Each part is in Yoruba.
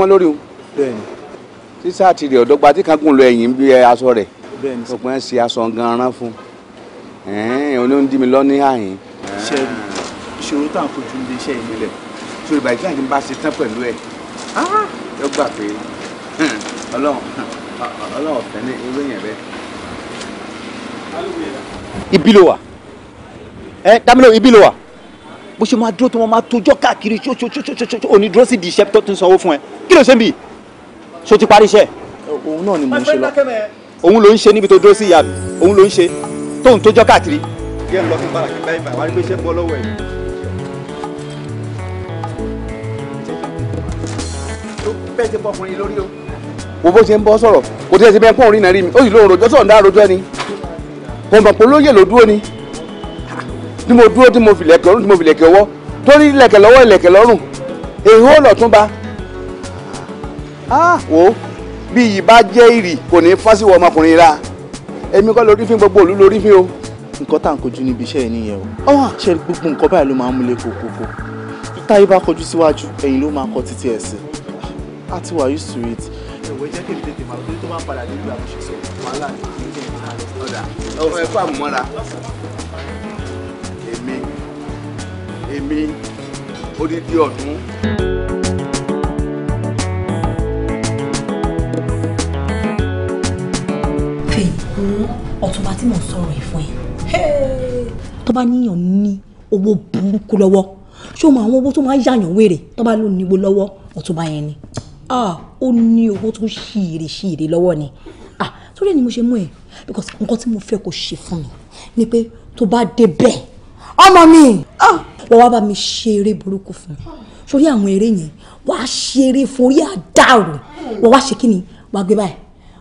mọ́ lórí o. bẹ́ẹ̀ni. sísá ti rè ọ̀dọ́gba tí kan gùn lọ ẹ̀yìn bí aṣọ rẹ̀. bẹ́ẹ̀ni sọ. ọ̀pọ̀ ẹ̀ ṣe aṣọ gan-an fún. ẹ̀ẹ́n òní ń dí mi lọ ní àyìn. sẹ́ẹ̀rì ìṣòro tá à ń fojú ilé iṣẹ́ yìí lẹ̀ tó ìgbà ìgbà yìí ń bá ṣe tán pẹ̀lú ẹ̀ ẹ gbà pé ọlọ́run ọ̀fẹ́ ní ewé yẹn bẹ́ẹ̀. ibi ló wà ẹ dámilọ ibi ló wà bó ṣe máa dúró tó máa tójọ́ káàkiri ṣóṣóṣóṣóṣó òní dúró sí di iṣẹ́ tó ti sanwó fún ẹ ló ṣe ń bì so ti parí iṣẹ́. òun náà ni mò ń ṣe lọ òun ló ń ṣe níbi tó dúró sí ìyá mi òun ló ń ṣe tóun tó jọ káàkiri. díẹ̀ lọ sí bàràkì báyìí báyìí wá rí pé iṣẹ́ bọ́ lọ́wọ́ ẹ̀. bẹ́ẹ̀ ti bọ́ ọkùnrin lórí o. wo bó ṣe ń bọ́ sọ̀rọ̀ kò tí ẹ ti bẹ́ẹ̀ pọ́n orin náà rí mi ó sì lóun rojọ́ sọ̀rọ̀ rojọ́ ni pọ̀npọ̀n lóye ló dúró ni tí mo dúró tí mo fi lẹ̀kẹ̀ ọwọ́ torí lẹ̀kẹ̀ lọ́wọ́ lẹ̀kẹ̀ lọ́rùn èhó lọ̀túnba Ah! wo bí yìí bá jẹ́ ìrì kò ní fásíwọ̀ ọmọkùnrin ra èmi kọ́ lórí fín gbogbo òlú lórí fín o. nǹkan tá à ń kojú níbi iṣẹ́ yìí nìyẹn o ṣe gbogbo nǹkan báyìí ló máa ń múlẹ̀ kókókó táyé bá kọjú síwájú ẹ̀yìn ló máa kọ títí ẹ̀ sí a ti wà used to it. ẹ̀wọ̀ jẹ́ kí n tètè máa tó máa padà nínú àmúṣe sọ wàhálà ní ìjẹ́ ìta ọ̀dà ọ̀fẹ́ fà mọ́ra èmi èmi odidi ọ̀dún. fún ọ̀túnba tí mò ń sọ̀rọ̀ ẹ̀ fún ẹ. tó bá níyàn ní owó burúkú lọ́wọ́ ṣé o mọ àwọn owó tó máa ń yàyàn wèrè tó bá ló níwó lọ́wọ́ ọ̀túnba yẹn ni ah! ó ní owó tó ń ṣìírí lọ́wọ́ ni ah! torí ẹ̀ ni mo ṣe mú ẹ because nǹkan tí mo fẹ́ kó ṣe fún mi ni pé tó bá dé bẹ́ẹ̀ ọmọ mi ah! wọ́n wá bá mi ṣe eré burúkú fún mi sórí àwọn eré yẹn wàá ṣeré forí àdàrò wọ́n wá ṣe kí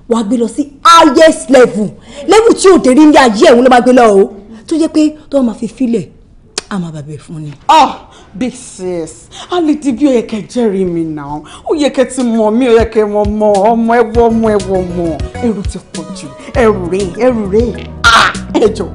wàá gbé lọ sí highest level level tí òde rí ní ayé ẹ̀hún ló máa gbé lọ o tó jẹ́ pé tó máa fi filẹ̀ a máa bàbẹ̀ fún ni. ah big sis a lè di bí ó yẹ kẹ́ jẹ́rìí mi náà ó yẹ kẹ́ ti mọ̀ mí ó yẹ kẹ́ mọ̀ mọ̀ ọmọ ẹwọ ọmọ ẹwọ ọmọ ẹrù ti pọ̀ jù ẹrù rè ẹrù rè ah ẹjọ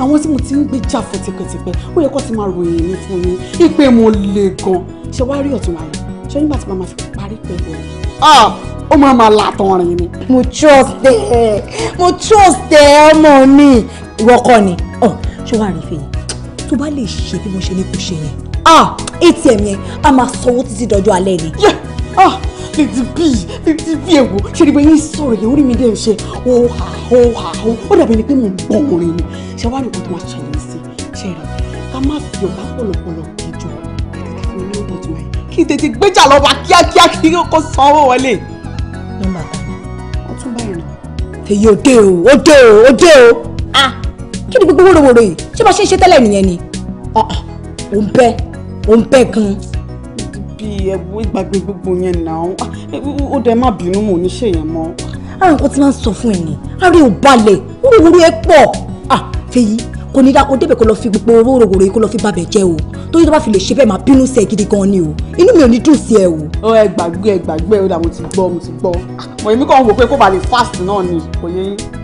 àwọn tí mo ti ń gbé jà fún tipẹ́tipẹ́ ó yẹ kó ti máa ròyìn mi fún yín ìpè mo le gan ṣe wá rí ọ̀tún wáyé ṣé nígbà tí màmá fi parí pẹ̀lú ẹ̀. Ah, ó máa ma làtàn rìn ni. mo trust ẹ mo trust ẹ ọmọ mi ìwọ kọ́ ni ọ ṣé wàá rí fèyí tó bá lè ṣe bí mo ṣe ní kò ṣe yẹn ah atm yẹn a máa sanwó títí dọjọ́ alẹ́ ni. ah fifty b fifty b ẹ̀wò ṣe ni mo yín sọ̀rọ̀ yẹn orí mi dẹ̀ ń ṣe hóhà hóhà hó ó dàbí ni pé mo ń gbọ́ orin ni ṣé wàá rí nǹkan tó máa ṣẹlẹ̀ sí ṣe rí ká má fi ọ̀gá pọ̀lọpọ̀lọ kẹjọ kí n tètè gbéjà lọ́ba kíákíá kí n kò sanwó wọlé nọ́mbà kan. ó tún báyìí nà. èyí ò dé o ó dé o ó dé o ah kí ni gbogbo wòrowòro yìí ṣé bá ṣe ń ṣe tẹ́lẹ̀ nìyẹn ni ah, ah, ò ń bẹ́ ò ń bẹ́ gan-an. bí ẹ̀wù ìgbàgbé gbogbo yẹn náà ah, ó dẹ̀ má bínú mò ní ṣèyẹn mọ́. àrùn kan ti máa ń sọ fún ẹ̀ ní àrùn ò balẹ̀ wúrúwúrú ẹ pọ̀ ah fèyí kò ní dáko débẹ̀ kó lọ fi gbogbo owó rògbòrò yìí kó lọ fi bàbẹ̀ jẹ́ o torí tó bá fi lè ṣe bẹ́ẹ̀ máa bínú sí ẹ gidi gan ni o inú mi ò ní dùn sí ẹ o. ọ ẹ gbàgbé ẹ gbàgbé ẹ ó dà mo ti gbọ́ mo ti gbọ́ mọ̀ èmi kàn wò pé kó ba lè fast náà ni kò yẹ yín.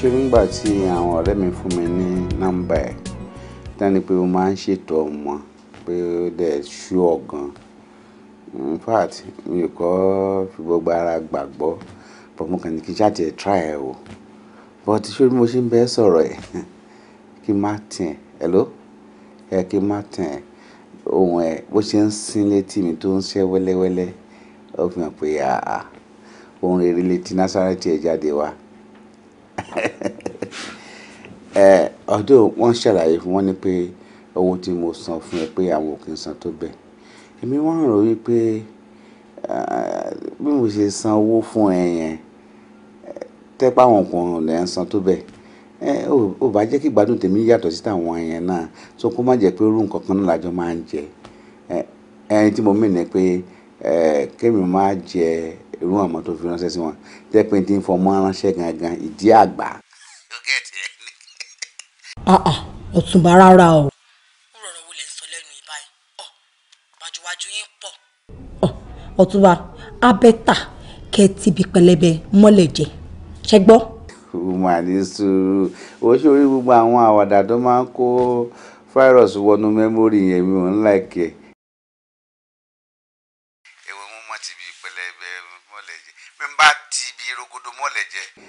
ṣe nígbà tí àwọn ọ̀rẹ́ mi fún mi ní nọ́mbà ẹ̀ dání pé ó máa ń ṣètò ọmọ pé ó dẹ̀ ṣú ọ̀gan in fact mi ò kọ́ fi gbogbo ara gbàgbọ́ but mo ní kí n ẹ̀ try ẹ̀ o but ṣé mo ṣe ń bẹ́ sọ̀rọ̀ ẹ̀ kí n má tẹ̀ ẹ̀ ló ẹ̀ kí n má tẹ̀ ẹ̀ ohun ẹ̀ bó ṣe ń sin létí mi tó ń ṣe wẹ́lẹ́wẹ́lẹ́ ó fi hàn pé ohun rere létí násàrẹ́tì ẹ̀ jáde wá ọdún eh, wọ́n ṣàlàyé fún wọn ni pé owó tí mo san fún ẹ pé àwọn ò kì í san tó bẹ́ẹ̀ èmi wọ́n rò wípé eh, bí mo ṣe san owó fún ẹ yẹn eh, tẹ́pá àwọn ọkùnrin lẹ́ ń san tó bẹ́ẹ̀ ò bá jẹ́ kí ìgbádùn tèmi yàtọ̀ sí tàwọn yẹn náà tó kó má jẹ́ pé irú nǹkan kan náà lájọ máa ń jẹ ẹni tí mo mìíràn pé kémi máa jẹ irú àmọ́ tó fi ránṣẹ́ sí wọn jẹ́ pé tí ń fọmọ́ ránṣẹ́ gangan ìdí àgbà. Ah, ah, ọ̀túnba rárá o. ó rọrọ wo lè sọ lẹ́nu ìbáyìí ọ oh, wájúwájú yín pọ̀. Oh, ọ̀túnba abẹ́ta kẹ́ ti bí pẹlẹbẹ mọ́lẹ̀ jẹ ṣẹ gbọ́. O máa ní sùúrù ó ṣe orí gbogbo àwọn àwàdà tó máa ń kó fáírọ̀sì wọnú mẹ́mórì yẹn mi ò ń láìkẹ́. Like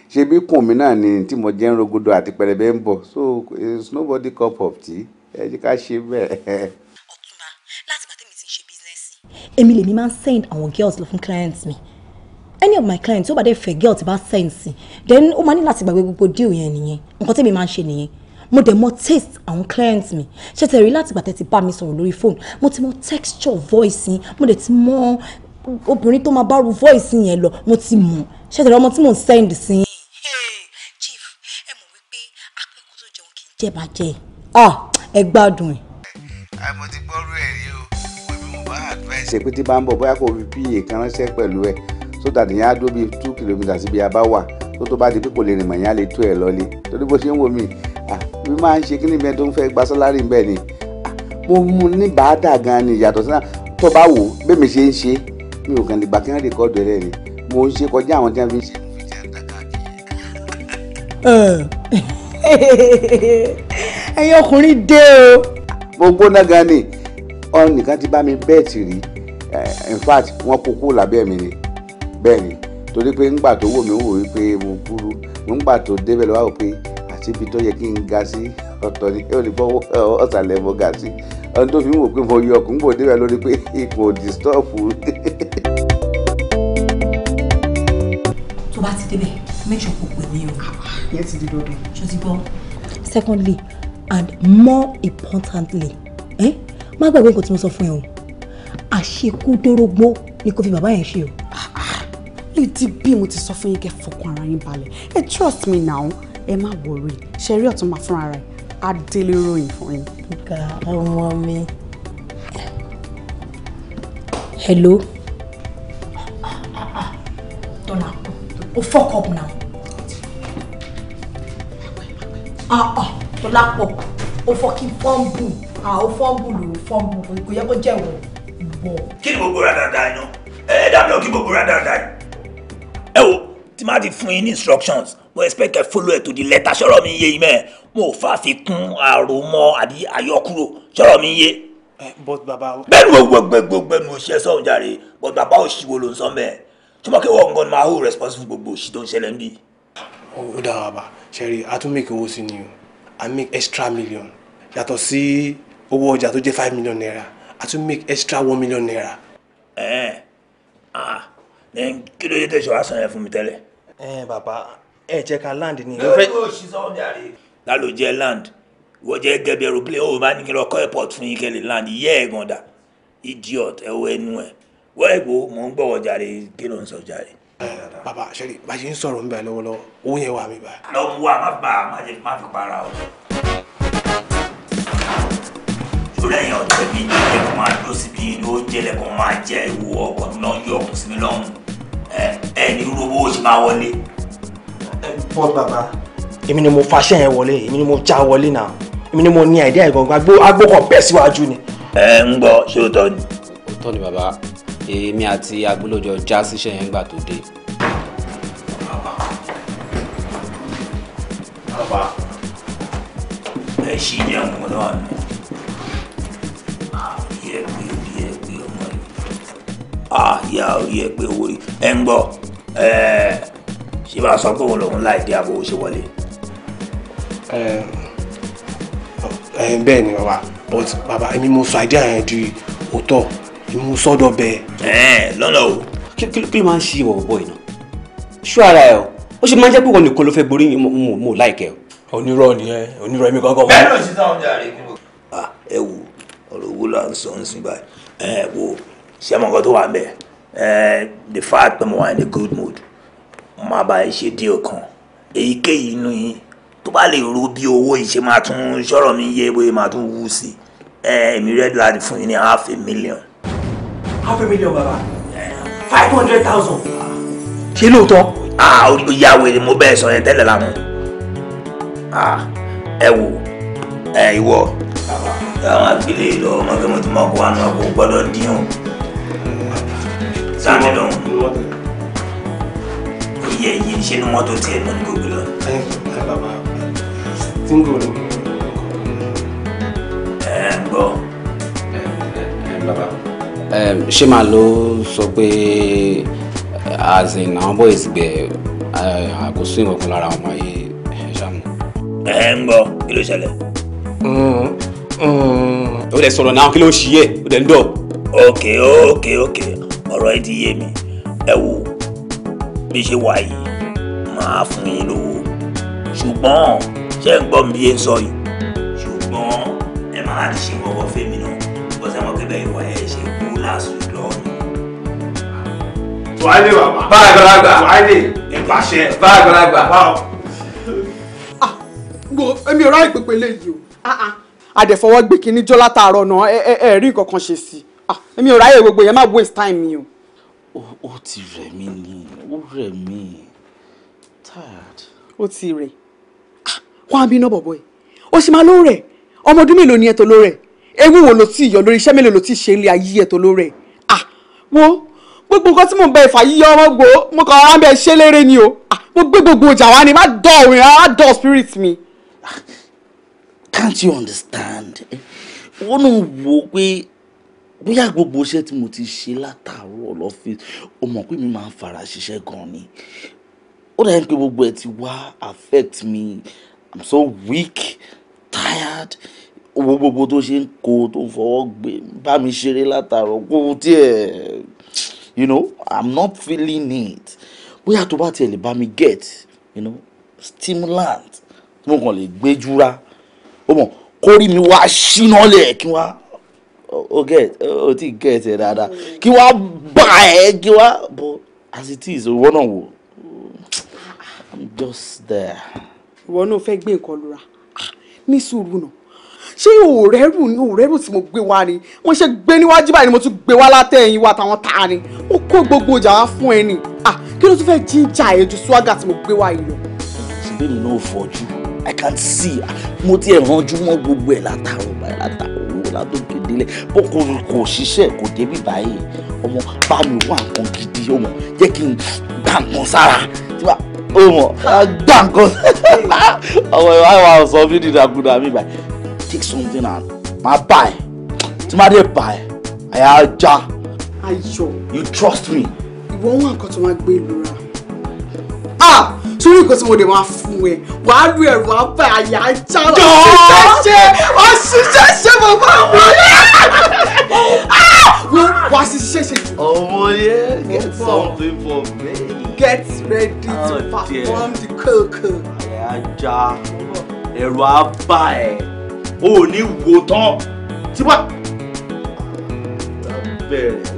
ṣe bí kùn mí náà ni tí mo jẹ́ ń rogodo àti pẹlẹbẹ ń bọ̀ so it's nobody cup of tea ẹ jẹ́ ká ṣe bẹ́ẹ̀. ọ̀túnba láti gbà tẹ́mi ti ń ṣe bísínẹ́sì. èmi lèmi máa ń send àwọn girls lọ fún clients mi any of my clients tó bá dé fẹ́ girl ti bá send then ó máa ní láti gbàgbé gbogbo deal yẹn nìyẹn nǹkan tẹ́mi máa ń ṣe nìyẹn mo dẹ̀ mọ taste àwọn clients mi ṣe tẹ̀ rí láti gbàtẹ́ ti bá mi sọ̀rọ̀ lórí phone mo ti mọ texture voice yín mo dẹ̀ ti mọ obìnrin tó máa bá ru voice yẹn lọ mo ti mọ̀ ṣe tẹ̀ rí ọmọ tí mò send sí jẹ́bàjẹ́ ẹ gbádùn ẹ̀. àmọ́ ti gbọ́rú ẹ̀ rí o pẹ̀lú mo bá advice. ṣe pé tí bá ń bọ̀ bóyá kò fi pa kan ránṣẹ́ pẹ̀lú ẹ̀ so that ìyẹn á bíi two kilometres síbi abá wà tó tó bá di pé kò lè rìn mọ̀ ìyẹn á lè tó ẹ̀ lọ́lé torí bó ṣe ń wò mí mi máa ń ṣe kí ni bẹ́ẹ̀ tó ń fẹ́ gba sálárì bẹ́ẹ̀ ni mo mú ní bàádà gan ni ìyàtọ̀ sí náà tó bá wò bẹ́ẹ̀ ṣe ń ṣe mi ò kàn lè gbà kí wọ́n rìkọ́dù rẹ̀ ni mo ń ṣe kọjá àwọn tí wọ́n fi ń ṣe. ẹ̀yin ọkùnrin dé o. mo gbóná gan ni ọ̀run nìkan ti bá mi bẹ́ẹ̀tì rí in fact wọ́n kó kúrò lábẹ́ mi ni bẹ́ẹ̀ ni torí pé ńgbà tó wò mí wò wí pé mo kúrú ńgbà tó débẹ̀ lọ́wọ́ pé àti ibi tó yẹ kí n ga sí ọ̀tọ̀ ni ó ní bọ́ ọ̀sàlẹ̀ mo ga sí ọdún tó fi ń wò pé mo yọ ọkùnrin bò débẹ̀ lórí pé ipò disturb. tó bá ti débẹ̀ méjì kò pè mí o ìyẹn ti di dandan. ṣùtì secondly and more importantly eh? My baby got tí mo sọ fún ẹ o àṣekúdórógbó You could be my yẹn ṣe o. lédi bí mo ti sọ fún yín kẹ́ fọkàn ara yín eh, trust me now Emma, worry. Sherry, ṣe rí my friend, fúnra rẹ̀ á délé ròyìn fún yín. hello. tọ́lá Oh fuck up now. Ah ah, Tọ́lápọ̀ ó fọ́kín fọ́ǹbù ah, ó fọ́ǹbù ló fọ́ǹbù kò yẹ kó jẹ́ ìwọ ìwọ. kí ni gbogbo rádàdà iná ẹ dábìlì ò kí gbogbo rádàdà yìí. ẹ wo tí máa ti fún yín ní instructions mo expect kẹ́ follow ẹ̀ tó di lẹ́tà sọ̀rọ̀ mi yé imẹ̀ mo fà fi kún àròmọ àbí àyọkúrò sọ̀rọ̀ mi yé. but baba. bẹ́ẹ̀ni mo gbogbo gbogbo mo ṣe sọ̀hún jàre but baba òṣìwò ló ń sọ mẹ́ẹ̀ tí mo kí wọ́n gan-an máa hold responsible gbogbo òṣì tó ń ṣẹlẹ̀ ń bíi ó dára bàbá ṣẹ́rí a tún make owó sí ni o i make extra million yàtọ̀ sí owó ọjà tó jẹ́ five million naira I tún make extra one million naira. ẹ ẹ ah then kí ló dé tẹ̀sán wá san yẹn fún mi tẹ́lẹ̀. ẹ bàbá ẹ jẹ́ ká land ni. yóò yóò ṣí sọ́wọ́n jàre. lálọ́ jẹ́ land wọ́n jẹ́ gẹ́gẹ́ bí aeroplane ó máa ní kí lọ kọ́ airport fún yín kẹ́lẹ̀ land yẹ́ ẹ̀ gan dà idiot ẹ̀ wọ ẹnu ẹ̀ wọ́n ẹ̀ gbọ́ mò ń gbọ́wọ́ jàre kí ló ń sọ jàre bàbá ṣẹ́rí bá ṣe ń sọ̀rọ̀ ń bẹ̀ lọ́wọ́lọ́wọ́ owó yẹn wà mí bá. lọ mú wa má bà á má jẹ má fi para o. ìṣòro ọ̀tẹ̀ mi ìjẹ́ kó máa dúró síbi ìlú oúnjẹ lẹ́kọ̀ọ́ máa jẹ ìwọ ọkọ̀ náà yọ ọkùn sí mi lọ́hùn ẹ ní irú owó ṣe máa wọlé. ẹ bọ́ bàbá èmi ni mo fàṣẹ yẹn wọlé èmi ni mo já wọlé náà èmi ni mo ní àìdí àìgbọ̀ngbọ̀n agbókọ̀ bẹ́ẹ̀ síwájú ni. ẹ ń gbọ́ ṣé ó tọ́ ni. ó tọ́ ni bàbá èmi àti agbólójọ já síṣẹ́ yẹn gbà tó dé. bàbá ẹ ṣì ní ọmọ náà ni àyè pé orí ẹ pé ọmọ yìí àyà orí ẹ pé owó yìí ẹ ń gbọ́ ẹ ṣé bá sọ pé òun lòun láì dé àbò ṣe wọlé. bẹ́ẹ̀ ni bàbá but bàbá èmi mo sọ àìdí àyàn di òótọ́ ìmú sọ́dọ̀ bẹ́ẹ̀. ẹ lọ́nà o. kí ló máa ń ṣe ìwọ̀ bọ̀ iná ṣú ara ẹ o ó ṣe máa ń jẹ́ pé wọn nìkan ló fẹ́ borí mo láìkẹ́ o. onírọ̀ ni ẹ onírọ̀ mi kankan. bẹ́ẹ̀ ló ṣe táwọn jà rè kúrò. ẹ wo ọ̀rọ̀ owó là ń sọ ń sìn báyìí ẹ wo ṣé àwọn kan tó wà bẹ́ẹ̀ ẹ the fact pé mo wà ní good mood mo máa bá ẹ ṣe díẹ̀ kan èyíkéyìí inú yín tó bá lè ro bí owó ìṣe máa tún sọ̀rọ̀ mi yé bóyá máa tún wú sí ẹ èmi rẹ́dí láti fún yín ní half a million half a million Baba. five hundred thousand. ṣé lóòótọ́. ah ìyá wèrè mo bẹ́ẹ̀ sọ yẹn tẹ́lẹ̀ lánàá ah ẹ wo. ẹ ìwọ àwọn abilé lọ mọ̀tòmọ̀tò máa kó àánú àpò gbọ́dọ̀ dín o sáà nílò yẹ yẹ ṣe ni mọ́tò tiẹ̀ lọ ní gbogbo lọ. ẹ ń gbọ́. ẹ ṣé màá ló sọ pé as in àwọn boys gbẹ àkóso ìwọ̀kun lára ọmọ yìí ẹ ṣàmù. ẹ ń gbọ́ kí ló ṣẹlẹ̀. Hmm, hmm, ó lè sọ̀rọ̀ náà kí ló ń ṣiyẹ́ ó lè ń dọ̀. ok ok ok ọ̀rọ̀ ẹ ti yé mi ẹ wo bí ṣe wà yìí máa fún yín lówó ṣùgbọ́n ṣé ń gbọ́ mi yé ń sọ yìí ṣùgbọ́n ẹ máa ti ṣe gbọ́gbọ́ fẹ́mi náà bọ́sẹ̀ mọ́ kẹ́bẹ́ ìwà ẹ̀ ṣe last week lọ́wọ́ wálé bàbá. bá àgbàlagbà. wálé ìpàṣẹ. bá àgbàlagbà. Ah, gbọ́ èmi ò ráyè pépé léyìí o àdẹ̀fọwọ́ ah, ah, gbé kínní jọ látàárọ̀ náà ẹ ẹ rí nǹkan kan ṣe sí i èmi ò ráyè gbogbo yẹn má waste time mi o. ó ti rẹ̀ mí ni ó rẹ̀ mí tired. ó ti rẹ̀ wọ́n á bí iná bọ̀bọ̀ ẹ̀ ó sì máa ló ọmọ ọdún mélòó ni ẹ̀ tó ewu wo ló ti yọ lórí iṣẹ́ mélòó ló ti ṣe ilé ayé ẹ̀ tó lóore ah wo gbogbo nǹkan tí mò ń bẹ ìfà yíyọ ọmọ gbò mo kàn án bẹ ṣe léré ni o ah mo gbé gbogbo ọjà wa ni má dọ̀ òun rárá dọ̀ spirit mi. can't you understand wọ́n ń wo pé bóyá gbogbo iṣẹ́ tí mo ti ṣe látàárọ̀ lọ́fíìsì o mọ̀ pé mi máa ń fara ṣiṣẹ́ gan ni ó dàbí pé gbogbo ẹ̀ ti wá affect me i'm so weak tired owó gbogbo tó ṣe ń kó tó ń fọwọ́ gbé bá mi ṣeré látàárọ̀ kó tiẹ̀ you know i'm not feeling it bóyá tó bá tiẹ̀ lè bá mi get you know stimulant tí mo kàn lè gbé jura ó mọ̀ kórì mi wá ṣínà lẹ̀ kí wá o get o ti get ẹ dáadáa kí wá bá ẹ kí wá but as it is owó náà wò i'm just there. ìwọ náà fẹ́ gbé nǹkan lura ní sùúrù náà ṣé òrẹ́rù ni òrẹ́rù tí mo gbé wá ni mo ṣe gbé níwájú báyìí ni mo tún gbé wá látẹ̀yìn wa táwọn ta ni mo kó gbogbo ìjà wá fún ẹ ni kí ló tún fẹ́ jíjà ẹ ju swaga tí mo gbé wá yìí lọ. ṣùgbọ́n mi náà fọjú i can't see mo ti ẹ̀ ranjú mọ́ gbogbo ẹ̀ látàrọ̀ báyìí látàrọ̀ owó látòkè délẹ̀ bó kò kò ṣiṣẹ́ kò débi báyìí ọmọ bá mi wá nǹkan gidi ọmọ jẹ́ kí n gbà nǹkan sára tí wàá ọmọ gbà nǹkan ọmọ ìwà ìwà ọ̀sán mi nìdàkúdà mi báyìí take something and my bá ẹ tí máa dé bá ẹ àyà ajá. ayọ̀ you trust me. You ìwọ wọn nǹkan tó máa gbé ìlúra ah sórí nǹkan tí mo lè máa fún ẹ wàá lu ẹrù abẹ àyà ajá my ọṣìṣẹṣẹ bàbá wọn wàá ṣiṣẹṣẹ jù. ọmọ yẹn get something for me. get ready oh, to perform dear. the koko. àyà ajá ẹrù abá ẹ o ò tán tí wàá bẹ̀rẹ̀.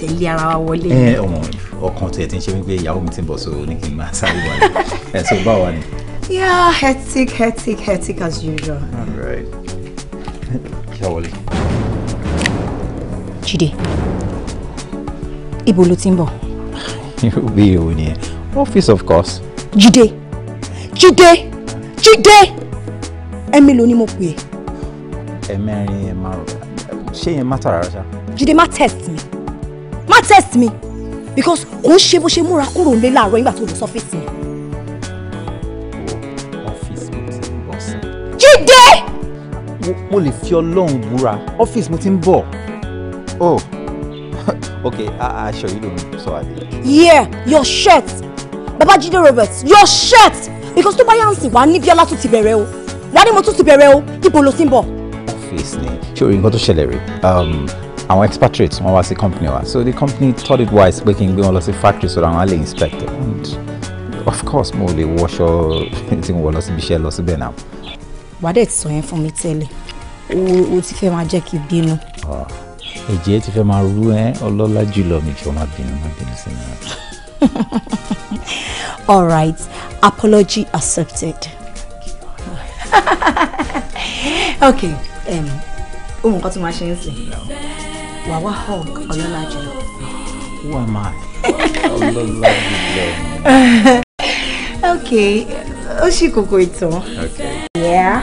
tẹ̀lé ara wa wọlé. ẹ ọmọ ọkàn tiẹ̀ ti ń ṣe wípé ìyàwó mi ti ń bọ̀ so ní kí n máa sáré wọlé ẹ so báwa ni. yeah hectic hectic hectic as usual. all right kí a wọlé. Jídé ibo ló ti ń bọ̀. irú bí èwo ni office of course. Jídé Jídé Jídé ẹ̀mí ló ní mo pè é. ẹ̀mẹ́rin ẹ̀ márùn-ún ṣé yẹn má tàrà rárá. Jídé má test mi protest me, because kò ń ṣe bó ṣe múra kúrò nílé láàárọ̀ nígbà tó lọ sọ́fíìsì ọ́fíìsì mo jíde. mo lè fi ọlọ́run búra ọ́fíìsì mo ti ń bọ̀ oh okay aṣọ yìí ló ń sọ àdé. yeah your shirt Baba Jide roberts your shirt because tó bá yà ń sìn wá ní bíọ́lá tún ti bẹ̀rẹ̀ o wá ní mo tún ti bẹ̀rẹ̀ o ibo ló ti ń bọ̀. ọ́fíìsì ni ṣé orí nǹkan tó ṣẹlẹ̀ rèé àwọn expatriates wọ́n wá sí company wa so the company thought it wise pé kí n gbé wọn lọ sí factory so that wọ́n á lè inspect it and of course mo lè wọṣọ tí mo wọ lọ síbi iṣẹ́ lọ síbẹ̀ náà. wàdẹ̀ ti sọ yẹn fún mi tẹ́lẹ̀ o ti fẹ́ máa jẹ́ kí n bínú. ẹ̀jẹ̀ ti fẹ́ máa rú ẹ́ ọlọ́lá jùlọ mi kí o máa bínú máa bínú sí mi. all right apology accepted. okay um, ohun kan tí mo máa wàá hug ọlọ́lájì lọ. who am I? ọlọ́lájì lọ. ok ó ṣì kókó ìtàn. bẹ́ẹ̀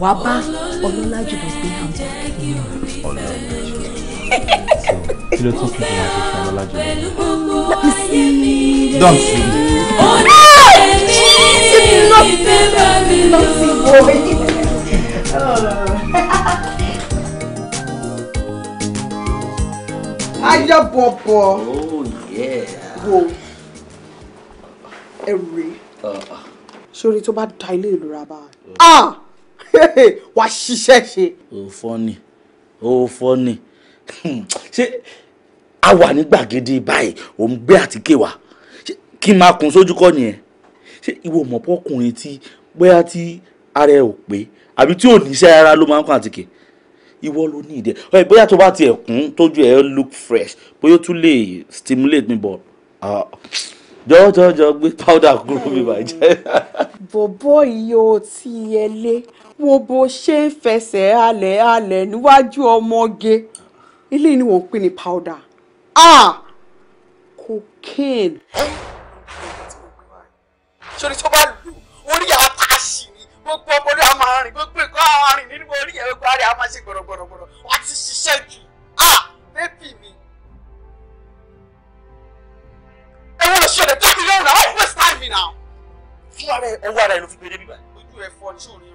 wàá bá ọlọ́lájì lọ gbé hamburg. ọlọ́lájì kí ló tún kíkọ́ máa ṣe fún ọlọ́lájì lọ. don't see me. Ah! It's not, it's not, it's not, it's not. ajá bọ̀bọ̀ oh, wo ẹ̀rẹ́ uh-uh. sórí tó bá da ilé ìlú ra Ah. wa ṣiṣẹ́ ṣe. òfò ni òfò ni ṣé a wà ní gbàgede báyìí òun gbé àtíkè wa kí n máa kun sójú kọ́ nìyẹn ṣé ìwọ mọ̀pọ̀ ọkùnrin tí bóyá tí ara ẹ̀ ò pé àbí tí ò níṣẹ́ ara ló máa ń kún àtíkè ìwọ ló ní ìdẹ ẹ bóyá tó bá tiẹ̀ kún tójú ẹ look fresh bóyá ó tún lè stimulate mi bọ̀ jọjọjọ gbé powder kúrò mi bàjẹ́. bọ̀bọ̀ iye ò tí ẹ lé wo bó ṣe ń fẹsẹ̀ halẹ̀ halẹ̀ níwájú ọmọge ilé ni wọ́n ń pè ní powder ah cocaine. sori tó bá lù orí àwọn gbogbo ọmọdé a máa rìn gbogbo ìkọ́ a rìn nínú orí ẹ̀ gbogbo àárẹ̀ a máa ṣe gbọ̀rọ̀gbọ̀rọ̀gbọ̀rọ̀ wọ́n ti ṣiṣẹ́ jù á bébì mi. ẹ̀wọ̀n lọ ṣẹlẹ̀ tó ti lọ́rùn náà wọ́n waste time mi náà. fún ara ẹ ọwọ́ ara ẹ ló fi gbé débi ojú ẹ fọ́ tí ò ní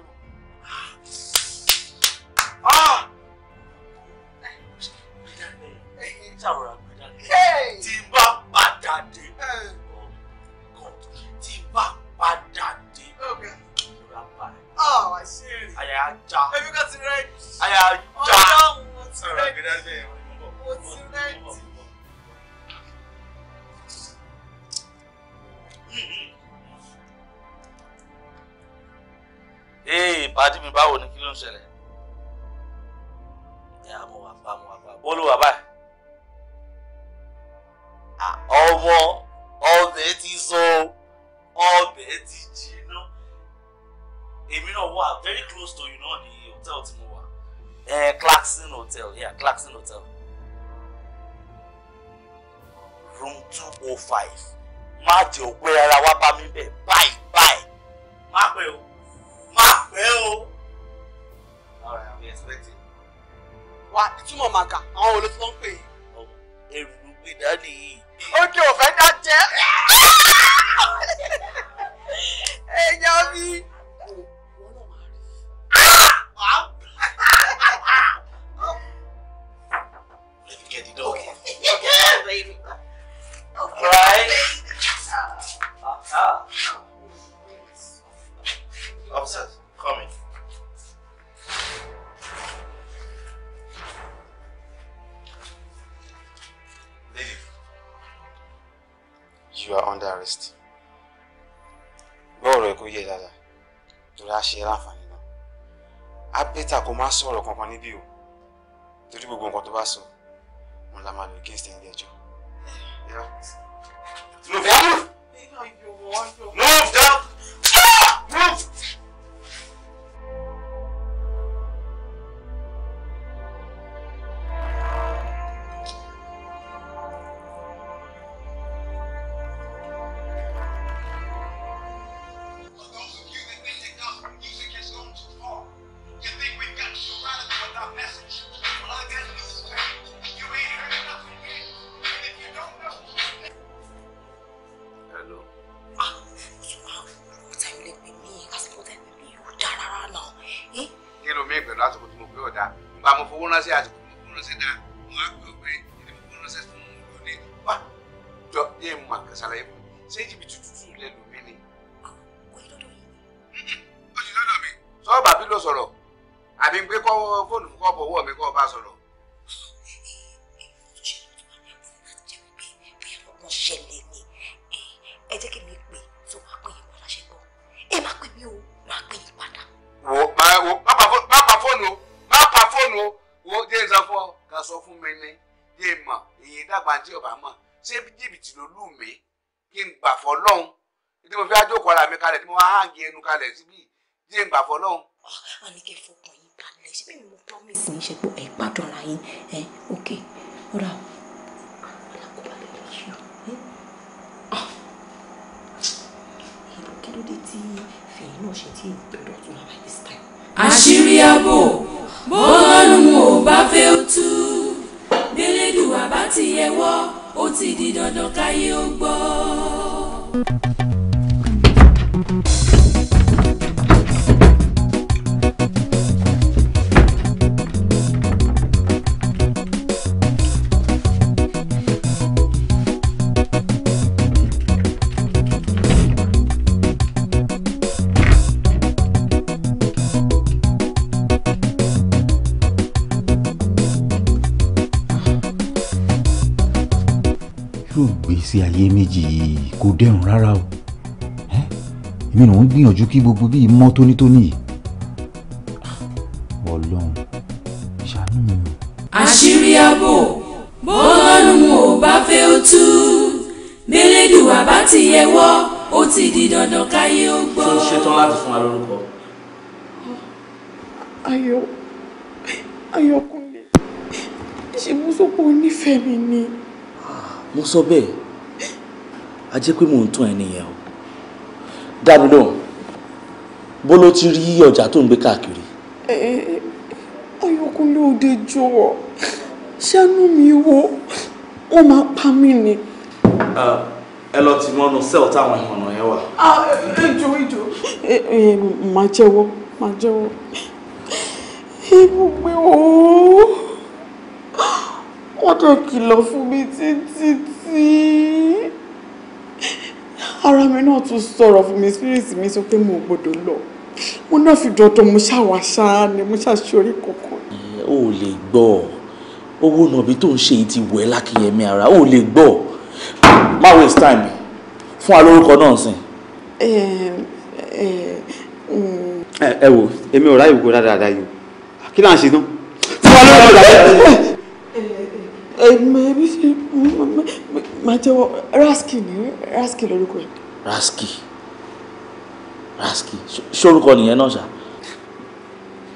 sọ̀rọ̀ kankan níbí o. kalẹ̀ tí mo máa hàn gé ẹnu kalẹ̀ síbí díẹ̀ gbà fọ́ lọ́hùn. àníkẹ́ fọkàn yín balẹ̀ síbẹ̀ ni mo promise yín ṣe pé ẹ̀ gbádùn ara yín ẹ̀ ok rà ó alákòbalẹ̀ lè ṣe o. èrò kí ló dé tí fèyí náà ṣe tí ìbẹ̀rẹ̀ ọ̀tún náà by this time. àṣírí ààbò bọ́ọ̀lù ò bá fẹ́ tú délédùn àbá ti yẹwọ́ ó ti di dandan káyé ó gbọ́. ìgbésí ayé méjì yìí kò dẹrùn rárá o èmi ni wọ́n ń gbìyànjú kí gbogbo bíi mọ́ tónítóní yìí ah, ọlọ́run ṣàánú mi. àṣírí ààbò bọ́ọ̀lù ò bá fẹ́ ó tú mẹ́lẹ́dùwà bá ti yẹwọ́ ó ti di dandan káyé ó gbọ́. ṣé o ṣetán láti fún wa lórúkọ. ayọ̀ ayọ̀kúnlé ṣe mú sọ́pọ̀ onífẹ̀ẹ́ mi ni. mo sọ bẹ́ẹ̀ a jẹ́ pé mò ń tàn ẹ́ nìyẹn o dá mi lóhùn bó ló ti rí ọjà tó ń gbé káàkiri. Ayọ̀kúnlé òde jọ̀wọ́ ṣánú mi wo wọ́n máa pa mí ni. ẹ lọ ti mọ́nu sẹ́ọ̀ táwọn ìmọ̀nà yẹn wà. ìjọ ìjọ máa jẹ́wọ́ máa jẹ́wọ́ ibùgbé ooo wọ́n dẹ̀ kìlọ̀ fún mi títí ara mi náà tún sọ̀rọ̀ fún mi spirit mi sọ pé mo gbọ́dọ̀ lọ mo náà fi dọ̀dọ̀ mo ṣàwà ṣáá ni mo ṣàṣorí kọ̀ọ̀kan. o ò lè gbọ́ owó nàbí tó ń ṣe yìí ti wẹ̀ lákìyẹmí ara o ò lè gbọ́ má waste time fún alórúkọ náà sìn. Mm. ẹ wo èmi ò ráyè wo dáadáa yìí kí là ń ṣe tán fún alórúkọ dáadáa ẹbí fi máa jẹ́wọ́ rasky ni rasky lórúkọ ẹ̀. rasky rasky ṣorúkọ nìyẹn náà ṣá.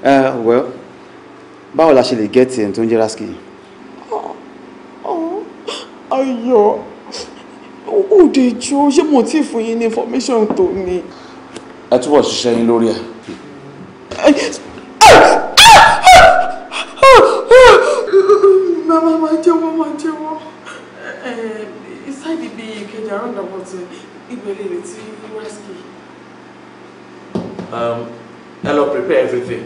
ẹ wẹ́ẹ́ báwo la ṣe lè gẹ́ẹ̀tì ẹni tó ń jẹ́ rasky yìí. ayọ̀ òde ju ṣé mo ti fún yín ní information tó ní. ẹ túbọ̀ ṣiṣẹ́ yín lórí ẹ̀. màmá máa jẹ́wọ́ máa jẹ́wọ́ ìsáìdì bíi ìkejì àrùn àbọ̀tì ìgbẹ́lẹ̀ rẹ̀ ti rẹ́sìkì. Um, ẹ lọ prepare everything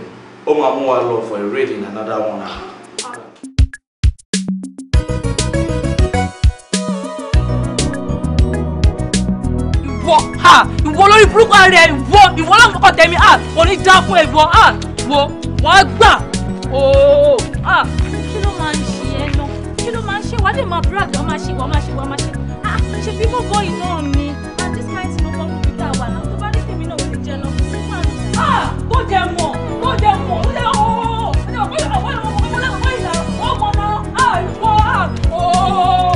Oh my mú wa for a reading another one hour. ìwọ ha You lórí burúkú ààrẹ ìwọ ìwọ lọ́kọ̀ọ̀kọ̀ me, ha kò ní dá fún ẹ̀gbọ́n ha wo wọ́n gbà ooo ha wàá dé máa brag wàá máa ṣe wàá máa ṣe wàá máa ṣe ah ṣe bí mo bọ́ iná mi and this kind no come with that wàhálà tó bá ní tèmi náà ò ní jẹ lọ sí fún àná. ah kó jẹ mọ kó jẹ mọ ó lè ọ ó lè ọ ó lè ọ ó lè ọ ìlà ọmọ náà ah ìwọ ah ooo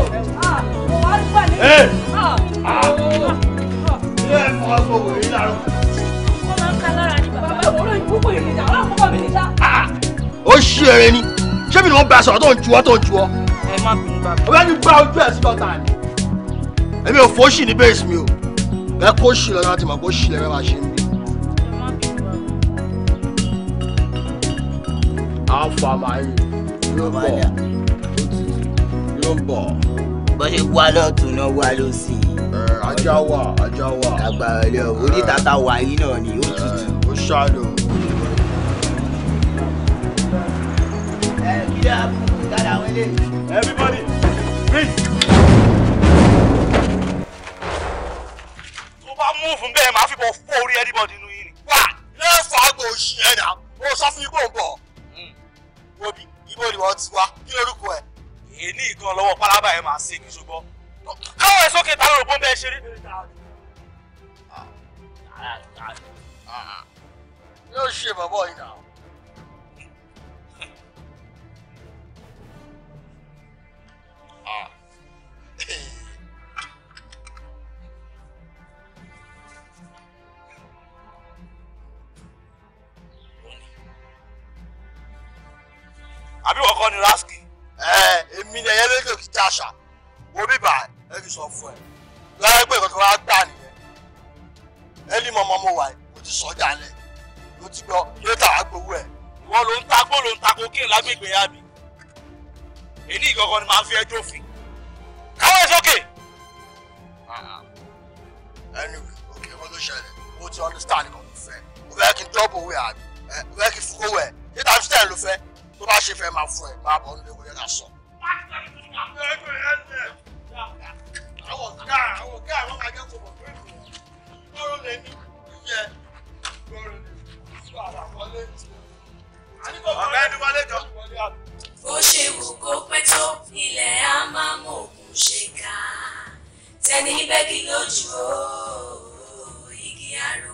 ah mo wá gbà ní. ah ilé ẹ̀fọ́ aṣọ òwe yìí lárọ. wọ́n máa ń ka lára ní bàbá olóyìn púpọ̀ yìí nìjà ọlọ́run púpọ̀ mi nìjà. ó ṣe eré ni ṣé mi ni wọ́n bá a sọ̀rọ̀ tó ń juwọ́ tó ń juwọ́ má bínú bá mi. ọbẹ̀ mi gba ojú ẹ̀ sí lọ́tà ni. èmi ò fọ́ọ̀ṣì ní bẹ́ẹ̀sì mi o ẹ kó ṣì lọ́dọ̀ láti mọ̀ kó ṣì lẹ́rẹ́ máa ṣe ń bí. àǹfà máa yẹ ló ń bọ̀ ló ń bọ̀. bó ṣe wá lọ́tún náà wá ló sì. ajá wà ajá wà. agbára ilé ọ̀hún onítàtà wàyí náà ni ó tutù. ó ṣáà lò. ẹ kí ló á kú. Everybody, please. Tó bá mú fún bẹ́ẹ̀ máa fi bọ̀ fún here. everybody nínú yìí ni. Wà lẹ́fọ̀ àgbò òṣì go ó sọ fún you ń bọ̀. Hmm. Wobì, ibo You wọ́n ti wá, kí lórúkọ ẹ̀? Èyí ní ìgan lọ́wọ́ pálábá ẹ̀ máa ṣe kì í ṣùgbọ́n. Káwọ̀ ẹ̀ sókè táwọn òpó ń bẹ́ẹ̀ ṣeré. Ah. Ah. Ah. Yóò ṣe àbí wọ́n kọ́ ni raski. ẹ èmi ni ẹyẹ lókè òkìtì àṣà omi bá ẹ fi sọ fún ẹ láyé pé ìkọ̀kọ̀ gbà nìyẹn ẹ ní mọ̀mọ́ mo wà mo ti sọ jálẹ̀ mo ti gbọ́ lóta àgbowó ẹ̀. wọ́n ló ń ta ló ń ta kókè lágbègbè yá mi èyí ìkọ̀kọ̀ ni màá fi ẹjọ́ fi káwọ́ ẹ sókè. Anyway, òkè ọkọ tó ṣẹlẹ̀ mo ti understand nǹkan tó fẹ́ mo fẹ́ kí n tọ́pù owó àbí eh, mo fẹ́ kí n fowó ẹ̀ níta tí tẹ̀ ló fẹ́ tó bá ṣe fẹ́ máa fún ẹ máa bọ̀ nílé ìwé ká sọ. àwọn ọ̀gá àwọn ọ̀gá àwọn ọ̀gá jẹ́ kò mọ̀ pé ìgbọ́rọ̀ lè ní ìyẹ ìgbọ́rọ̀ lè ní ìgbọ́rọ̀ lè ní. ọ̀gá ẹni wọlé jọ bó ṣe wù kó pẹ́ tó ilẹ̀ á máa mọ òkun ṣe ká tẹni bẹ́ẹ̀ kí lójú ó igi aró.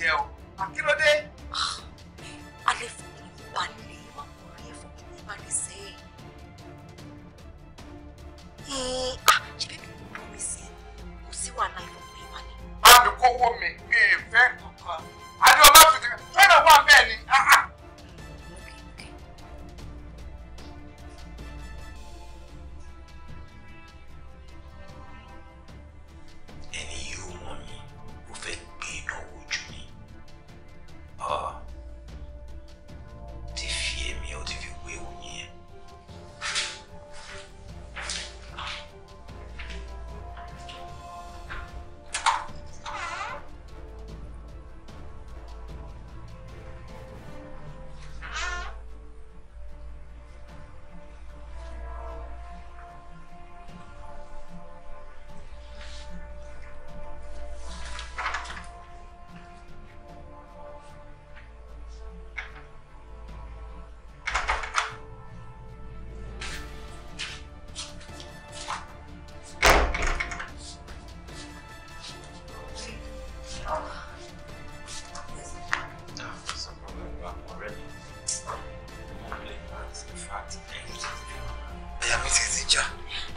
You.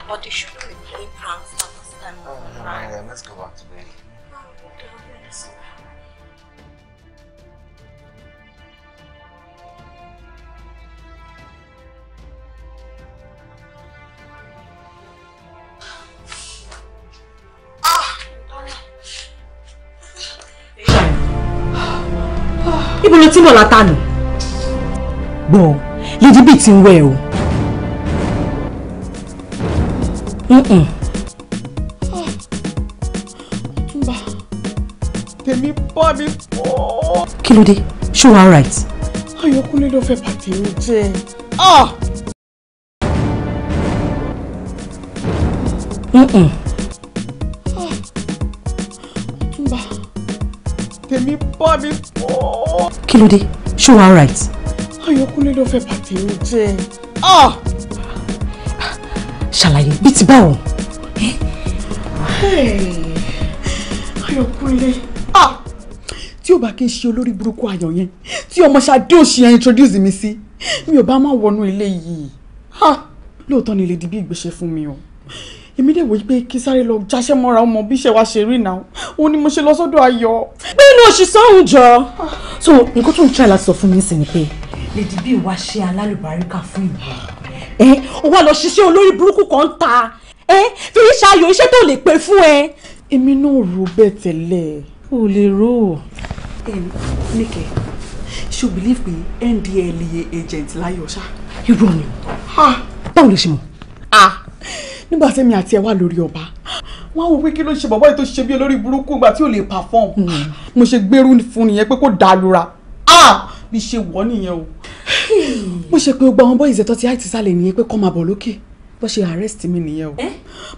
But they shouldn't be playing pranks at this time of oh, no, right. no, Let's go back to bed. ibo lo ti ń bọ̀ látànù gbọ́n Lady B ti ń wẹ̀ Túnbà, tèmi bá mi pọ̀. Kí ló dé? Ṣé o wà right? Ayọ̀kúnlé ló fẹ́ pàtẹ́ mi jẹ́. Ah! Túnbà, tèmi bá mi pọ̀. Kí ló dé? Ṣé o wà right? Ayọ̀kúnlé ló fẹ́ pàtẹ́ mi jẹ́. Ah! Shall I beat báwo. Hey, ah, tí ò bá kí n ṣe olórí burúkú ayọ̀ yen. tí ọmọ ṣadé òṣì yẹn introduce me si. mi ò bá má wọnú ilé yìí ah, lóòótọ́ ni lè di bí ìgbésẹ̀ fún mi o èmi dẹ̀ wò yí pé kí sáré lọ jáṣẹ́ mọ́ra ọmọ bí ṣe wá ṣe rí náà ni mo ṣe lọ sọ́dọ̀ ayọ̀. pé inú oṣù sọ́hún jọ. so nǹkan tó ń ṣàlàsọ fún mi sí ni pé. lè di bí ìwà ṣe alálùbáríkà fún ó eh, wá lọ ṣiṣẹ́ olórí burúkú kan ta fi eh, ṣayọ iṣẹ́ tó lè pè fún ẹ. èmi náà rò bẹ́ẹ̀ tẹ́lẹ̀ o lè rò ó. Eh, níkẹ́ ṣé o believe pé ndlea agent láyọ̀ ṣá. irọ́ ni báwo ló ṣe mọ̀ ah! nígbà tí èmi àti ẹ wà lórí ọba wọn á wò pé kí ló ṣe bàbá yìí tó ṣe bí olórí burúkú ìgbà tí ò lè perform hmm. mo ṣe gbèrú fún nìyẹn pé kó dàlúra bí ah! ṣe wọ́ nìyẹn o mo ṣe pé gbogbo àwọn bọ́ìsì tó ti àìtí sálẹ̀ nìyẹn pé kọ́ máa bọ̀ lókè bó ṣe arrest mi nìyẹn o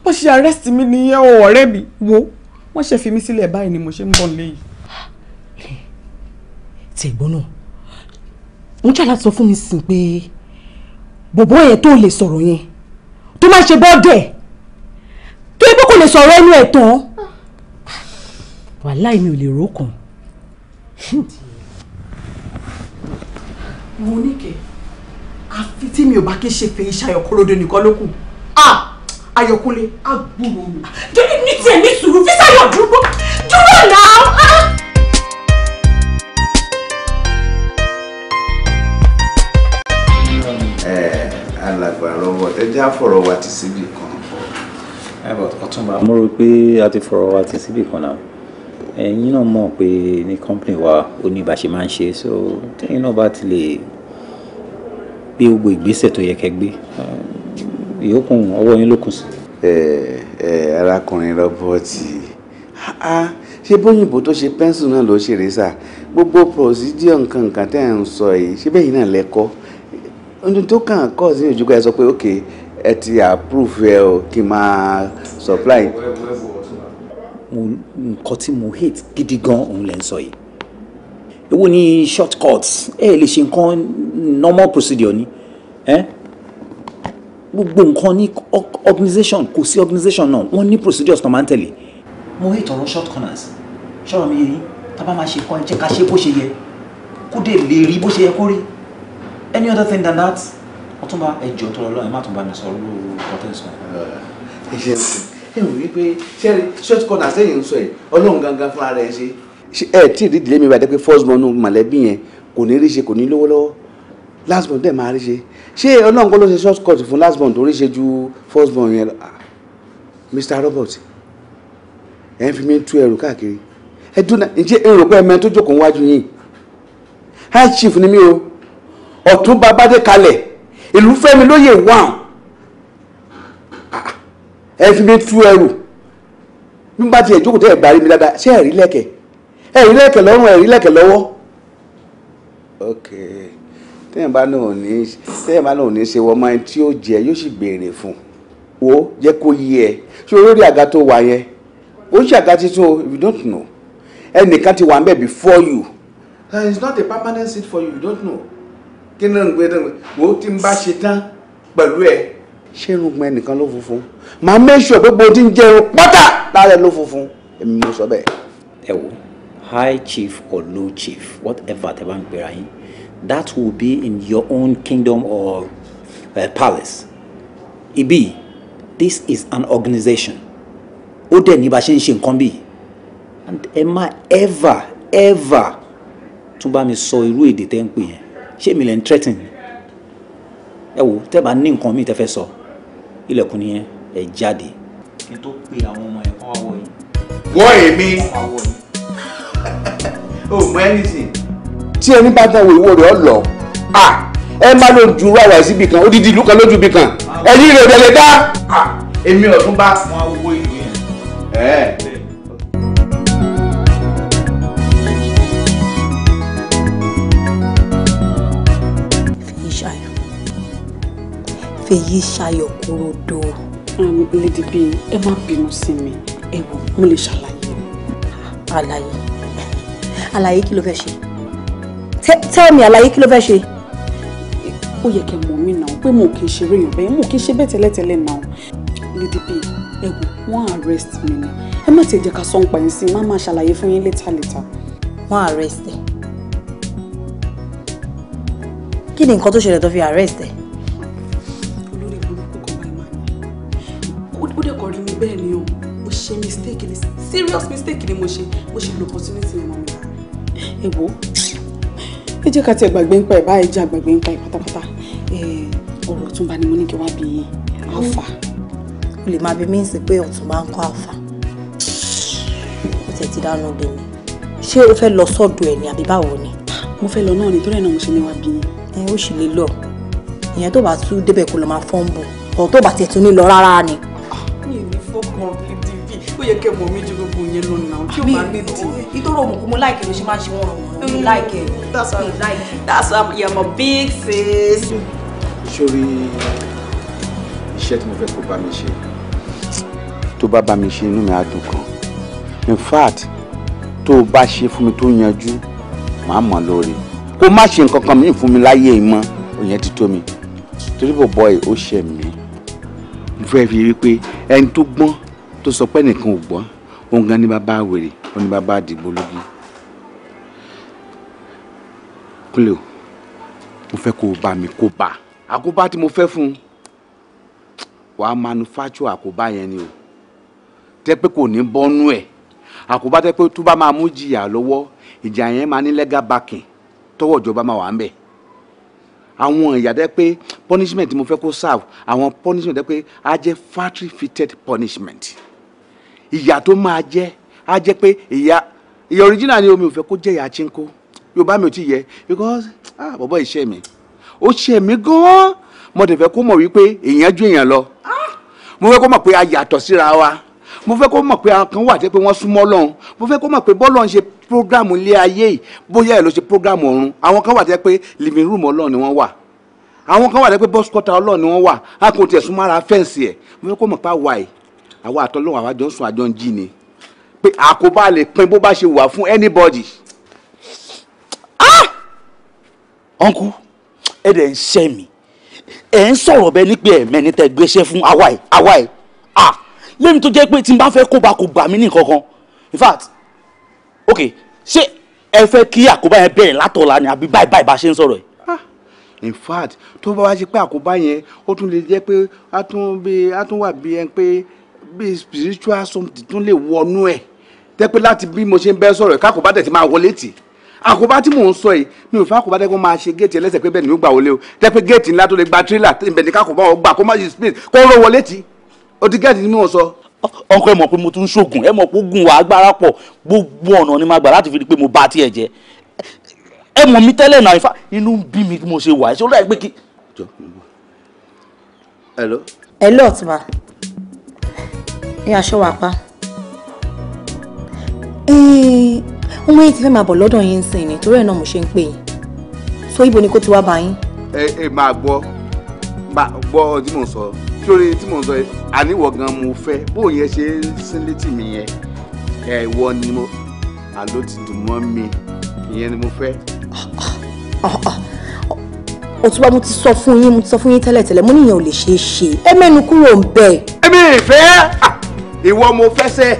bó ṣe arrest mi nìyẹn o ọ̀rẹ́ mi wo wọ́n ṣe fi mí sílẹ̀ báyìí ni mo ṣe ń bọ̀ léyìí. tẹ̀gbọ́n náà wọ́n ṣàlá sọ fún mi sí pé bọ̀bọ́ yẹn tó lè sọ̀rọ̀ yẹn tó máa ṣe bọ́ọ̀dẹ̀ tó yẹ pé kò lè sọ̀rọ̀ ẹnu ẹ̀ tán wàláì mi ò lè rò mo níkẹ́ àfi tí mi ò bá kí ṣe fè iṣẹ́ ayọ̀kọ́lódé nìkan ló kù ayọ̀kúnlé agbúrò mi. jọ́dí ní tiẹ̀ ní sùúrù fíṣà yọ̀ dúró dúró náà. alàgbà lọ́wọ́ ẹjẹ́ àfọ̀rọ̀wá ti síbì kan. ọ̀túnba mo rò pé a ti fọ̀rọ̀ wa ti síbì kan náà ẹ̀yin náà mọ̀ pé ní company wa ó ní ìbáṣe máa ń ṣe so tẹ́yin náà bá ti lè gbé gbogbo ìgbésẹ̀ tó yẹ kẹ́ gbé um, ìyókùn ọwọ́ yín ló kù sí. ẹ ẹ arákùnrin rọ́bọ́ọ̀tì ṣé bóyìnbó tó ṣe pẹ́ńsù náà ló ṣeré sà gbogbo procedure nǹkan nǹkan tẹ́ ẹ̀ ń sọ yìí ṣé bẹ́ẹ̀ yìí náà lẹ́kọ́ ohun tó kàn kọ́ sí ìjùkọ́ ẹ sọ pé ok ẹ ti approve ẹ o kí n máa supply mo nǹkan tí mo hate gidi gan òun lẹ́ ń sọ yìí èwo ni short cut ẹ lè ṣe nǹkan normal procedure ni gbogbo nǹkan ní organization kò sí organization náà wọ́n ní procedures tó máa ń tẹ̀lé. mo hate ọ̀rọ̀ short corners ṣọ́rọ̀ mi yẹ yín tá a bá máa ṣe nǹkan ẹ jẹ́ ká ṣe bó ṣe yẹ kó dé lè rí bó ṣe yẹ kó rí any other thing than that ọtúnba ẹjọ tó lọ lọ ẹ má tún bá mi sọ lóru ọtẹ sọ. ẹ ṣe é ẹ wò wípé sẹ́ẹ̀rì short corner sẹ́yìn ń sọ ẹ̀ ọlọ́run gangan fúnra rẹ̀ ṣe. ṣé ẹ tí ìdí ìdílé mi bá dé pé first born mọ̀lẹ́bí yẹn kò ní rí ṣe kò ní lówó lọ́wọ́ last born dẹ̀ máa rí ṣe ṣé ọlọ́run kọ́ ló ṣe short cut fún last born tó rí ṣe ju first born yẹn lọ. Ah, Mr. Robert ẹ ń fi mi tú ẹrù káàkiri ẹ dúnà ǹjẹ́ èrò pé ẹ̀mẹ́ tó jókòó wájú yìí high chief ni mí o ọ̀tún babadé kalẹ̀ ìlú fẹ́mi lóye wọ́n ẹ fi mi tú ẹrù bí mo bá tiẹ̀ jókòó tẹ́ ẹ̀ bá rí mi dáadáa ṣé ẹ̀ rí lẹ̀kẹ̀ ẹ̀ rí lẹ̀kẹ̀ lọ́rùn ẹ̀ rí lẹ̀kẹ̀ lọ́wọ́. ok tẹ́yìn bá náà ní tẹ́yìn bá náà ní ṣe wọ́n máa tí ó jẹ yóò sì béèrè fún wo jẹ́ kó yí ẹ ṣé olórí àga tó wà yẹn ó ṣe àga titun o if you don't know ẹnìkan ti wà ń bẹ̀ before you. there is not a permanent seat for you you don't know kí ni rẹ̀ ń gbé wo tí n bá ṣe tán pẹ̀lú ẹ̀ ṣé irungbọ̀n ẹnìkan ló funfun màá mẹ́sùn pé bó ń jẹ irun pátá lára ló funfun èmi mo sọ bẹ́ẹ̀. ẹ wo high chief or low chief whatever tẹ bá ń gbéra yín that will be in your own kingdom or uh, palace ibi this is an organization ó dẹ̀ ní bá ṣe ń ṣe nǹkan bíi and ẹ má ever ever tún bá mi sọ irú èdè tẹ́ ń pè yẹn ṣé mi lè ń threaten ẹ wò tẹ́ bá ní nǹkan míì tẹ́ fẹ́ sọ. So ilẹ̀kùn nìyẹn ẹ jáde. kí tó pe àwọn ọmọ ẹ̀kọ́ wa wọ̀ yìí. wọ èmi o mọ anything. tí ẹni bá dánwò ìwọ rẹ̀ ọ lọ ẹ má ló ju wàwà síbi kan odidi ìlú kan lójú ibi kan ẹ̀yìn rẹ̀ ò dẹ̀ lè dá. èmi ọ̀tún bá. wọn á wo ìlú yẹn. fèyí ṣayọ̀ kúròdò. Um, lady b ẹ má bínú sí mi ẹ wò mo lè ṣàlàyé. àlàyé àlàyé kí ló fẹ́ ṣe tell me àlàyé kí ló fẹ́ ṣe. ó yẹ kẹ́ mọ̀ mí náà pé mo kì í ṣeré èèyàn bẹ́ẹ̀ mo kì í ṣe bẹ́ẹ̀ tẹ́lẹ̀tẹ́lẹ̀ náà lady b ẹ wò wọ́n arrest mi ni ẹ má ti jẹ́ ká sọ nípa yín sí i má máa ṣàlàyé fún yín later later. wọ́n arrest ẹ kí ni nǹkan tó ṣẹlẹ̀ tó fi arrest ẹ. serious mistake ni mo ṣe mo ṣe lo opportunity yẹn mọ́ mi. ẹ wo ẹ jẹ́ ká tiẹ̀ gbàgbé ń pa ẹ̀ báyìí jẹ́ àgbàgbé ń pa ẹ̀ pátápátá ọ̀rọ̀ ọ̀túnba ni mo ní kí wá bí alfa. o lè máa bí mí sí pé ọ̀túnba ń kọ́ alfa ó tẹ̀ ti dáná lé mi ṣé o fẹ́ lọ sọ́dọ̀ ẹ̀ ni àbí báwo ni. mo fẹ́ lọ náà ni torí ẹ̀ náà mo ṣe ní wá bí. ẹ ó sì lè lọ ìyẹn tó bá tún débẹ̀ kó lọ máa fọ́n bù ọ̀ tó bá tiẹ̀ tún ní lọ rárá ni. mi ò ní fọkàn gidi bí ó yẹ kẹ́ mọ̀ mí jù gbogbo yẹn lọ náà tí o máa gbé tì. nítorí òmùkú mo láìkẹ́ ló ṣe máa ń ṣe wọ́n rọ̀ wọ́n láìkẹ́ that's why you are my big sis. sórí iṣẹ́ tí mo fẹ́ kó bá mi ṣe tó bá bá mi ṣe inú mi á dùn kan in fact tó o bá ṣe fún mi tó yanjú màá mọ̀ lórí kó má ṣe nǹkan kan mìíràn fún mi láyé ìmọ̀ òyìn ti tó mi torí bò bọ́ ẹ̀ ó ṣẹ̀ mí mo fẹ́ fi rí i pé ẹni tó gbọ́n tó sọ pé ẹnìkan ò gbọ́n òun gan ni bàbá wèrè òun ni bàbá àdìgbò lógi kúlẹ̀ mo fẹ́ kó o bá mi kó bá àkóbá tí mo fẹ́ fún un wàá manufacture àkóbá yẹn ni o tẹ́ pé kò ní bọ́nú ẹ̀ àkóbá tẹ́ pé tó bá máa mú jìyà lọ́wọ́ ìjà yẹn máa ní legal backing tọ́wọ́ ìjọba máa wà ń bẹ̀ àwọn ìyà tẹ́ pé punishment mo fẹ́ kó serve àwọn punishment tẹ́ pé á jẹ́ factory fitted punishment ìyà tó máa jẹ́ á jẹ́ pé ìyà ìyà original ni omi ò fẹ́ kó jẹ́ ìyà chinko yorùbá mi ò ti yẹ because ah bọ̀bọ̀ ìṣe mi ó ṣe mí gan-an mo dẹ̀ fẹ́ kó mọ̀ wípé èèyàn ju èèyàn lọ ah! mo fẹ́ kó mọ̀ pé a yàtọ̀ síra wa mo fẹ́ kó mọ̀ pé àwọn kan wà tẹ́ pé wọ́n súnmọ́ lọ́hùn mo fẹ́ kó mọ̀ pé bọ́lọ̀ ń ṣe prógrámù ilé ayé yìí bóyá ẹ̀ ló ṣe prógrámù ọ̀run àwọn kan wà tẹ́ pé living room ọlọ́run ni wọ́n wà àwọn kan wà tẹ́ pé bọ́sikọ́ta ọlọ́run ni wọ́n wà a kò tiẹ̀ súnmọ́ ara fẹ́ǹsì ẹ̀ mo fẹ́ kó mọ̀ pé àwa yìí àwa àtọ́lọ́wọ́ àwa jọ ń sùn àjọ ń jí ni pé àkóbá lè pín bó bá ṣe wà fún anybody. ọ̀nkú ah! ẹ dẹ̀ ń ṣẹ́ mi ẹ̀ ń sọ̀rọ̀ bẹ́ẹ̀ ní pé ẹ̀mẹ́ ní tẹ́ gbéṣẹ́ fún àwa ẹ̀ àwa ẹ̀ à ah! lẹ́mi tó jẹ́ pé tí n bá fẹ́ kóbá kò gbà mí ní kankan in fact ok ṣé ẹ fẹ́ kí àkóbá yẹn bẹ̀rẹ̀ látọ̀la ni àbí báyìí báyìí bá ṣe ń sọ̀rọ̀ yìí ah! in fact tó bá wá ṣe pé àkóbá yẹn ó tún lè jẹ́ pé á tún wà bí ẹn pé bíi spiritual something tún lè wọnú ẹ̀ tẹ́pẹ́ láti bí mo ṣe ń bẹ́ sọ̀rọ̀ kákò bá tẹ̀ ti máa wọlé tì àkóbá tí mò ń sọ yìí mi ò fẹ́ àkóbá tẹ́ kó máa ṣe géètì ẹlẹ́sẹ̀ pé bẹ́ẹ̀ ni ó gbà wọlé o tẹ́pẹ́ géètì ńlá tó lè gba tírélà ìbẹ̀ ní kákò bá wọn gbà kó má yí space kó rọ wọlé tì ó ti géètì ni mò ń sọ ọkọ ẹ mọ̀ pé mo tún ṣoògùn ẹ mọ̀ pé oògùn wà agbára pọ̀ gbogbo ọ̀nà ni màá gbà láti fi di pé mo bá tiẹ̀ jẹ́ ẹ mọ̀ mi tẹ́lẹ̀ náà ifá inú ń bí mi mo ṣe wà ẹ ṣe ó dà pé kí. hello. hello Ọ̀túnba ní aṣọ wa pa. ọmọ yìí ti fẹ́ máa bọ̀ lọ́dọ̀ yín sìn ni torí ẹ̀ náà mo ṣe ń pè yín so ibo ni kó ti wá bá yín. ẹ ẹ máa gbọ́ máa gbọ́ tí mò ń sọ sórí tí mò ń sọ àníwọ̀ gan mo fẹ́ bó yẹn ṣe ń sín létí mi yẹn ẹ ìwọ ni mo àló ti dùn mọ́ mi ìyẹn ni mo fẹ́. òtún bá mo ti sọ fún yín mo ti sọ fún yín tẹ́lẹ̀tẹ́lẹ̀ mo níyẹn ò lè ṣeé ṣe ẹ mẹ́nu kúrò ń bẹ̀. èmi ìfẹ́ ìwọ mo fẹ́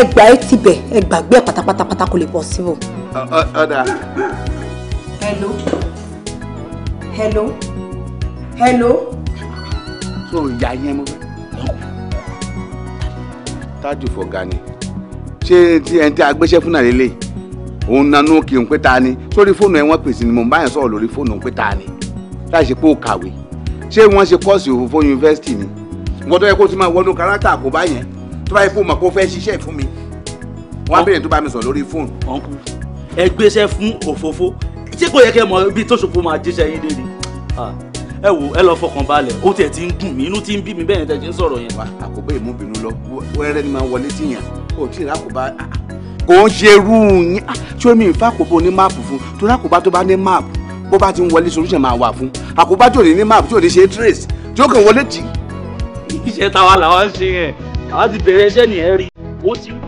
ẹgbà ẹ ti bẹ ẹgbàgbé ẹ pátápátá kò lè possible. ọ̀dà. hello hello hello. so ìyá yẹn mo fẹ́. tájù fọ̀gá ni ṣé tí ẹni tí a gbéṣẹ́ fún náà lélẹ̀ òun nanú kí n pé ta ni sórí fóònù ẹ wọ́n pèsè ni mo bá yẹn sọ̀rọ̀ lórí fóònù pé ta ni láì ṣe pé ó kàwé ṣé wọ́n ṣe kọ́ọ̀sì òfófó yunifásitì ni nǹkan tó yẹ kó ti máa wọnú kárátà kó bá yẹn tó bá yẹ kó mọ̀ kó fẹ́ ṣiṣẹ́ fún mi wọ́n á bẹ̀rẹ̀ tó bá mi sọ lórí fóònù. ọ̀nkú ẹ gbéṣẹ́ fún òfófó ṣé kò yẹ kẹ́ mọ ibi tó ṣòfò máa jẹ́ṣẹ́ yín dé ni ah. ẹ wo ẹ lọ fọkàn balẹ̀ ó tiẹ̀ ti ń dùn mí inú ti ń bí mi bẹ́ẹ̀ ni tẹ̀ ti ń sọ̀rọ̀ yẹn. wà á kò bẹ́ẹ̀ mú bínú lọ wẹ́rẹ́ ni máa wọlé sí yàn ó tí ì rákòbá kò ń ṣe irú yín tí ó mi ń fa àkóbá ní máàpù fún torí àkóbá tó bá ní máàpù bó bá ti ń wọlé solution máa wà fún àkóbá tí ò ní ní máàpù tí ò ní ṣe trace tí ó kàn wọlé tì. iṣẹ́ táwa làwọn ṣe yẹn àwa ti bẹ̀rẹ̀ iṣẹ́ nìyẹn rí ó ti wú.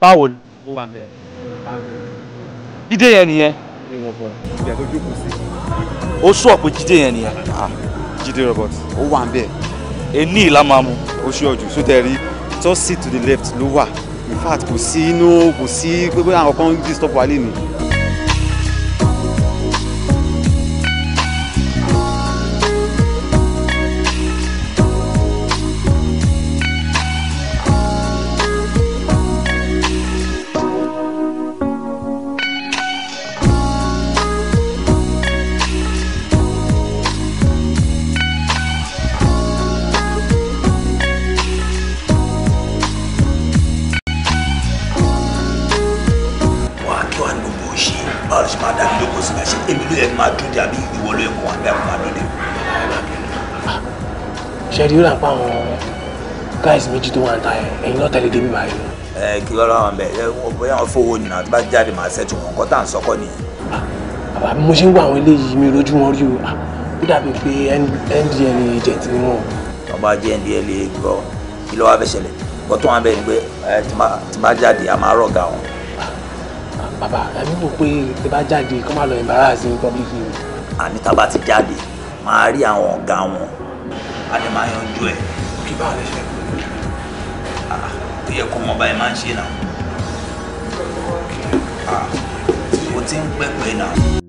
báwo ni. mo wà bẹ́ẹ̀. jíde yẹn nìyẹn. ó sọ pé jíde yẹn nìyẹn. Ah, jíde robert ó wà bẹ́ẹ̀. ení ìlà máa mu. ó ṣe ọjọ́ sótẹ́ẹ̀rí tó sì to the left ló wà in fact kò sí inú kò sí pé àwọn kan ń disturb wa lé ẹni ó là ń pa àwọn guys méjì tó wà ń ta ẹ ẹ̀yin náà tẹ̀lé débi báyìí. ẹ kí lọ́rọ̀ àwọn bẹ̀rẹ̀ bóyá wọn fowó nìyà tó bá jáde màá ṣẹ́tù wọn kọ́ tá à ń sọ́kọ́ nìyẹn. bàbá ah, mi mo ṣe ń wá àwọn eléyìí mi rojú wọn rí o ah, ó dàbí pé ndla agent ni wọn. ọba jẹ́ ndla gbọ́ kí ló wá fẹ́ ṣẹlẹ̀ kó tó wọn bẹ̀ ni pé tí bá jáde a máa rọ̀gà wọn. Ah, bàbá ẹ̀mí wò pé tí bá jáde kó má lọ a bá ti jáde máa rí a lè máa yanjú ẹ̀. kí báwo lè ṣe kúrò níbi. ó yẹ kó mọ báyìí máa ń ṣe ti ń pẹ́pẹ́ náà.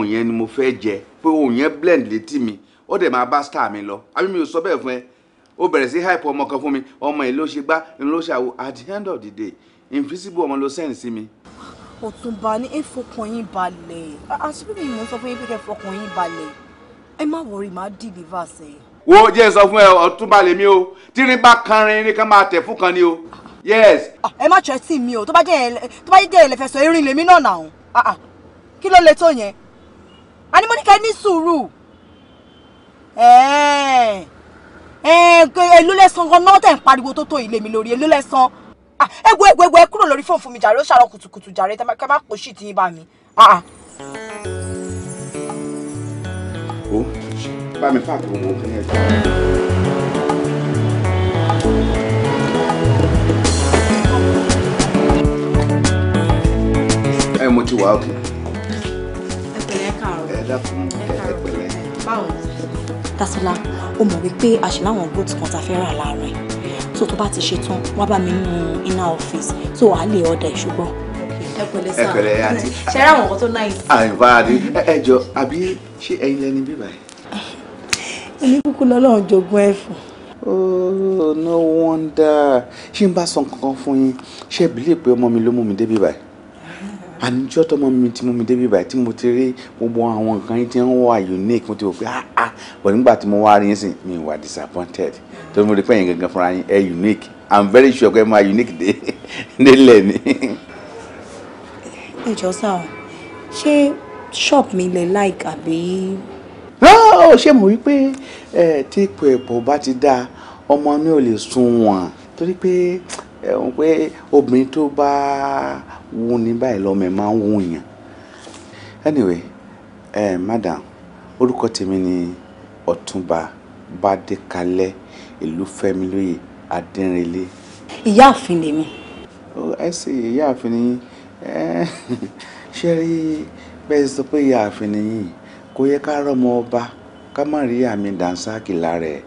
ohun yẹn ni mo fẹ́ jẹ pé ohun yẹn blend létí mi ó dẹ̀ máa bá star mi lọ àbí mi ò sọ bẹ́ẹ̀ fún ẹ ó bẹ̀rẹ̀ sí hype ọmọ kan fún mi ọmọ yìí ló ṣe gbá ló ṣe àwo at the end of the day invisible ọmọ ló send sí mi. Ọ̀túnba ní ẹ yín balẹ̀ àṣírí mi mò sọ fún yín pé kẹ́ fọkàn yín balẹ̀ ẹ má worry má deliver sẹ́. wo jẹ́ sọ fún ẹ Ọ̀túnba lèmi o tírin bá kanrin ní ká máa tẹ̀ fún kan ni o yes. Ah, ẹ má tẹ̀ sí mi o tó bá jẹ́ ẹ lẹ́fẹ̀ẹ́ sọ irin lèmi náà nà ó ah, ah. kí ló le tó yẹn a ní mo ní kẹ́ ní sùúrù èló lẹ́sàn gan náà tẹ̀ ń pariwo tó tó ilé mi lórí èló lẹ́sàn ẹgbẹ́ ah, ẹgbẹ́ ẹgbẹ́ kúrò lórí fóònù fún mi jàre ó ṣàrọ̀ kùtùkùtù jàre kẹ́ má pò sí ti bá mi. Ah, ah. ó bá mi fà tó wo kí ẹ jẹ. ẹ mo ti wà á kù dákun ẹ pẹ̀lẹ́. Tásọ́lá ó mọ̀ wípé a ṣe láwọn goat kan tá a fẹ́ rà láàárọ̀ ẹ̀ tó tó bá ti ṣe tán wá bá mi nínú iná ọ́fíìsì tó wàá lè ọ̀dà ẹ̀ ṣùgbọ́n. ẹ pẹ̀lẹ́ sáà ẹ pẹ̀lẹ́ àti. ṣe é ráwọn nǹkan tó náà yìí. àyìnbá àdé ẹ jọ àbí ṣé ẹ̀yin lẹni bíbá ẹ. èmi kúkú lọ́lọ́run jogún ẹ̀ fún. oh no wonder ṣé n bá sọ nǹkan kan fún yín ṣé ẹ bìlẹ̀ pé ọmọ mi ló mú mi dé bíbá yìí àníjọ́ tọmọ mi tí mo mi débi báyìí tí mo ti rí gbogbo àwọn nǹkan yìí tí ń wà unique mo ti wò pé ah ah but nígbà tí mo wá rí yín sìn mi wà disappointed tó mo rí pé yín gangan fúnra yín ẹ unique i'm very sure pé my unique dé délẹ̀ ni. ẹ jọ sá o ṣé shop mi lè like àbí. ó ṣe mọ̀ wípé tí ipò ẹ̀pọ̀ bá ti dáa ọmọ mi ò lè sunwọ̀n torí pé ẹ̀hún pé obìnrin tó bá wù ní báyìí lọ́mọ ẹ̀ máa ń wù yàn anyway eh, madam orúkọ tèmi ni ọ̀túnba bádékalẹ̀ ìlúfẹ́mi lóye adẹ́rìnlé. ìyáàfin lèmi. ẹ sì ìyáàfin ni ṣé rí bẹ́ẹ̀ sọ pé ìyáàfin ni yìí kò yẹ ká rọ́mọ ọba ká má rí àmì dànsákì lára ẹ̀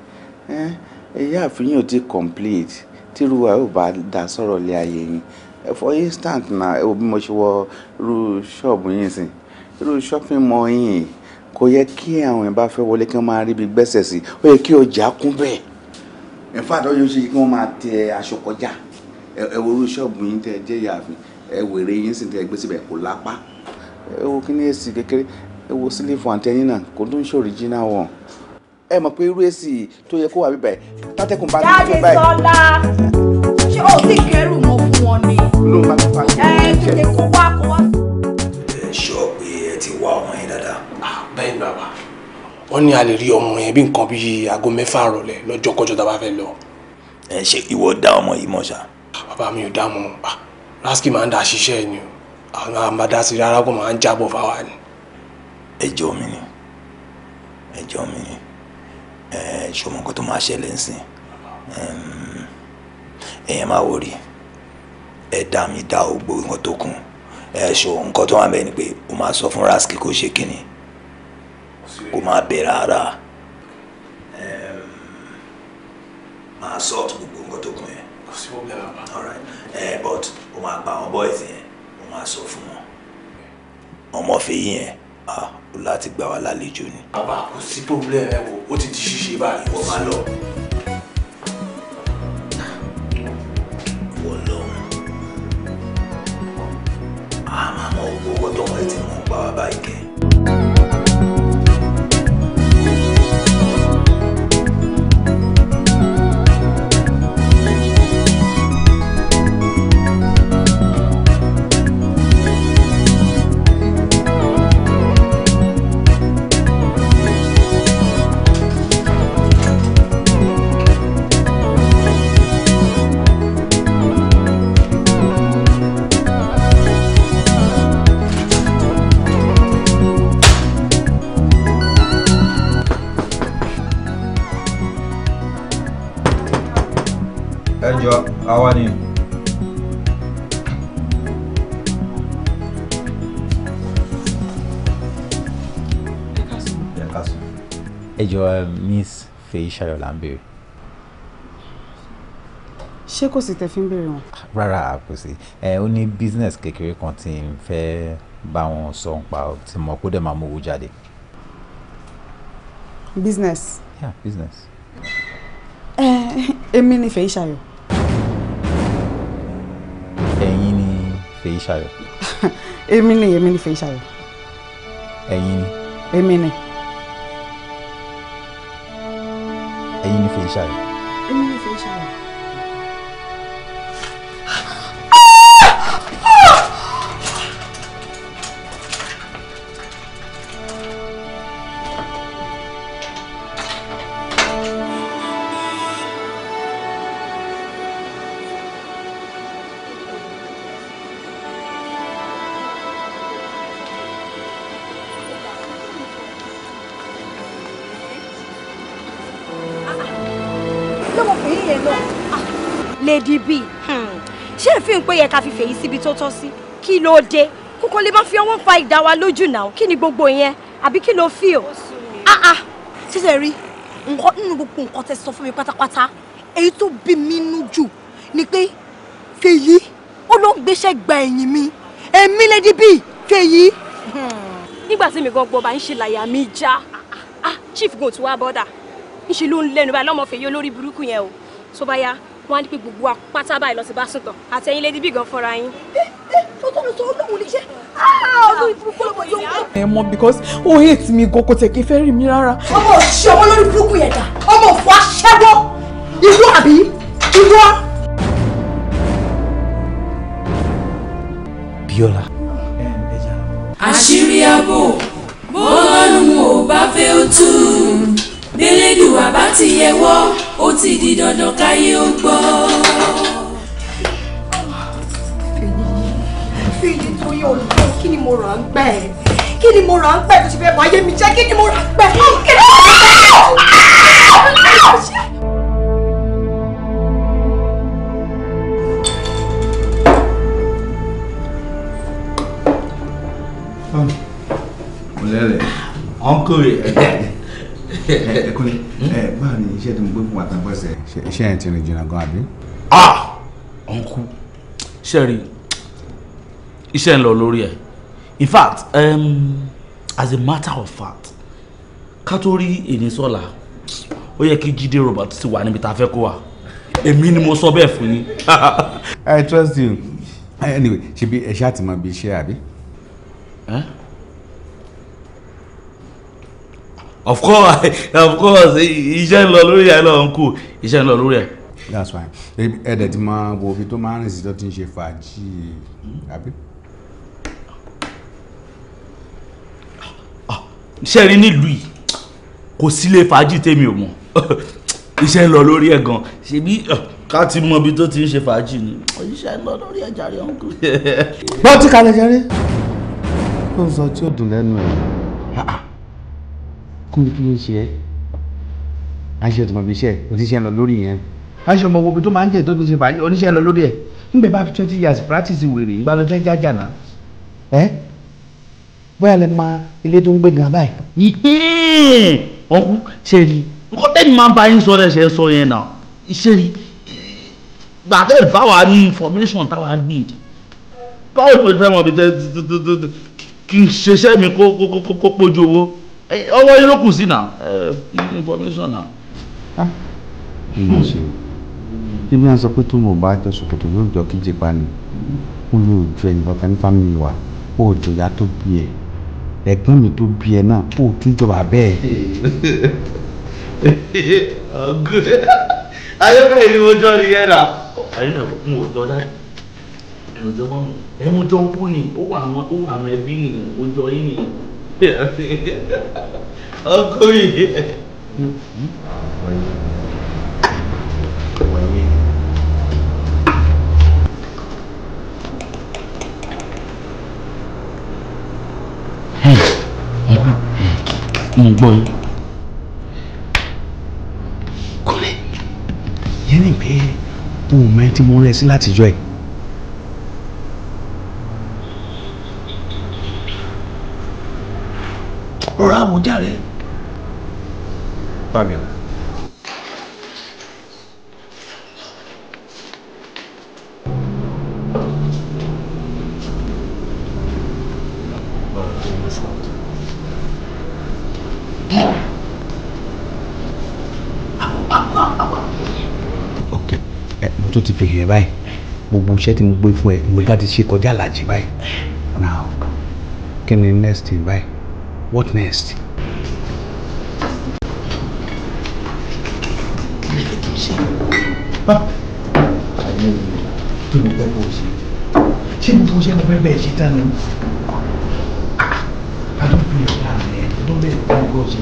ìyáàfin yóò ti complete tírú wa ò bá dá sọ̀rọ̀ lé ayé yín for instance na ẹ wo bí mo ṣe wọ irú ṣọ́ọ̀bù yín sìn irú shopping mall yín kò yẹ kí àwọn èèyàn bá fẹ́ wọlé kí wọ́n máa rí ibi gbẹ́sẹ̀ sí ó yẹ kí ọjà kún bẹ́ẹ̀ in fact ó yẹ kí wọ́n máa tẹ aṣọ kọjá ẹ wo irú ṣọ́ọ̀bù yín tẹ jẹ́ ìyàfin ẹ wèrè yín sì tẹ gbé síbẹ̀ kò lápá ẹ wo kí ni èsì kékeré ẹ wo sílífù àtẹyìn náà kò tún ṣe original wọn ẹ mọ̀ pé irú èsì tó yẹ kó wà bíbẹ̀ tátẹ́kùn bá ti báyìí. jáde sọlá ṣé o ti kẹrù mọ fún wọn ni. ló ń bá ti parí. ẹ tètè kó wá kó wá. ẹ ṣọ pé ẹ ti wá ọmọ yẹn dáadáa. bẹ́ẹ̀ ni bàbá wọ́n ní a lè rí ọmọ yẹn bí nǹkan bíi aago mẹ́fà rọ̀lẹ́ lọ́jọ́ kọjọ́ tá a bá fẹ́ lọ. ẹ ṣe ìwọ dá ọmọ yìí mọ̀ ṣá. bàbá mi ò dá mọ̀ rasky máa ń da ṣiṣẹ́ ni o àwọn àmàdásí rárá máa ń jábọ̀ fáwa ni. ẹjọ́ mi ni ẹjọ́ mi ni. Eh, ṣọmọ nǹkan tó máa ṣẹlẹ̀ ń sìn èèyàn máa wò rí ẹ̀dá mi dá ogbó nǹkan tó kù ṣọ nǹkan tó wà bẹ́ẹ̀ ni pé o máa sọ fún rasky kó ṣe kínni kó máa bẹ̀ rárá máa sọ gbogbo nǹkan tó kù yẹn eh, but o máa gba àwọn boys yẹn o máa sọ fún wọn ọmọ fèyí yẹn ah láti gbà wá lálejò ni. bàbá kò sí problem ẹ wo ó ti di ṣíṣe báyìí wọ́n máa lọ. wọ́n lọ àmọ́ àwọn owó ọgbọ́n tó ti mú pa wá báyìí kẹ́. jọ àwa ni. ẹ jọ eh, miss Fèyí Ṣayọ̀ là ń béèrè. ṣé kò sì tẹ́ fi ń béèrè wọn. rárá kò sí ẹ ó ní business kékeré kan tí n fẹ́ bá wọn sọ ń pa tí mo kó dẹ̀ máa mú owó jáde. business. yeah business. ẹ eh, èmi ni Fèyí Ṣayọ̀. Fèyíṣayọ̀. èmi ni èmi ni Fèyíṣayọ̀. ẹ̀yin ni. èmi ni. ẹ̀yin ni Fèyíṣayọ̀. èmi ni yẹ ká fi fèyí síbi tó tọ́ sí kí ló dé kókó lè má fi ọwọ́ pa ìdá wa lójú náà kí ni gbogbo yẹn àbí kí ló fi o. ah ah ṣíṣe rí nǹkan nínú gbogbo nǹkan tẹ sọ fún mi pátápátá èyí tó bí mi nú jù ni pé fèyí ó ló ń gbéṣẹ́ gba ẹ̀yìn mi èmi lè di bíi fèyí. nígbà tí mi gan gbọ́ bá ń ṣe làyà mi já ah, ah, chief goat wá bọ́dà ńṣe ló ń lẹ́nu báyìí lọ́mọ fèyí olórí burúkú yẹn o tó bá yá wọ́n á ní pé gbogbo apáta báyìí lọ sí bá sùn tán àtẹ̀yìn lè dìbì gan fọ́ra yín. ó tó lọ sọ ọlọ́run lè ṣe ọdún ìfúrukú lọ́mọ yóò wọ́n. ẹ mọ because ó hate mi gan kò tẹ̀kí fẹ́ rí mi rárá. ọmọ òṣìṣẹ́ ọmọ lórí burúkú yẹn dà ọmọ òfò aṣẹ́wó ìlú àbí ìlú wa. Bíọ́lá. àṣírí ààbò bọ́ọ̀lù ò bá fẹ́ ó tù ú délédùn àbá ti yẹ wọ́ ó ti di dandan káyé ó gbọ́. fíyí torí olùkọ́ kí ni mo rà ń pẹ́ kí ni mo rà ń pẹ́ tó ti fẹ́ bọ́ ayé mi jẹ́ kí ni mo rà ń pẹ́ kí ni mo rà ń pẹ́. Lele, uncle, ẹ kúnlẹ̀ ẹ ń gbé gan àbí. ah ọ̀nkú sẹ́ẹ̀rì iṣẹ́ ń lọ lórí ẹ̀ in fact um, as a matter of fact ká tó rí èdè sọ́la ó yẹ kí Jídé Robert ti wà níbi tá a fẹ́ kó wa èmi ni mo sọ bẹ́ẹ̀ fún yín. I trust you anyway ṣe bí ẹ ṣáà ti mọ bí iṣẹ́ àbí. of course of course iṣẹ́ ń lọ lórí ẹ̀ lọ́wọ́ ń iṣẹ́ ń lọ lórí ẹ̀. that's why ẹ̀dẹ̀ ti máa wo ibi tó máa ń rìn sí tó ti ń ṣe fàájì àbí. iṣẹ́ rí nílùú yìí kò sílé fàájì tèmi ò mọ̀ iṣẹ́ ń lọ lórí ẹ̀ gan ṣebí ká ti mọ ibi tó ti ń ṣe fàájì ni iṣẹ́ ń lọ lórí ẹ̀ jàre ọ̀hún kù. kalẹ̀ jẹ́rí. kó n sọ tí ó dùn lẹ́nu ẹ̀ kú ní í ṣe ẹ́ aṣọ tó máa fi ṣe ẹ̀ oníṣẹ́ ń lọ lórí yẹn. aṣọ ọmọ gbogbo tó máa ń jẹ tó fi ṣe bàjẹ́ oníṣẹ́ ń lọ lórí ẹ̀ nígbà bá fi twenty years practice wèrè ìgbà lọ́jọ́ jájà náà ẹ́ bóyá lè máa ilé tó ń gbé gan báyìí. ọkùn ṣe ni nǹkan tẹ́ni máa ń bá yín sọ ẹ̀ṣẹ̀ sọ yẹn náà ṣe ni gbàtẹ́ ìfáwà ní information táwa need báwo ni mo fẹ́ mọ̀ bí kí n ṣiṣẹ́ mi kó kó kó kó pójú owó ọwọ́ yín ló kù sí náà information náà. ìmọ̀ ah. ṣe ibi náà sọ pé tó mọ̀ bá jọ ṣòkòtò yóò jọ kíje pa ni ó yóò ju ẹnìkan kan ní fámìlì wa ó jọ ìyá tó bí ẹ ẹ̀gbọ́n mi tó bí ẹ náà ó tún jọba bẹ́ẹ̀. ayọ́kẹ́ ìlú ojú ọ̀rẹ́ yẹn rà. ẹ̀yin náà n ò jọ dá ẹ̀yin ojú ọmọ ẹ̀yin ojú ọmọ ni ó wà àwọn ẹbí ojú ọyìn nìyẹn. Yeah, I mean, Uncle, yeah. ń gbọ́ yín. kọ́lẹ̀ yẹn ni pé ohun mẹ́ tí mo rẹ̀ sí látijọ́ ẹ̀. rọra mú jàre. Bámi o. tó ti fèrè ẹ báyìí gbogbo iṣẹ́ tí mo gbé fún ẹ mo bá ti ṣe kọjá làjì báyìí now kí ni next thing báyìí. What next? ṣé ní tó ṣe mo fẹ́ bẹ́ẹ̀ ṣe tán ni adókùn ìyọ̀dá rẹ̀ tó bẹ̀rẹ̀ bá ẹ̀kọ́ ṣe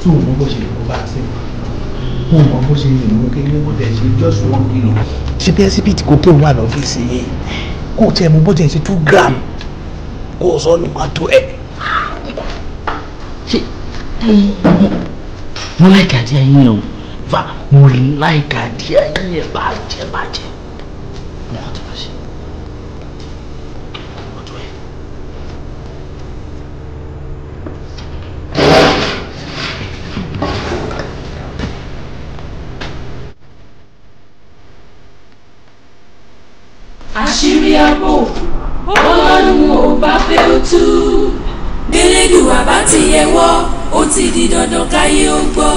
tí òun mọ́ bó ṣe lè kó bá ṣe òun mọ́ bó ṣe lè mú kí ní bó tẹ̀ ṣe just one kilo. ṣé bí ẹsibítì kò pé òun wà lọ́fíìsì yìí kó tiẹ̀ mú bó tẹ̀ ṣe two gram kó sọ nípa tó ẹ̀ mo láìka àdíyà yín yẹn o fa mo láìka àdíyà yín yẹn bàjẹ́ bàjẹ́. di dandan káyé ó gbọ́.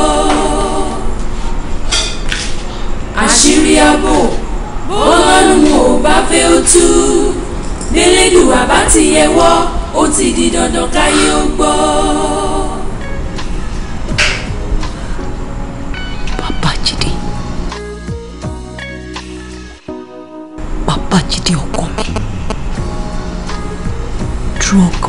àṣírí ààbò bọ́lọ́run ò bá fẹ́ ó tú bẹ́lẹ́dù àbá ti yẹwọ́ ó ti di dandan káyé ó gbọ́. Babájídé Babájídé ọkọ mi drug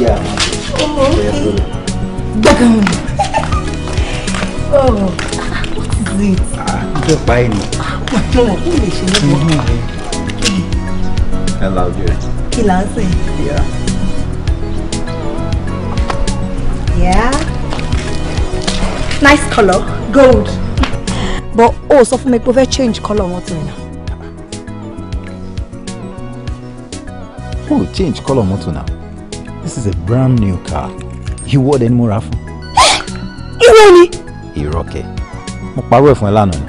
jẹ́ àwọn oh what is it. Ah, pa ẹ̀ nù. àjọ wọ̀ kó lè ṣe lọ́wọ́. ẹ la ojú ẹ. kí là ń yeah nice color, gold but oh, sọ fún mi pé o fẹ́ change colour wọn ti rìn náà. o change colour mọ́tò náà. This is a brand new car. You dẹ̀ any more, rà fún. Irọ́ ni. Irọ́ kẹ̀. Mo parọ́ ẹ̀ fún ẹ lánàá ni.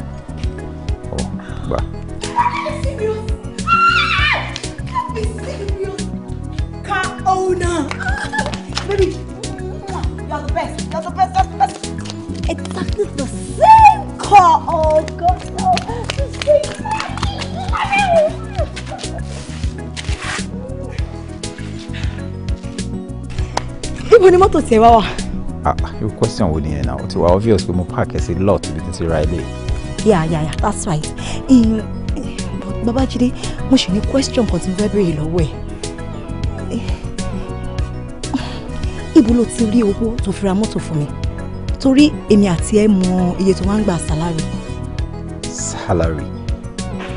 ni mọ́tò tiẹ̀ wá wà. ah, ah question wo nìyẹn náà ó ti wá obvious pé mo park ẹ sí lot ibi tí ti ra ilé. yeah yeah yeah that's right um, Babájídé mo ṣì ní question kan tí mo fẹ́ béèrè lọ́wọ́ ẹ̀ eh, ibo ló ti rí owó tó fi ra mọ́tò fún mi torí èmi àti ẹ mọ iye tó máa ń gba salary. salary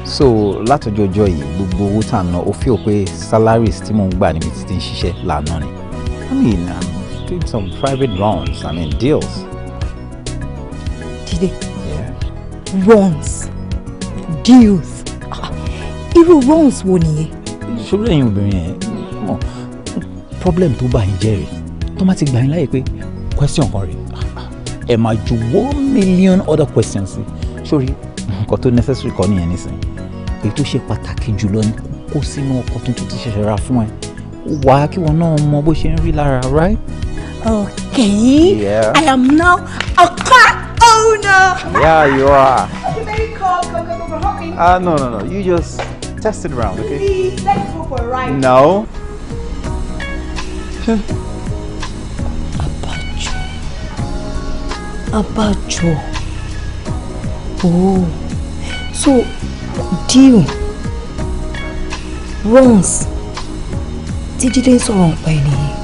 so látọjọ́ ọjọ́ yìí gbogbo owó tá à ń ná ó fi hàn pé salaries tí mò ń gbà níbi tí ti ń ṣiṣẹ́ là ni i mean um, did some private rounds. I mean deals. Did they? Yeah. Rounds, Deals. Ah, irú runs wo nìyẹn? you ẹ̀yin obìnrin yẹn, mọ̀ problem to buy yín jẹ́ rè tó má ti question for you. Am I to one million other questions Sorry, got to necessary kọ́ nìyẹn nísìnyí. Èyí tó ṣe pàtàkì jùlọ ni kó sínú ọkọ̀ tuntun ti ṣẹ̀ṣẹ̀ ra fún ẹ. Wàá kí wọn náà mọ bó ṣe right? Okay. Yeah. I am now a car owner. Yeah, you are. Are you very cold, Coco Hawking? Ah, uh, no, no, no. You just test it around, okay? Please, let's go for a ride. No. Abajo. Abajo. Oh. So, deal Once. runs. Títí dé sọ̀rọ̀ by me?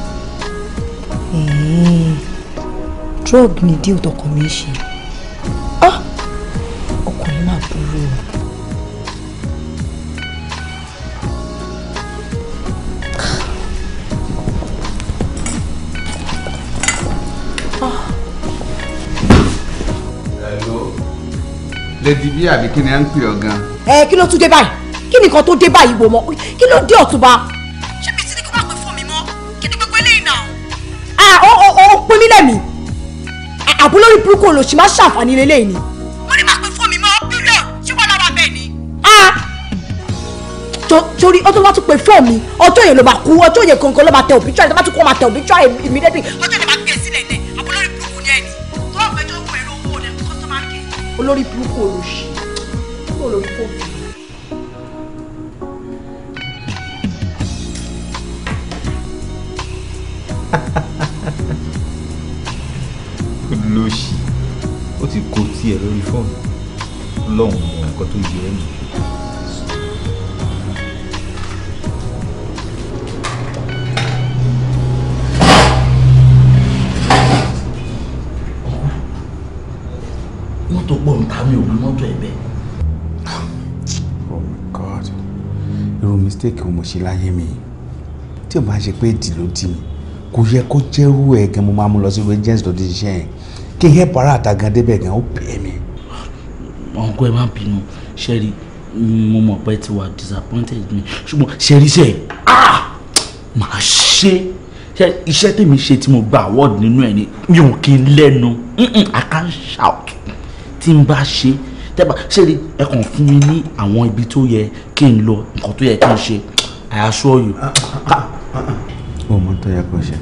drug ni díò tọkọ mi ń ṣe ah! ọkùnrin máa burú o. lẹ́dí bí àbí kí ni à ń pè ọ́ gan. ẹ kí ló tún dé báyìí kí nìkan tó dé báyìí wò mọ́ kí ló dé ọ̀túnba mí lẹ́mí àbúlórí burúkú olóṣì máa ṣàǹfààní lélẹ́yìn ni. mo ní máa pè fún mi mọ́ bílọ̀ ṣé wọ́n lára bẹ́ẹ̀ ni. a torí ọjọ́ wa tún pè fún mi ọjọ́ yẹn ló máa kú ọjọ́ yẹn kankan ló máa tẹ òbí tíwáyé tó bá tún kọ́ máa tẹ òbí tíwáyé immediately ọjọ́ yẹn máa gbé e sílẹ̀ ní olórí burúkú olóṣì tó yẹ ẹ́ nù. pọ̀ ń ta mi ò mọ́tò ẹ̀ oh my god irú mistake mo ṣe láyé mi tí o bá ṣe pé èdè ló dì mí kò yẹ kó jẹ́rú ẹ̀ mo máa mú lọ sí agents lọ́dún iṣẹ́ kí n hẹ́ para àtàgàn débẹ̀ gan ó bẹ̀ẹ́ mi ọ̀nkọ́ ẹ má bínú ṣẹ́rí mo mọ̀ pé ti wà disappointed mi ṣùgbọ́n ṣẹ́rí ah! ṣe ah màá ṣe iṣẹ́ tèmi ṣe tí mo gba award nínú ẹ̀ ni mi ò kí n lẹ́nu I can shout tí n bá ṣe tẹ́bà ṣẹ́rí ẹ kàn fún mi ní àwọn ibi tó yẹ kí n lọ nǹkan tó yẹ kí n ṣe I assure you. Ah, ah, ó mọ tó yẹ kó ṣe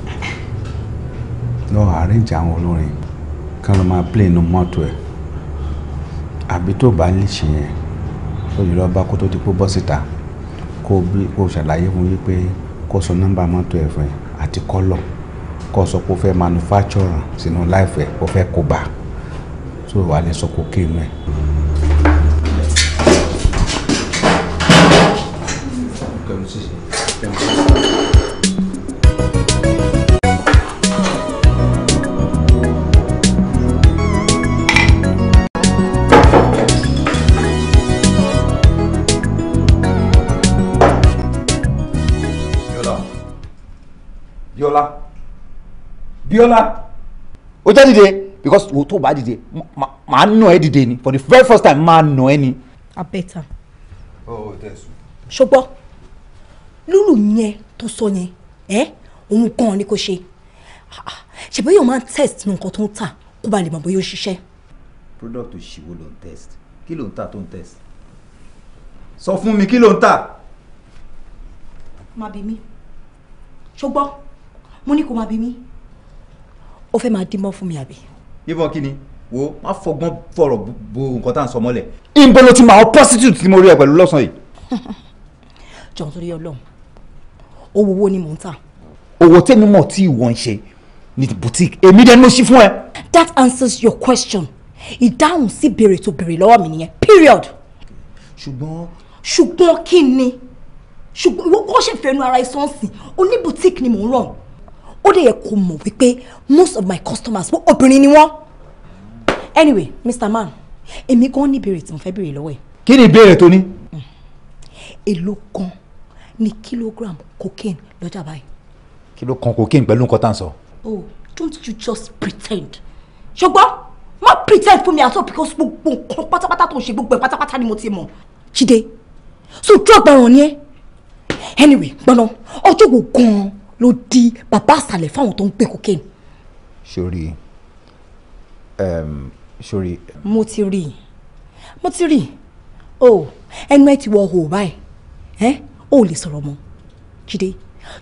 lọ́ọ́ arrange àwọn olórin ká ló máa play inú mọ́tò ẹ̀ àbí tó bá lè ṣe yẹn ó lè lọ bá kó tó ti kó bọ́ síta kó kó ṣàlàyé fún yín pé kó sọ nọ́mbà mọ́tò ẹ̀ fún ẹ àti kọ́lọ̀ kó sọ pé ó fẹ́ manufacture sínú láìfẹ́ ó fẹ́ kó bá tó wà lè sọ kó kí inú ẹ̀. Thank you. biola o jẹ́ dìde because wo tó bá dìde màá nà ẹ́ dìde ni for the very first time màá nà ẹ́ ni. Oh, oh, abẹ́ta ṣùgbọ́n lúlù yẹn tó sọ yẹn ẹ òun kan ni kò ṣe ṣèbí yóò máa ń test nǹkan tó ń tà kó ba lè mọ̀ bóyá ó ṣiṣẹ́. product òṣìwò ló ń test kí ló ń tà tó ń test sọ fún mi kí ló ń tà. má bí mi ṣùgbọ́n mo ní kó má bí mi ó fẹ́ máa dímọ́ fún mi àbí. yíbọn kí wo má fọgbọ́n fọ̀rọ̀ bo nǹkan tá à ń sọ mọ́lẹ̀. ìbọn ló ti máa ọ prostitute tí mo rí ẹ pẹ̀lú lọ́sàn-án yìí. jọ̀ọ́ torí ọlọ́run owó owó ni mò ń tà. owó tẹ́mi mọ̀ tí ìwọ ń ṣe ní boutique èmi dẹ́nu mo ṣí fún ẹ. that answers your question ìdáhùn sí béèrè tó béèrè lọ́wọ́ mi nìyẹn period. ṣùgbọ́n. ṣùgbọ́n kí ni ṣùgbọ́n wọ́n ṣèfẹ́ nu ara ìsọ́nsìn oní boutique ni mò ń rọrùn ó dẹ̀ yẹ kó mọ̀ wípé most of my customers wọ́n obìnrin ni wọ́n. anyway mr man èmi gan ní ìbéèrè tí mo fẹ́ béèrè lọ́wọ́ ẹ̀. kí ni ìbéèrè tó ní. Hmm. èló kan ní kilogram cocaine lọ́jà báyìí. kí ló kan cocaine pẹ̀lú nǹkan tá à ń sọ. oh don't you just pretend ṣùgbọ́n má pretend fún mi àtọ́ because gbogbo nǹkan pátápátá tó ń ṣe gbogbo ẹ̀ pátápátá ni mo ti mọ̀. Jídé so drug baron ni ẹ anyway gbọ́nà ọjọ́ wo gan-an ló di bàbá àsàlẹ̀ fáwọn tó ń gbé cocaine. sori um, sori. mo ti rí i mo ti rí i o ẹnu ẹ ti wọ ọhún báyìí ẹ o lè sọ̀rọ̀ mọ́ Jídé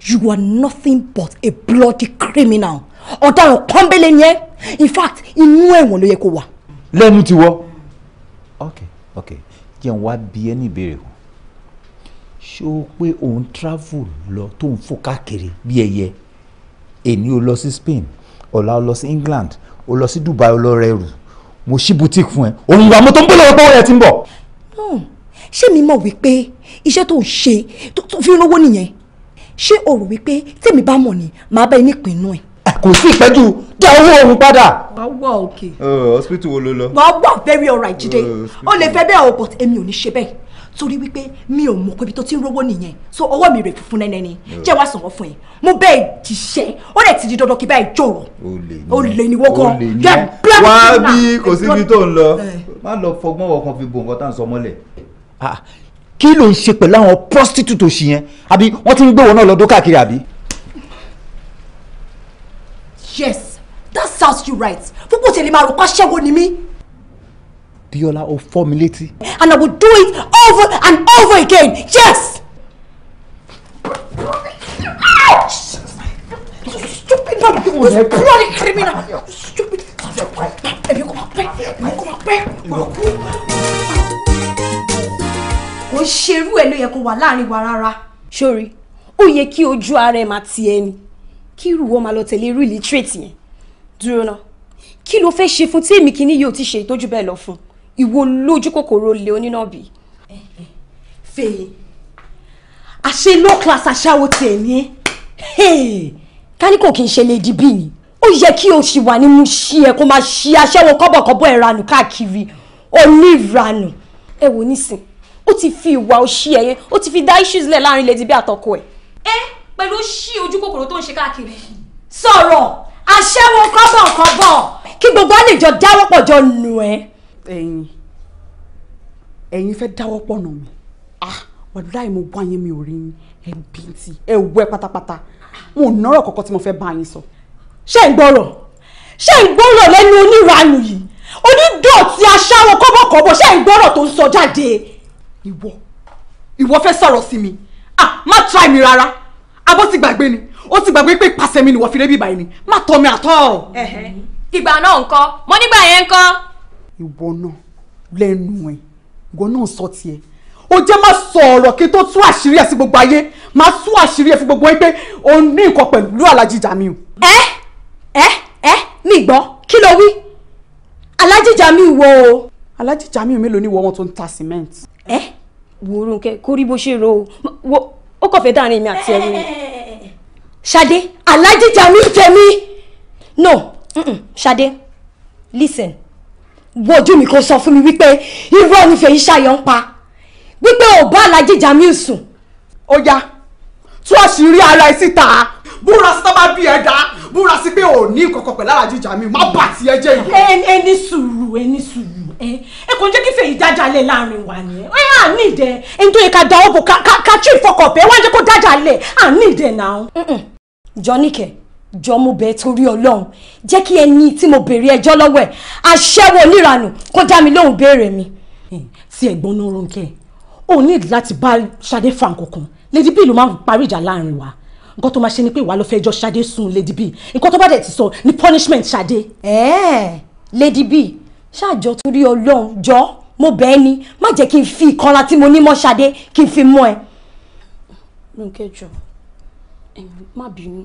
you are nothing but a bloody criminal ọ̀daràn pọ́nbélé ni ẹ́ in fact inú ẹ̀wọ̀n ló yẹ kó wà. lẹ́nu ti wọ́ ok ok jẹ́ n wá bí ẹ ní ìbéèrè o ṣó pé òun travel lọ tó ń fò káàkiri bí ẹyẹ èní o lọ sí Spain ọ̀la o lọ sí England o lọ sí Dubai o lọ rẹrù mo ṣí boutique fún ẹ òun ìwà mo tó ń bọ̀ lọ́wọ́ tó wọ́n yẹn ti ń bọ̀. ṣé mi mọ̀ wípé iṣẹ́ tó ń ṣe tó fi rówó nìyẹn ṣé o rò wípé tèmi bá mọ̀ ni màá bá ẹ nípinnu ẹ̀ kò sí ìpẹ́jù dá owó òun padà. wàá wà òkè. hospital wo ló lọ. wàá wà very alright Jídé o lè fẹ́ bẹ́ẹ̀ o but èmi ò ní ṣe bẹ́ẹ̀ torí wípé mi ò mọ̀ pé ibi tó ti ń rówó nìyẹn so ọwọ́ mi rè funfun nẹ́nẹ́ ni jẹ́ wá sọ̀rọ̀ fún ẹ mo bẹ́ẹ̀ jíṣẹ́ ó dẹ̀ ti di dandan kí báyìí jọ̀rọ̀ ó lè ní wọ́kọ́ jẹ́ black wá bí kò síbi tó ń lọ eh. má lọ fọgbọ́n ọkàn fi bo nǹkan tá à ń sọ mọ́lẹ̀. Ah, kí ló ń ṣe pẹ̀lú àwọn prostitute òṣì yẹn àbí wọ́n ti ń gbé wọn náà lọ́dún káàkiri àbí. yes that sounds you right fúnpọ̀ tẹ̀lé máa rò pàṣẹ́wó ni mí Biola ó And I will do it over and over again yes. stupid man you bloody criminal stupid. If ẹ̀mí kò máa pẹ́ ẹ̀mí kò máa pẹ́ máa kú. kò ṣerú ẹ ló yẹ kó wà láàrin wa rárá. sori ó yẹ kí ojú ara ẹ máa ti ẹni kí irú wọn máa lọ tẹ̀lé irú ìlítírèètì yẹn dúró náà kí ló fẹ́ ṣe fún tí èmi kìíní yóò ti ṣe ìtọ́jú bẹ́ẹ̀ lọ fún ìwọ lójú kòkòrò lè onínàbì. Eh, eh, fèyí àṣe low class aṣáwo tiẹ̀ ní ẹ́ káníkò kì í ṣe lady b ni ó yẹ kí o ṣì wà ní mu ṣí ẹ kó máa ṣí aṣẹ́wó kọ́bọ̀kọ́bọ̀ ìranù káàkiri oníranù ẹ wò nísìn ó ti fi ìwà òṣì ẹ ó ti fi dá issues lẹ̀ láàrin lady b àtọkọ ẹ̀. ẹ pẹ̀lú ṣí ojú kòkòrò tó ń ṣe káàkiri sọ̀rọ̀ aṣẹ́wó kọ́bọ̀kọ́bọ̀ kí gbogbo á dáwọ́pọ̀ jọ nù ẹ́ ẹ̀yin ẹ̀yin fẹ́ dáwọ́ pọ̀ nà mí ah wàdúrà mo bọ́ àyẹ̀mí ò rí yín ẹ̀ bíntín ẹ̀ wẹ́ pátápátá mo nọ́rọ̀ kọ́kọ́ tí mo fẹ́ bá yín sọ. ṣé ń gbọ́rọ̀ ṣé ń gbọ́rọ̀ lẹ́nu oníranù yìí onídọ̀tí aṣáwó kọ́bọ̀kọ́bọ̀ ṣé ń gbọ́rọ̀ tó ń sọ jáde. ìwọ ìwọ fẹ́ sọ̀rọ̀ sí mi ah má try mi rárá abó ti gbàgbé ni ó ti gbàgbé pé ìpàṣẹ mi nìwọ fi rébìbà yìí ni má tọ́ mi àtọ́. ìgbà náà ńkọ́ mo nígbà yẹn ńkọ́ ìwọ náà lẹ́nu ẹ̀ ìwọ náà sọ tiẹ̀ ó jẹ́ má sọ ọ̀rọ̀ kí n tó tú àṣírí ẹ̀ sí gbogbo ayé má tú àṣírí ẹ̀ fún gbogbo ayé pé o ní nǹkan pẹ̀lú alájí Jamiu. ẹ ẹ ẹ mi gbọ́ kí ló wí alájí Jamiu wo o. alájí Jamiu mélòó ni ìwọ wọn tó ń ta cement. ẹ wo Rónkẹ́ kó rí bó ṣe ro wo ó kàn fẹ́ dárin mi àti ẹ̀rù mi. Ṣadé alájí Jamiu jẹ mí. no Ṣadé listen wojú mi kò sọ fún mi wípé irọ́ ni fèyí ṣayọ̀ ń pa wípé ò bá Alhaji Jamiu sùn. ó yá tú àṣírí ara ẹ síta búra sí tábà bí ẹ dá búra sí pé ò ní ìkọ̀kọ̀ pẹ̀lú Alhaji Jamiu má bà tiẹ̀ jẹ́ ìlú. ẹni sùúrù ẹni sùúrù ẹ ẹ kò jẹ́ kí fèyí dájàlẹ̀ láàrin wa ni ẹ à ní ìdẹ ẹni tó yẹ ká da ọ̀bọ̀ ká tú ìfọkànpẹ́ wájú kó dájàlẹ̀ à ní ìdẹ náà. jọ́nìkẹ́ jọ mo bẹ̀ torí Ọlọ́run jẹ́ kí ẹni tí mo béèrè ẹjọ́ lọ́wọ́ ẹ̀ aṣẹ́wó oníranù kó dá mi lóhùn béèrè mi. tí ẹ̀gbọ́n náà Rónkẹ́ ò ní láti bá Ṣadé fa nǹkankan Lady B ló máa ń parí ìjà láàrin wa nǹkan tó máa ṣe ni pé ìwà ló fẹ́ jọ Ṣadé sùn Lady B nǹkan tó bá dẹ̀ ti sọ ni punishment Ṣadé. ẹ̀ẹ́ Lady B ṣáàjọ torí Ọlọ́run jọ mo bẹ̀ ẹ́ ni má jẹ́ kí n fi ìkanra tí mo ní mọ́ Ṣadé kí n fi mọ́ ẹ. Rónkẹ́ jọ má bínú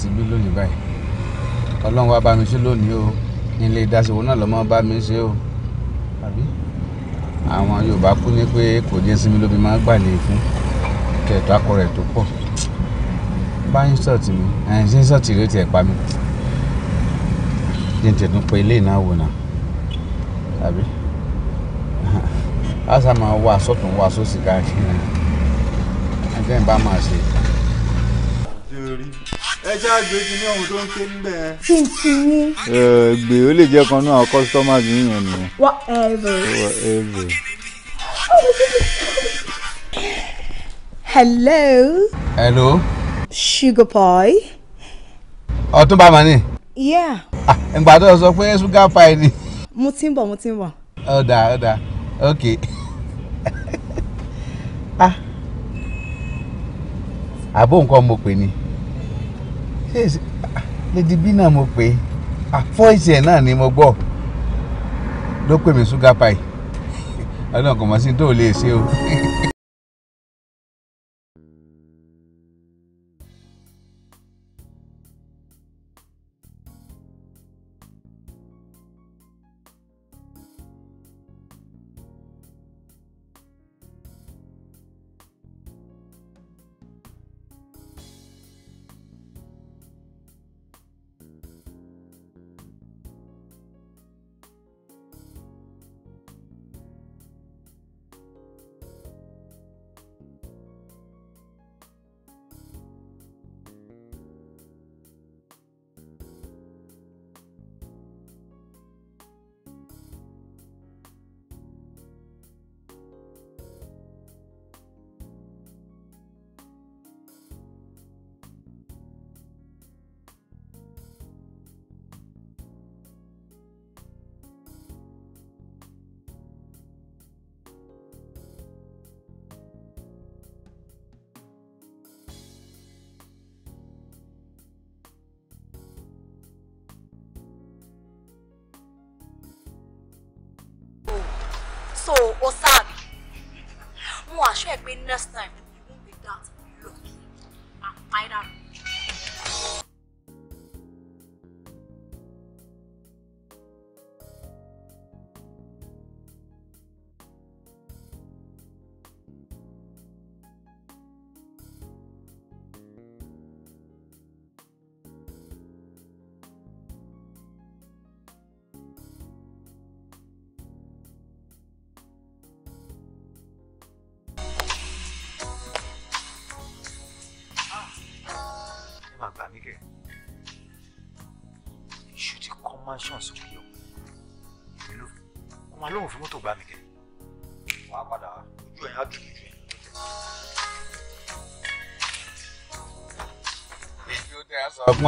síbí lónìí báyìí ọlọ́run wá bá mi ṣe lónìí o nílé ìdásíwò náà lọ́mọ bá mi ṣe o àbí àwọn Yorùbá kú ní pé kò jẹ́ sinmi ló fi máa ń gbàlè fún kẹ̀tọ́ akọrẹ̀ tó pọ̀ bá ń sọ̀tì mi ẹ̀yìn sí ń sọ̀tì rẹ̀ tiẹ̀ pa mi jẹ́ tẹ̀tún pé ilé ìnáwó wò náà àbí a máa wá sọ́tún wá sósì káàkiri ẹgbẹ́ ìbá máa ṣe ẹ jẹ́ àgbèjì ní ohun tó ń ké níbẹ̀. kí n ti ní. gbè ó lè jẹ́ kan náà customers yín yẹn nìyẹn. whatever. hello. hello. sugar pie. ọ̀túnba mani. yeah. ǹgbà tó sọ pé sugar pie ni. mo ti ń bọ̀ mo ti ń bọ̀. ọ̀dà ọ̀dà ok. ah àbó nǹkan mo pè ní lady b náà mo pè é fọ́ìsì ah, ẹ̀ náà ni mo gbọ́ ló pè mí ṣúgà pie ọlọ́run kò mọ̀ sí tó lè ṣe o.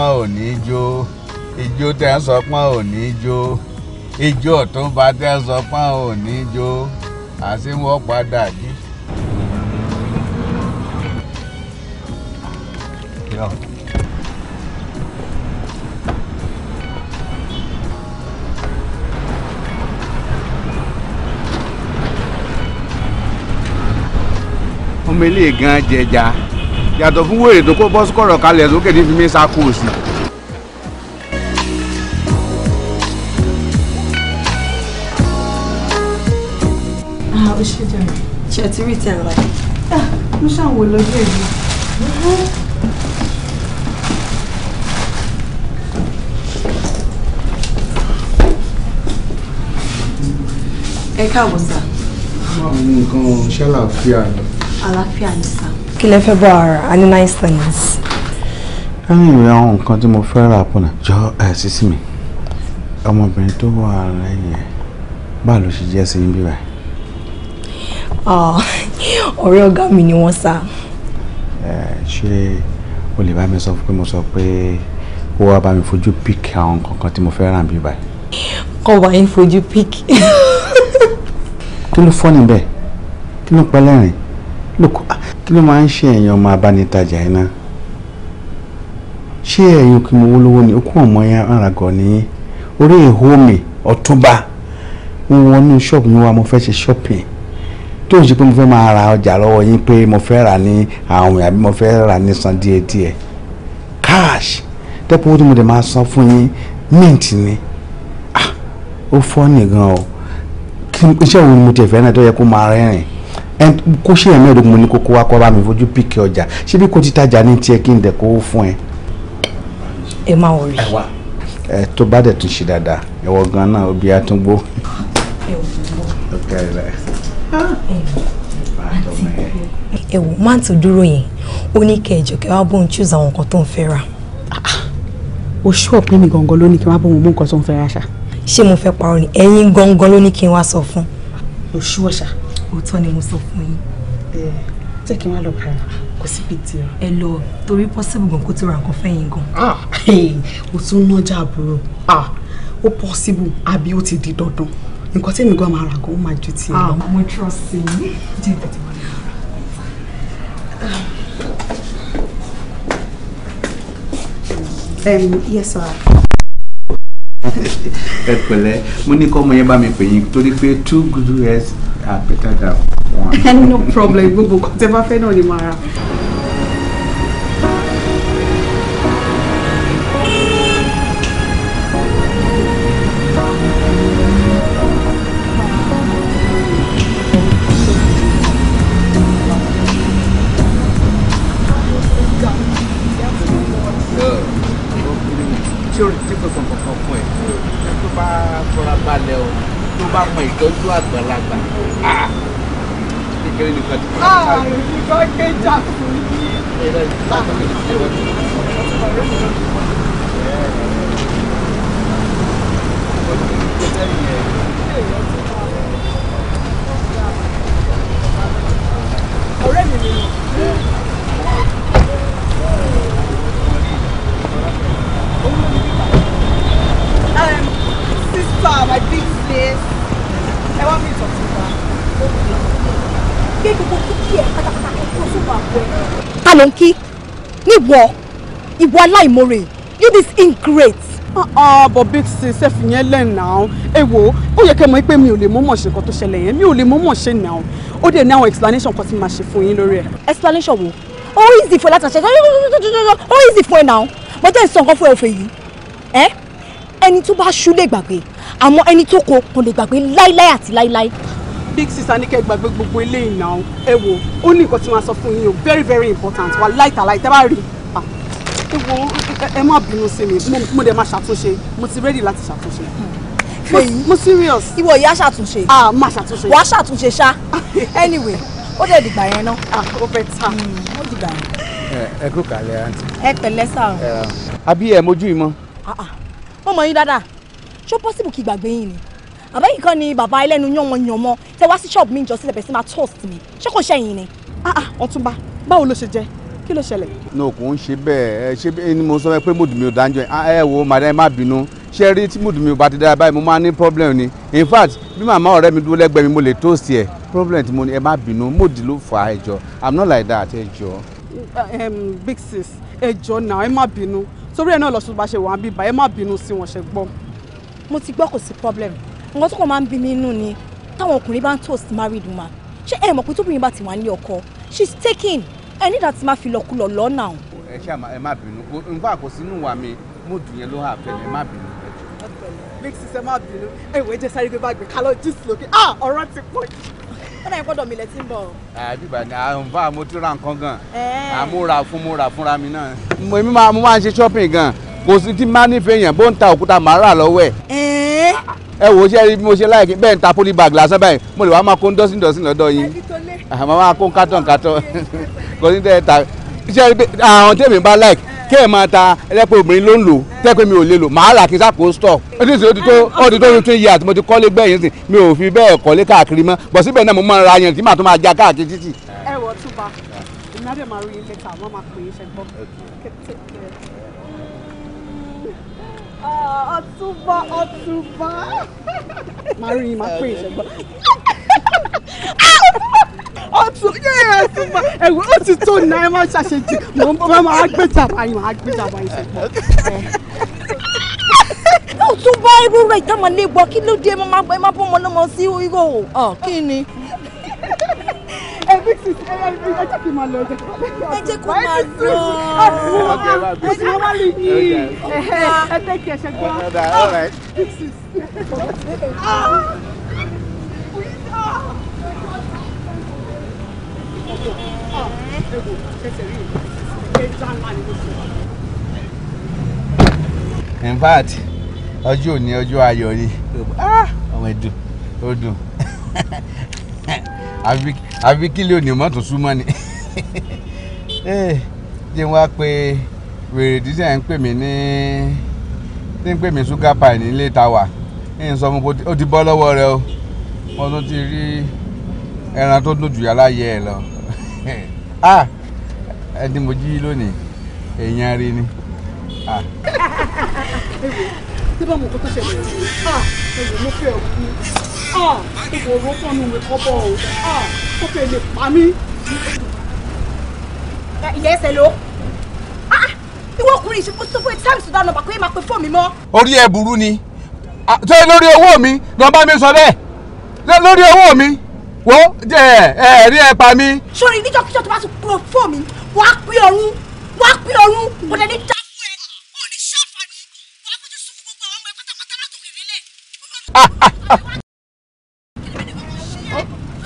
pọ́n ò ní jó ijó tẹ́ ń sọ pọ́n ò ní jó ijó ọ̀túnba tẹ́ ń sọ pọ́n ò ní jó àti wọ́n padà jí. ọmọ ilé gan jẹja yàtọ̀ fún wèrè tó kó bọ́sù kọ̀rọ̀ kalẹ̀ sókè ní fi mí sá kú òsì. Ah, ó ṣe jẹ́ ṣe ti rí tẹ̀ ra ah, ló ṣàwò lọ́jọ́ èyí. ẹ káàbọ̀ sá. máa mú nǹkan ṣe àlàáfíà ni. àlàáfíà ni sá kí lẹ fẹ́ bọ́ ara a ní nice things. ẹ̀yìn ìwé àwọn nǹkan tí mo fẹ́ rà pọ̀nà jọ ẹ̀ sísí mi ọmọbìnrin tó wà lẹ́yìn ẹ̀ báà ló ṣe jẹ́ sí ń bí báyìí. ọ̀rẹ́ ọ̀gá mi ni wọ́n sá. ṣé o lè bá mi sọ pé mo sọ pé kó wá bá mi fojú pick àwọn kankan tí mo fẹ́ rà ń bí báyìí. kọ́ wá yín fojú pick. kí ló fọ́ níbẹ̀ kí ló pẹ́ lẹ́rìn kí ló máa ń ṣe èèyàn ọmọ abánitajà yìí ṣé ẹ̀yin òkè mowó lówó ni okùn ọmọ yẹn aràgọ̀ nìyí orí èho mi ọ̀túnba ń wọnú ṣọ́ọ̀bù mi wá mo fẹ́ ṣe shopping tó ń ṣe pé mo fẹ́ máa ra ọjà lọ́wọ́ yín pé mo fẹ́ rà ní àwìn àbí mo fẹ́ rà ní san díẹ̀ díẹ̀ cash tẹ́pọ̀ owó tí mo dẹ̀ máa san fún yín mint ni ah, ó fọ́ nìgan o iṣẹ́ òun mo tẹ̀ fẹ́ náà tó yẹ kó máa rẹ́rìn-ín kó ṣe ẹ̀mí ẹ̀rọ mo ní kókó wa kó bá mi fojú píkì ọjà ṣé bí kò ti tajà ní tiẹ̀ kí n dẹ̀ kó fún ẹ. ẹ máa wọrí. ẹ tó bá dẹ̀ tún ṣe dáadáa ẹ̀wọ̀ gan náà obì àtúngbó. ẹ wò má tó dúró yẹn ó ní kẹjọ kẹ wá bóun choose àwọn nǹkan tó ń fẹ́ rà. Ah, o ṣú mi gangan ló ní kí n wá bóun mú nǹkan tó ń fẹ́ rà ṣá. ṣé mo fẹ́ parọ́ ni ẹ̀yin gangan ló ní kí n wá sọ fún. o ọ̀ṣà òótọ́ ni mo sọ fún yín. ẹ jẹ́ kí n wá lọ kà kò sí pìtì o. ẹ lọ torí possible gan kó ti ra nǹkan fẹ́yìn gan. o tún nájà àbúrò ó possible àbí ó ti di dandan nǹkan tí èmi gan máa rà gan ó máa ju tiẹ̀ lọ. mo trust yín jẹ́ ìtẹ̀tẹ̀ wọn. Um, yes, sir. ẹ pẹ̀lẹ́ mo ní kọ́ ọmọ yẹn bá mi pè yín torí pé two good years I better than no problem. Gbogbo kan tẹ́ bá fẹ́ náà ni màá rà. bá mọ ìtọ́jú àgbàlagbà sister, my big sis ẹ wá mi ìtọ̀tún wa big sis ẹ fi yẹn lẹ̀ náà ẹ wo ó yẹ kẹ́ mọ̀ pé mi ò lè mọ̀ọ́mọ̀ ṣe nǹkan tó ṣẹlẹ̀ yẹn mi ò lè mọ̀ọ́mọ̀ ṣe náà ó dẹ̀ ní àwọn explanation kan tí màá ṣe fún yín lórí ẹ̀. explanation wo ó easy fún ẹ láti ṣe ó easy fún ẹ náà mo jẹ́ ìsọ̀kan fún ẹ òfin yìí ẹni tó bá ṣú lè gbàgbé àmọ́ ẹni tó kọ kò lè gbàgbé láíláí àti láíláí. big sister ní kẹ́ ẹ gbàgbé gbogbo eléyìí náà ẹ wo ó ní nǹkan tí wọ́n sọ fún yín o very very important wà láìtàláì tẹ́ bá rí i ah, ẹ wo ẹ má bínú sí mi mo dẹ̀ máa ṣàtúnṣe mo ti ready láti ṣàtúnṣe èyí mo serious. ìwọ ìyá ṣàtúnṣe. ah má ṣàtúnṣe. wàá ṣàtúnṣe ṣá anyway ó dẹ̀ dìgbà yẹn náà. ah ó fẹ́ ta. Hmm, ó dìgbà yẹn. ẹ kú kàlẹ̀ àǹtí. ẹ pẹ̀lẹ́ sá o. àbí ẹ mojú ìmọ̀. Ah, ah. mo yín dáadáa ṣó possible kí gbàgbé yín ni àbẹ́yìn kan ni bàbá ẹlẹ́nu yànmọ́yànmọ́ tẹ wá sí ṣọ́ọ̀bù mi ìjọsìn ẹ̀bẹ̀ sí máa toast mi ṣé kò ṣẹ̀yìn ni. Ah, ah, ọ̀túnba báwo ló ṣe jẹ́ kí ló ṣẹlẹ̀. ní òkú ń ṣe bẹ́ẹ̀ ṣé ni mo sọ pé mood ò dáńjọ ah, ẹ wo madam ẹ má bínú ṣé rí tí mood ò bá ti dára báyìí mo máa ní problem ni in fact bí màmá ọ̀rẹ́ mi dúró lẹ́gbẹ̀ẹ́ mi mo lè toast ẹ̀ problem tí mo ní ẹ má bínú mood ló fà á i'm not like that ẹjọ́. big sis ẹjọ́ náà ẹ má bínú torí ẹ náà lọ sọ bá ṣe wà á bíbá ẹ má bínú sí wọn ṣe gbọ́ mo ti gbọ́ kò sí problem nǹkan tó kàn máa ń bí mi nínú ni táwọn ọkùnrin bá ń toast married woman ṣé ẹ mọ̀ pé tóbìnrin bá ti wà nílé ọkọ she's taking ẹ nígbà tí máa fi lọ́kulọ̀ lọ́nà o. ẹ ṣe ẹ má bínú nǹkan àkọsí inú wa mi mo dùn yẹn ló hà fẹlẹ ẹ má bínú. mixi ṣe má bínú ẹwẹ jẹ sáré gbé báàgbé kálọ jíìsì lókè ah ọ̀rọ̀ ti pọ̀ jù ó dàbí gbọ́dọ̀ mi lẹ ti ń bọ̀. àbíbà ni àwọn bá mo ti ra nǹkan gan àmúra fún mo fúnra mi náà. èmi máa mo máa ṣe shopping gan kò sí tí má nífẹ̀ẹ́ yẹn bó ń ta òkúta màá rà lọ́wọ́ ẹ̀. ẹ wò ó ṣe rí bí mo ṣe láìkí bẹ́ẹ̀ ń ta poly bag lásán báyìí mo lè wá máa kó ń dọ́sìn dọ́sìn lọ́dọ̀ yín àmọ́ máa kó ń kátàn kátàn kò ní tẹ́ ẹ ta ṣe àwọn tèmi bá láìkí kí ẹ máa ta ẹlẹ́pẹ́ obìnrin ló ń lò tẹ́pẹ́ mi ò lè lò màá rà kí sápò stọ̀ oníṣẹ́ ó ti tó ó ti tó fifteen years ti kọ́lé gbẹ̀yìn sí mo máa ra yẹn tí màá tó ọ̀túnba ọ̀túnba. máa rí i máa pè é ṣẹgbọn. Ah! ọ̀tún yéé ọ̀túnba ẹ̀wọ̀n ó ti tó náà ẹ má ṣàṣejì mọ̀ n bọ́ máa gbé jàmbá yìí máa gbé jàmbá yìí ṣẹgbọn. ọ̀túnba irú rẹ̀ ìtàn máa lé gbọ́ kí ló dé ẹ máa bọ́ ọmọ lọ́mọ sí irú kí ni ẹ jẹ́ kó máa lọ ẹ jẹ́ kó máa lọ yìí ẹ tẹ́ kí ẹ ṣe gbọ́. in fact ọjọ́ òní ọjọ́ ayọ̀ ni ah, ọmọ ẹ̀dùn ó dùn àbí kílẹ̀ òní mọ́tò súnmọ́ ni eh, jẹ́ wá pé wèrè dísẹ́ ń pè mí ní tí ń pè mí sugar pie nílé tàwa ń sọ fún kó ti bọ́ lọ́wọ́ rẹ o mo tún ti rí ẹran tó dùn jù yàrá yẹ ẹ lọ ah, ẹni mo jí lónìí èèyàn rí ni. bí ah. bá mo kọ́ tó ṣẹlẹ̀ ẹ̀ ah, ẹ̀ mo fẹ́ ọ kú. Ah, kòkò rọ́pọ̀ nù mí kọ́bọ̀ o kókè ah, lè pa mí. ìyá ẹsẹ̀ ló ah, ìwọ ọkùnrin ìṣẹ́kù sọ fún ìtàmì sọ̀dá nọ́mbà kó yẹ máa pe fóònù mi mọ́. orí ẹ burú ni tó ah, yẹ lórí owó mi nọ́mbà mi sọ bẹ́ẹ̀ lórí owó mi wo jẹ ẹ rí ẹ pa mí. sori níjọkíjọ tó bá tún kúrò fóònù mi wàá pín ọrùn wàá pín ọrùn kò lè ní dá fún ẹ kò ní ṣàǹfààní wàá kójú sùn fún gbogbo àwọn ọmọ ẹ pátápátá látòkè rélẹ̀.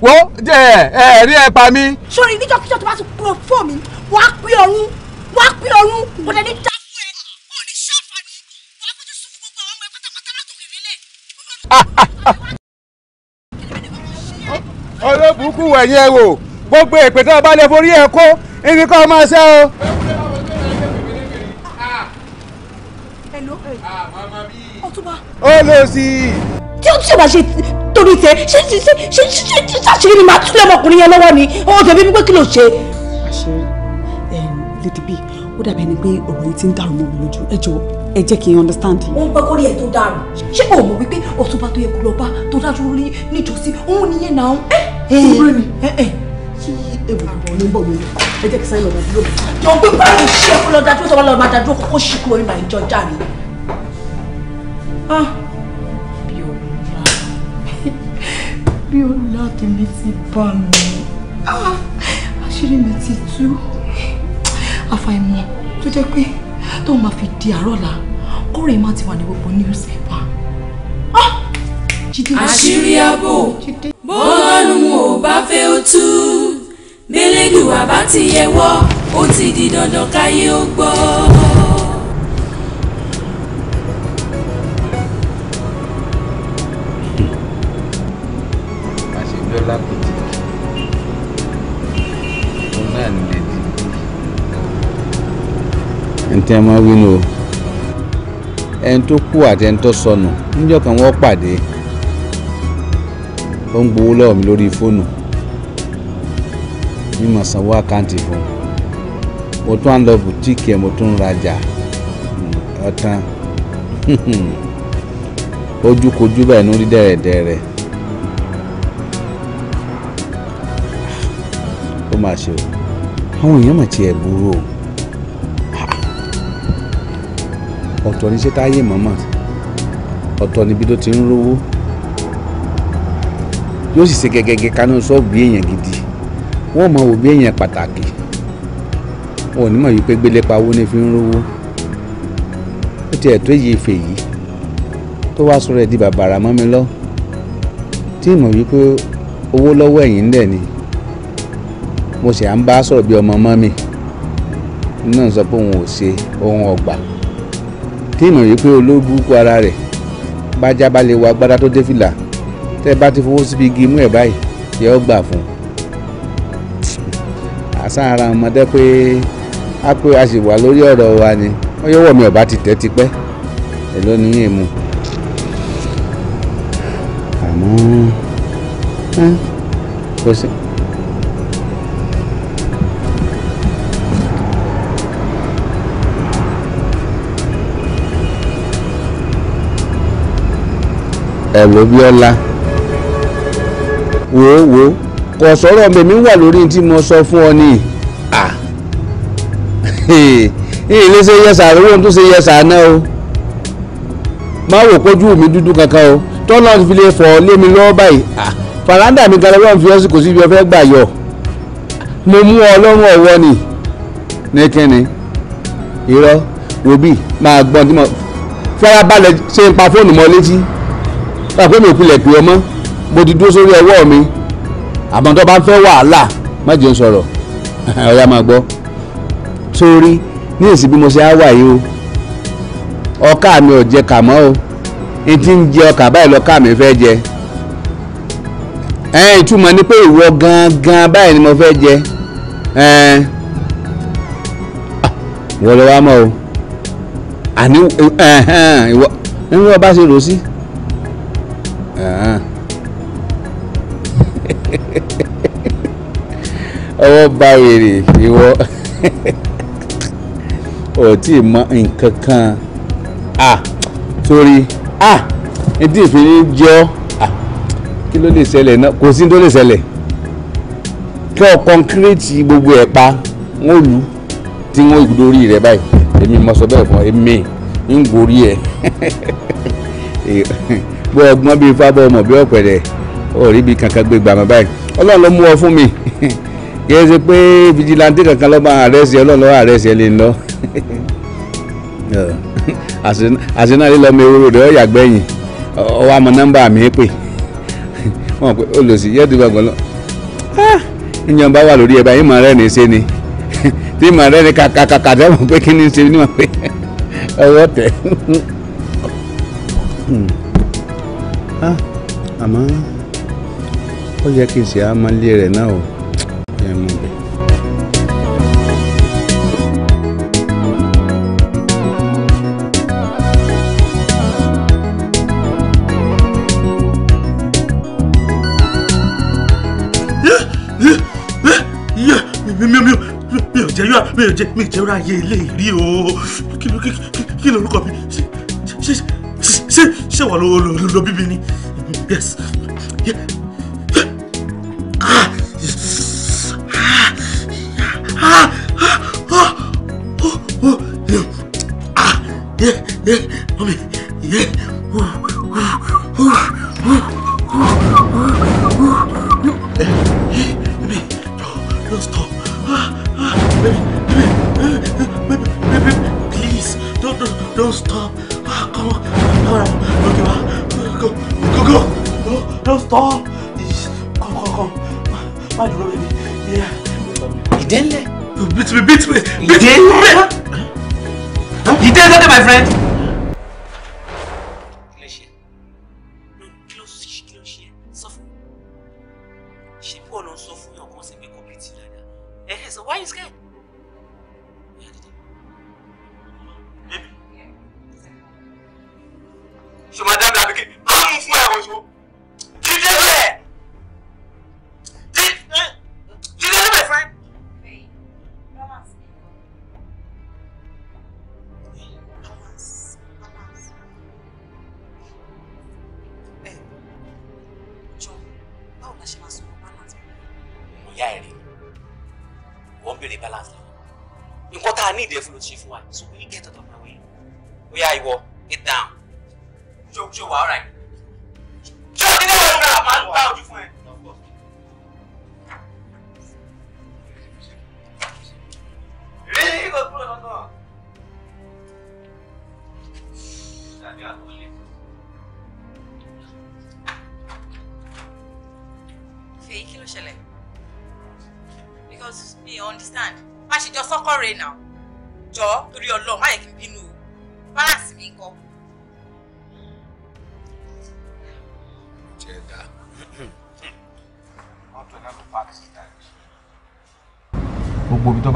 wo jẹ ẹ ẹ rí ẹ pa mí. sori níjọkíjọ tó bá tún kúrò fún mi wà á pín ọrùn wà á pín ọrùn kò dẹ̀ ní já fún ẹ kò ní ṣàǹfààní wà á kójú sùn fún gbogbo àwọn ọmọ ẹ pátápátá látòkè nílẹ̀. olóbùkù ẹ̀yìn ẹ wò gbogbo èpè tó o bá lè forí ẹ kó ibi kan máa ṣe o. Eh. Ah, ó lọ sí i. tí o tún ṣe bá ṣe torí tẹ ṣé ṣe ṣe ṣe ṣe ṣe ṣàṣírí mi máa túlẹ̀ ọmọkùnrin yẹn lọ́wọ́ ni ó jẹ̀bi wípé kí ló ṣe. àṣírí lady b ó dàbí ẹni pé ọ̀rọ̀ yìí ti ń dàrú mọ́ mi lójú ẹ jọ ẹ jẹ́ kí n understand. wọ́n gbọ́ kórìí ẹ̀ tó dàrú. ṣé o mọ̀ wípé ọ̀túnba tó yẹ kó lọ bá tó dájú rí nítòsí òun nìyẹn náà. ẹ ẹ ẹ ẹ kí ewu àbọ̀ ló ń bọ̀ wọlé ẹ jẹ́ kí sáyẹn lọ́dà dúró. jọ pé báyìí ṣé kó lọ́dà dúró sọ́wọ́ lọ́dà dúró kókó ṣìkúrò nígbà ìjọ jáde. Ah. bí ọ̀nà tèmi ti bá mi ah, àṣírí mi ti tú àfàìmọ̀ tó jẹ́ pé tóun máa fi di àárọ̀ la má ti wà ní gbogbo news ẹ̀ pa. àṣírí àbò bọ́ọ̀lù ò bá fẹ́ ó tú mélèdùn àbá ti yẹ wọ́ ó ti di dandan káyé ó gbọ́. tẹ́ mọ́ o ẹni tó kú àti ẹni tó sọnù níjọ́ kan pàdé ó ń gbowó lọ́wọ́ mi lórí fóònù mi sanwó àkáǹtì fún mo tún ń lọ bùtíìkì ẹ̀ mo tún ń rajà hmm, ọ̀tán ojúkojú dẹ̀rẹ̀dẹ̀rẹ̀ ah, ó ṣe o àwọn èèyàn mà tiẹ̀ burú o. ọ̀tọ̀ ní sétáyé mọ̀mọ́ ọ̀tọ̀ níbi tó ti ń rówó yóò sì ṣe gẹ́gẹ́gẹ́ kaná sọ́ọ̀bù èèyàn gidi wọ́n mọ̀ wò bí èèyàn pàtàkì wọn ò ní mọ̀ wípé gbélépa owó ní fi ń rówó ó ti ẹ̀tọ́ èyí ìfè yìí tó wá sọ̀rọ̀ ẹ̀ di bàbàrà mọ́ mi lọ tí mọ̀ wípé owó lọ́wọ́ ẹ̀yìn ń dẹ̀ ni mo sì à ń bá sọ̀rọ̀ bí ọmọ mọ́ mi náà sọ pé òun ò ṣe òun ọ̀gbà téèyàn yìí pé olóògùn kú ara rẹ̀ bájá bá lè wọ agbádá tó dé fìlà tẹ́ bá ti fowó síbi igi mú ẹ̀ báyìí yẹ ọ́ gbà fún un àṣà ara ọmọdé pé a pé a sì wà lórí ọ̀rọ̀ wa ni wọ́n yọ̀wọ̀ mi ọ̀bá ti tẹ́ tipẹ́ ẹ̀ ló ní èmu àmọ́ kò sí ẹ̀wọ̀ bíọ́lá wò ó wò ó kò sọ̀rọ̀ mèmí wà lórí tí mo sọ fún ọ ni à ilé ṣe yẹsà rẹ wọ́n tó ṣe yẹsà náà o má wò kójú mi dúdú kankan o tọ́lá fi lè fọ̀ ọ́ lé mi lọ́wọ́ báyìí à fàràǹdà mi kan lọ́wọ́ fi ọ́sìn kò síbi ọ̀fẹ́ gbà yọ mo mú ọ lọ́rùn ọ̀wọ́ ni ní kíni irọ́ wòbí máa gbọ́n tí mo farabalẹ̀ ṣe ń pa fóònù mọ́ létí pàpẹ́ mi ò pilẹ̀ pè ọmọ mo ti dúró sórí ọwọ́ mi àmọ́ tó bá ń fẹ́ wàhálà má jẹun sọ̀rọ̀ ọ̀yà máa gbọ́ sórí ní èsì bí mo ṣe á wà yìí o ọkà mi ò jẹ kà mọ́ o n ti ń jẹ ọkà báyìí lọ́kà mi fẹ́ jẹ ẹn ìtumọ̀ ni pé ìwọ gangan báyìí ni mo fẹ́ jẹ ẹn ìwọ lọ wá mọ́ o àní ìwọ bá ṣe rò sí. ọwọ́ bá wèrè ìwọ ò tí ì mọ nǹkan kan à torí à etí ìfìlẹ̀ jọ à kí ló lè ṣẹlẹ̀ náà kò sí tó lè ṣẹlẹ̀ kí ọ kọ́ńkírẹ́tì gbogbo ẹ̀ pa wọ́n lù tí wọ́n dorí rẹ̀ báyìí èmi mọ̀ sọ bẹ́ẹ̀ fún èmi ń gorí ẹ̀ bó ọgbọ́n bíi fábọ́ ọmọ bíi ọ̀pẹ̀rẹ̀ ò rí ibi kankan gbégbá mọ́ báyìí ọlọ́run ló mú ọ fún mi. kì í ṣe pé fìjìláńtì kankan lọ́ọ́ máa àrẹ́sì ọlọ́run lọ́ọ́ àrẹ́sì ẹ lè lọ àṣìná lílọ mi ewúro rẹ ọ̀yà gbẹ̀yìn ọwọ́ àmọ́ nọ́mbà mi pè wọ́n pé olùsí yẹ́dù gbàgbọ́n lọ ah, ìyẹn bá wà lórí ẹ̀ báyìí màá rẹ́ni ṣe ni tí màá rẹ́ni kàkàkàkà dẹ́wọ̀n pé kí ni ṣe ni wọ́n pé ọwọ́ tẹ̀ ah, àmọ́ ó yẹ kí n ṣe àmọ́lé rẹ̀ náà o. mi ò jẹ́ mi ò jẹ́ ráyè ilé ìrí o kí ló kí lorúkọ mi ṣe ṣe ṣe wà ló ló bí mi ni yes. ìyá ẹ̀ rí wọ́n ń béèrè balance lọ nǹkan tá a ní ìdẹ́ ló ṣe fún wa so we get out of my way ó yá get down ṣé o ṣé wà á rà yìí.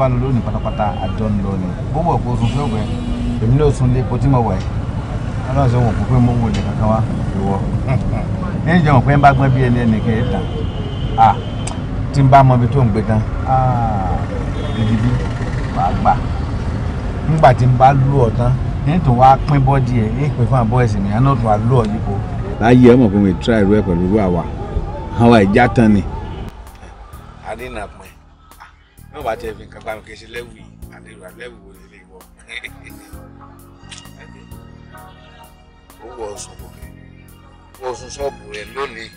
bá lọ lónìí pátápátá àjọ ń lọ ni ó wọ̀ pé oṣù fẹ́ wẹ̀ èmi náà sun lé epo tí mo wẹ̀ ọlọ́run ṣe wọ̀ pé mo wò lè kankan wá ìwọ ní ìjọ òpin bá gbọ́n bí ẹni ẹnì kan yẹn tàn á tí ń bá mọ ibi tó ń gbé tán á ìdìbí wàá gbà nígbà tí ń bá lù ọ́ tán ní tòun wá pín bọ́dì ẹ̀ ní ìpè fún àbọ̀ ẹ̀sìn mìíràn náà tòun wá lù ọ́ yípo. láyé ẹ mọ̀ pé mo ti tíra ìlú ẹ̀ pẹ̀lú àwa àwa ìjà tán ni. adínàpín bá jẹ́ fi nǹkan bá mi kì í ṣe lẹ́wù yìí àdéhùn àlẹ́wù wo lè lè wọ. ó ọsùn kò kẹ́ wọ ọsùn ṣọ́ọ̀bù rẹ̀ lónìí.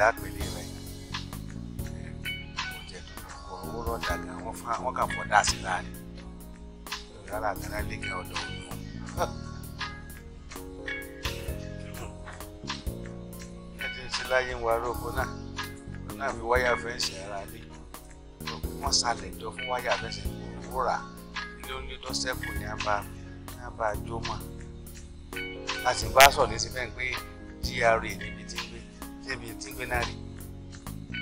lápèlé rẹ̀ kò jẹ́ kò owó rọ̀dà gan wọ́n fún wọn kà fọ́ dá sí láàrin rárá àgàrà lè kẹ́ ọ̀dọ̀ òun. ẹ ti ṣe láyé ń wa roko náà wọn náà fi wáyà fẹ́ǹsì ara lé wọ́n sálẹ̀ jọ fún wáyà fẹ́ǹsì wúrà ilé onílé tó sẹ́kù ní abá ní sí fẹ́ pé GRA níbi tí gbé náà rí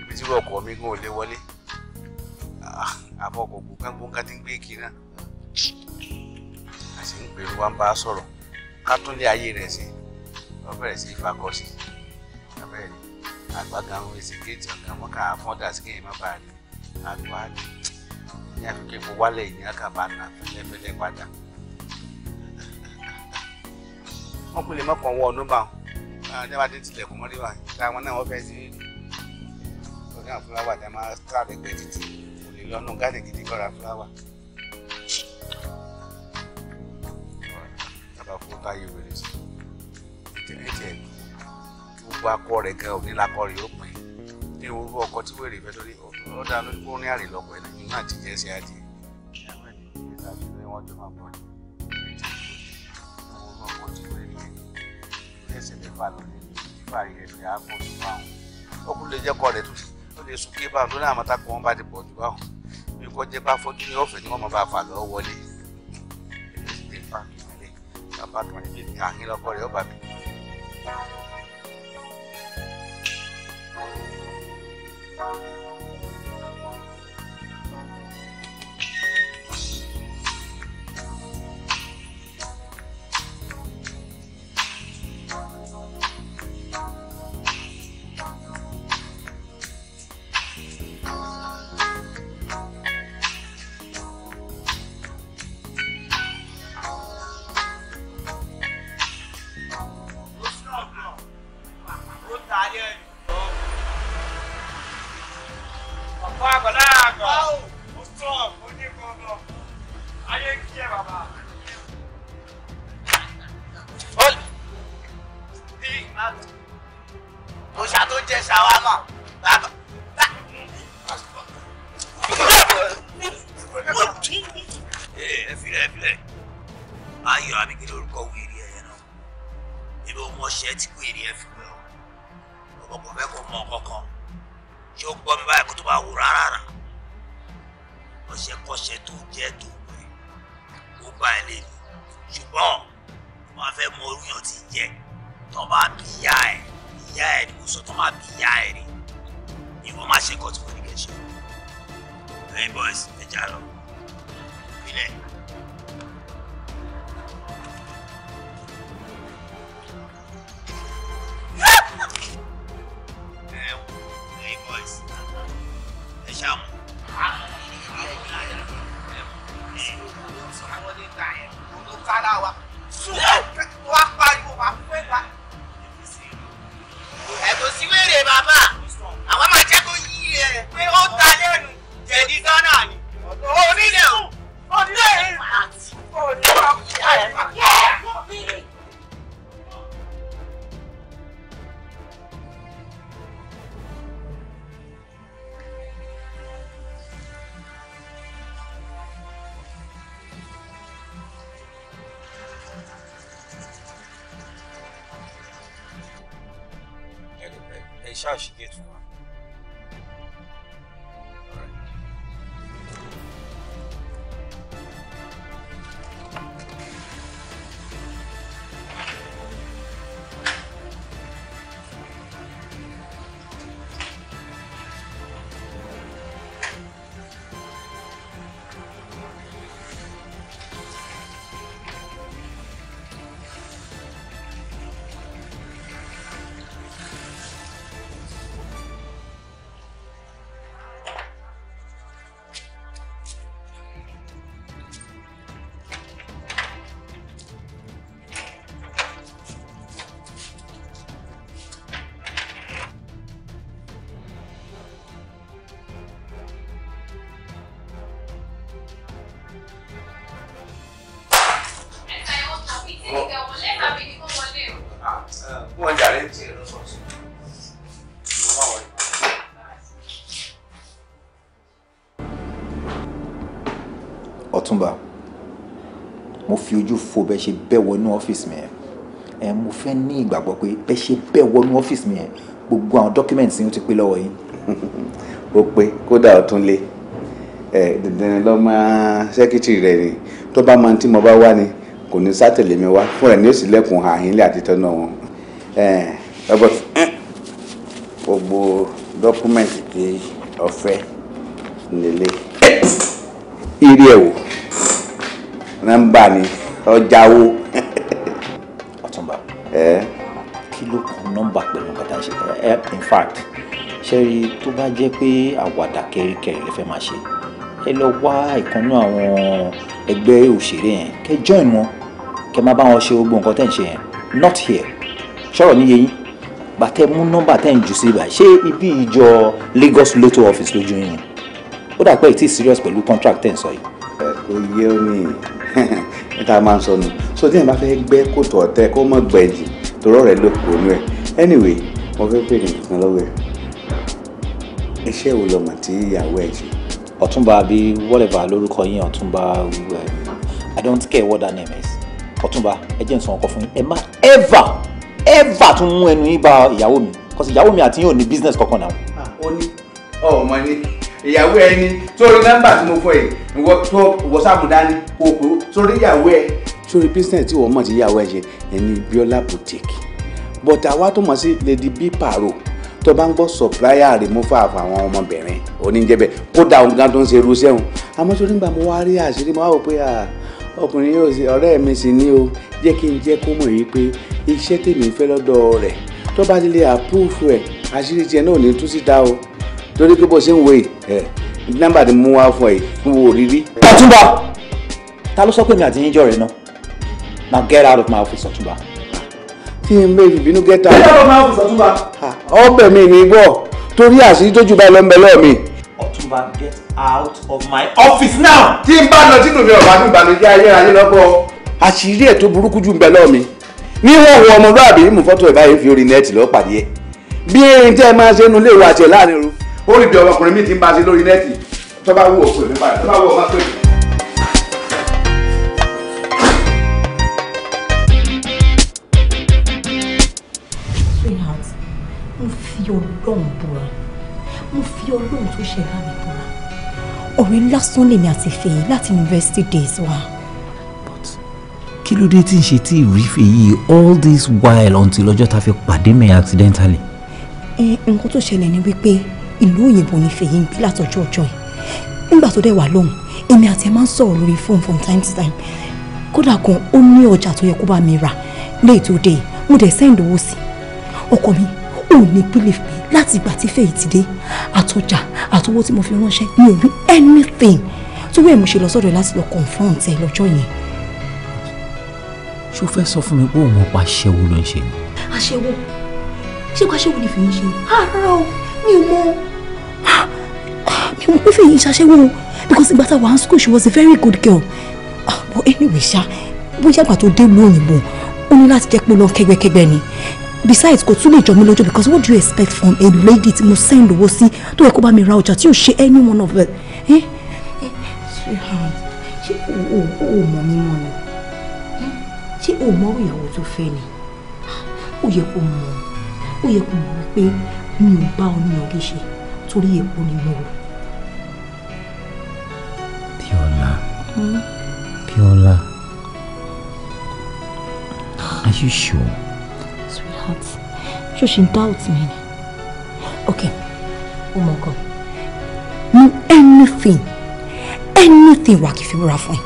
ibi tí ọkọ mi gan ò lè wọlé ah, àmọ́ ọkọ̀ gbòǹkàngbòǹkà ti ń gbé kiri náà àti ń gbèrú wa ń bá a sọ̀rọ̀ ká tún lé ayé rẹ̀ sí wọ́n bẹ̀rẹ̀ sí ìfakọ́sí abẹ́rẹ́ ni àgbàgà ń wé sí géètì ọ̀gá wọn kà á fọ́n dà sí kéèyàn má bàa rí àgbà ni ní àfikún mo wálẹ̀ yìí àkàbà nà fẹ́lẹ́fẹ́lẹ́ padà wọ́n kún lè mọ́kàn wọ ọdún Ah, nígbà tí tilẹ̀kùn mọ́lé wà táwọn náà wọ́n fẹ́ sí orí àwọn fúláwà tá a máa tra rẹ̀ pẹ́ títì kò lè lọ́nu gáàdì gidi kọ́ra fúláwà. bàbá fún táyé wẹ̀rẹ̀ sí ìtẹ̀lẹ́tẹ̀ gbogbo akọ rẹ̀ gan òní lakọ rẹ̀ yóò pín ní orú ọkọ tí wèrè fẹ́ lórí ọ̀dà lórí kó rìn àrè lọ́pọ̀ ẹ̀ lẹ́yìn náà ti jẹ́ sí àjẹ́. àwọn ènìyàn ìgbà tí wọ́n jọ máa pọ̀ ẹsẹ̀ mẹ́fà lónìí fífà ẹ̀fẹ̀ àpò sùpà wọn ọkùnrin lè jẹ́ kọ́ rẹ̀ tuntun ó lè sùn kí bá tó náà mọ́tà kó wọn bá ti pọ̀ jù báwọn bí kò jẹ́ bá fọ́jú ní ọ̀fẹ́ ni wọ́n máa bá fà lọ́ wọlé bàbá kan ní bíbí àhín lọ́kọ rẹ̀ ó bà mí. thank you ọ̀túnba mo fi ojú fo bẹ́ẹ̀ ṣe bẹ́ẹ̀ wọnú ọ́fíìsì mi yẹn ẹ mo fẹ́ ní ìgbàgbọ́ pé bẹ́ẹ̀ ṣe bẹ́ẹ̀ wọnú ọ́fíìsì mi yẹn gbogbo àwọn dọ́kímẹ̀ntì yín ó ti pé lọ́wọ́ yín. ó pé kódà ó tún lé ẹ dandan lọ́mọ sẹ́kítìrì rẹ ni tó bá máa ń tí mo bá wá ni kò ní sátẹ̀lé mi wá fúnra ní òsì lẹ́kùn àhínlẹ̀ àti tọ́nà wọn. gbogbo dọ́kúmẹ̀ntì tí ọ̀fẹ́ nílé. ire ẹ̀ wò nọ́mbà ni ọjà wo. ọ̀túnba kí ló kan nọ́mbà pẹ̀lú nǹkan tá a ṣe in fact ṣẹ́rí tó bá jẹ́ pé àwàdà kẹrìkẹrì lè fẹ́ máa ṣe ẹ lọ wá ìkànnú àwọn ẹgbẹ́ òṣèré yẹn kẹ join wọn kẹ má bá wọn ṣe gbogbo nǹkan tẹ̀ ń ṣe yẹn not here ṣọ̀rọ̀ níye yín bàtẹ́ mú nọ́mbà tẹ̀ ń jù sí ibà ṣé ibi ìjọ Lagos Lotto office lójú yín ó dà pé ètí serious pẹ̀lú contract tẹ̀ ń sọ yìí. ẹ kò yé omi níta máa ń sọ nù so tí èèyàn bá fẹ́ gbẹ́ kó tọ̀ tẹ kó mọ̀ gbẹ jù torọ́ rẹ̀ ló kò nú ẹ̀ anyway mo fẹ́ pè ní kankan lọ́wọ́ ẹ̀ iṣẹ́ wo tí ìyàwó ẹ̀ ṣe. ọ̀túnba àbí whatever lórúkọ yín ọ̀túnba i don't care what that name is ọ̀túnba ẹ jẹ́ nsọ̀rọ̀ kan fún yín ẹ má ever ever tún mú ẹnu yín bá ìyàwó mi kọ́sì ìyàwó mi àti yín ò ní business kankan náà. Ah, ó ní ọ̀ ọ̀ mọ̀ ní ìyàwó ẹ ni sórí nọ́mbà tí mo fọ ẹ ìwọ tó wọ́sàpù dání kó sórí ìyàwó ẹ. sórí business tí wọ́n mọ̀ sí ìyàwó ẹ ṣe ẹni Biola boutique but àwa tó mọ̀ sí lady b paro tó bá ń gbọ́ supplier remover fún àwọn ọmọbìnrin oníjẹ́bẹ̀ kódà òun gan tó ń ṣe irúṣẹ́ òun àmọ́ sórí nígbà mo wá rí àṣírí mo wá wò pé ọkùnrin yóò ṣe ọ̀rẹ́ mi sì ní o jẹ́ kí n jẹ́ kó mọ̀ yìí pé iṣẹ́ tèmi fẹ́ lọ́dọ̀ rẹ̀ tó bá ti lè approve ẹ̀ àṣírí tiẹ̀ náà ò ní tú síta o torí pé bó ṣe ń wo ẹ nọ́mbà tí mo wá fún ẹ ń wo òrírí. ọ̀túnba ta ló sọ pé mi àti yín jọ̀rẹ́ náà now get out of my office ọ̀túnba. tí n bẹ ìbínú get out. get out of my office ọ̀túnba. ọbẹ̀ mi ni gbọ́ torí àṣírí tó jù báyìí ló ń bẹ lọ́ọ̀ mi. ọ̀túnba get out of my office now. tí n bá lọ sínú mi ọ̀bá mi ìbànújẹ́ ayérayé lọ́gbọ́. àṣírí ẹ̀ tó burúkú jù ń bẹ lọ́ọ̀ mi ní ìhòòhò ọmọlúàbí mú fọ́tò ẹ̀ báyìí fi orin nẹ́ẹ̀tì lọ́ọ́ pàdé ẹ̀ bí ẹni tẹ́ ẹ máa ṣe nu léèrú àti ẹ̀ láàrin ooru ó rí bí ọmọkùnrin mi ti ń bá sí lórí nẹ́ẹ̀tì tó bá wù ọ́ pè mí padà tó bá wù ọ́ má pè sweetheart mo fi ọlọ́run búra mo fi ọlọ́run tó ṣẹ̀dá mi búra ọ̀rẹ́ lásán lèmi àti fèyí láti university days wa. but kí ló dé tí n ṣe tí ìrí fèyí all this while until ọjọ́ ta fi pàdé mi accidentally. ẹ nǹkan tó ṣẹlẹ̀ ni wípé ìlú òyìnbó ní fèyí ń gbé látọjọ́ ọjọ́ yìí nígbà tó dẹ̀ wà lóhùn èmi àti ẹ̀ máa ń sọ̀rọ̀ lórí fóònù from time to time kódà kan ó ní ọjà tó yẹ kó bá mi rà léè tó dé mo dẹ̀ sẹ́ǹdì owó sí ọkọ mi ò ní bílíf pé láti ìgbà tí fèyí ti dé àtọjà àtọwọ́ tí mo fi ránṣẹ́ mi ò rí anything tó wẹ̀ mo ṣe lọ sọ́dọ̀ láti lọ confront ẹ lọ́jọ́ yẹn. ṣó fẹ́ sọ fún mi pé òun ọ̀pá aṣẹ́wó ló ń ṣe aṣẹ́wó ṣé kó aṣẹ́wó ni fèyí ń ṣe rárá mi ò mọ̀ mi ò pé fèyí ṣaṣẹ́wó o because ìgbà tá a wà school she was a very good girl ah, but anyway ṣá bóyá àgbà tó to ìlú òyìnbó ó ní láti jẹ́ pé ó lọ kẹ́gbẹ́kẹ́gbẹ́ ni besides kò tún lè jọ mí lójú because what do you expect from a lady tí mo send owó sí tó yẹ kó bá mi ra ọjà tí ò ṣe any one of it. Eh? Eh, ṣé o ò mọ̀ mí mọ́ ni eh, ṣé o mọ̀ ìyàwó tó fẹ́ ni ah, ó yẹ kó mọ̀ ó yẹ kó mọ̀ pé mi ò bá ọ ní ọdún ṣe torí èpo ni mo Bíọ́lá hmm? Bíọ́lá are you sure? sweetheart ṣó ṣe ń doubt mi ni okay ó mọ̀ nǹkan ní anything anything wà kí fi búra fún ẹ.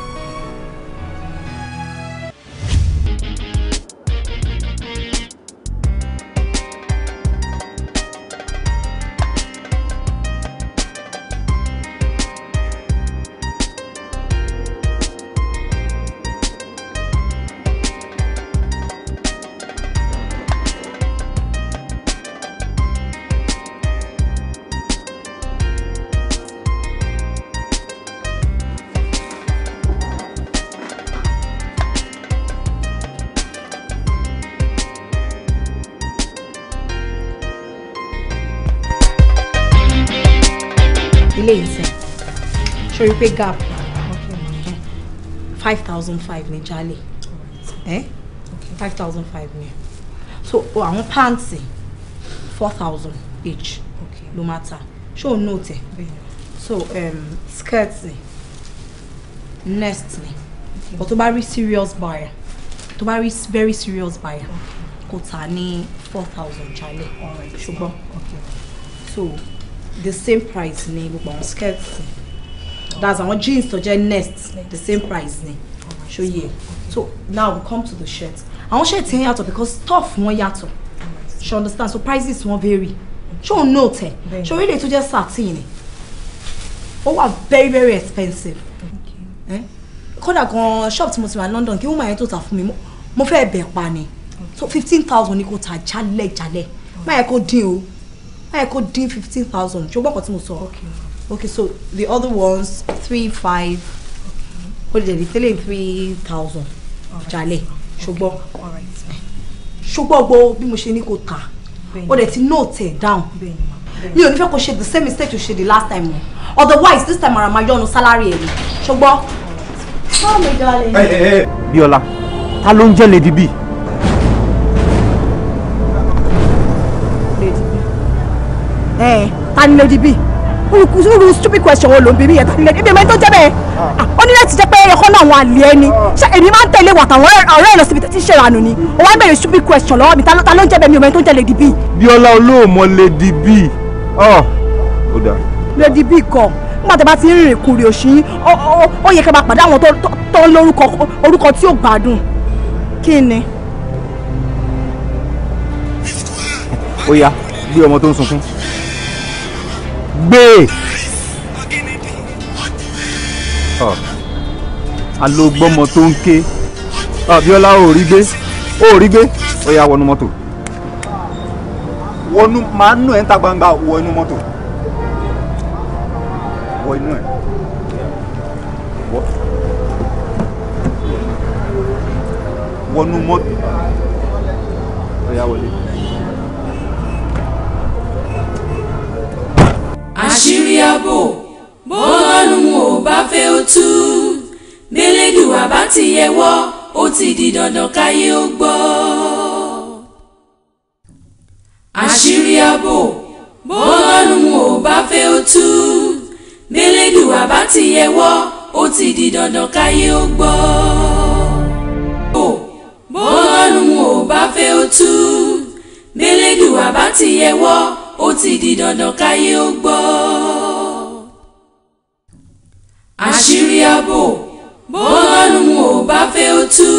ṣe rí gap. Eh? Okay. five thousand five ní jálè five thousand five ní so àwọn pàǹtì four thousand each Okay. No matter. Show note, náà tẹ̀ so um, skirt next ni but To bá rí serious buyer To bá rí very serious buyer kò tà ní four thousand jálè ṣùgbọ́n so the same price ni gbogbo àwọn skirts ni that's our jeans to jẹ́ next the same price ni ṣòye so now we come to the shirt àwọn shirt yẹn yato because stuff wọn yato. she understand so prices wọn vary ṣé òun náà tẹ̀ ṣé orílẹ̀ tó jẹ́ satin ni ó wà very very expensive eh? kódà gan shop tí mo ti wà London kí woman yẹn tó ta fún mi mo fẹ́ bẹ̀ pa ni so fifteen thousand ni kò ta jálẹ̀ jálẹ̀ má yẹ kó dín o má yẹ dín fifteen thousand ṣùgbọ́n kan tí mo sọ. Okay. Okay, so the other ones three five. Okay. What did they tell three thousand? Jale, ṣùgbọ́n. ṣùgbọ́n gbọ́ bí mo ṣe ní kò tà. O dẹ̀ note ẹ̀ down. Mi ò ní fẹ́ the same mistake you ṣe the last time Otherwise this time around ma yọnu salary ẹ̀ ni. Ṣùgbọ́n. Báwo ni Hey, hey, ta ló ń Lady B? Lady B. Ẹ eh, ta Lady B? olùkùsùrù stupid question wo ló ń bi mí yẹn tó nílẹ̀ ibi ìmọ̀ tó jẹ́ bẹ́ẹ̀ ah, ó ní láti jẹ́ pé ẹyẹ kan náà àwọn àlè ẹni ṣé èmi máa ń tẹ̀lé wà táwọn ọ̀rẹ́ ẹ̀ lọ síbi tí ń ṣèrànù ni ó wá ń bèrè stupid question lọ́wọ́ mi ta ló ń jẹ́ bẹ́ẹ̀ mi ò mẹ́ni tó ń jẹ́ Lady B. Bíọ́lá olóòmọ Lady B ọ ah, ò dà. Lady B kọ nígbà tí a bá ti ń rìnrìn kùrì òṣì ó yẹ kẹ́ bá pàdé àwọn tó ń lórúkọ orúkọ tí ò gbádùn kí ni. ó yá bí ọmọ tó ń sunkún gbé alógbọ́mọ tó ń ké Abíọ́lá ò rí gbé ò rí gbé ó yá wọnú mọ́tò. wọnú màá nù ẹ́ ń ta gbangba wọ inú mọ́tò wọ inú ẹ̀ wọnú mọ́tò ó yá wọlé. àṣírí ààbò bọ́lọ́run ò bá fẹ́ ó tú bẹ́lẹ́dùwà bá ti yẹwọ́ ó ti di dandan káyé ó gbọ́. àṣírí ààbò bọ́lọ́run ò bá fẹ́ ó tú bẹ́lẹ́dùwà bá ti yẹwọ́ ó ti di dandan káyé ó gbọ́. bọ́lọ́run ò bá fẹ́ ó tú bẹ́lẹ́dùwà bá ti yẹwọ́ ó ti di dandan káyé ó gbọ́. àṣírí ààbò bọ́lọ́run ò bá fẹ́ ó tú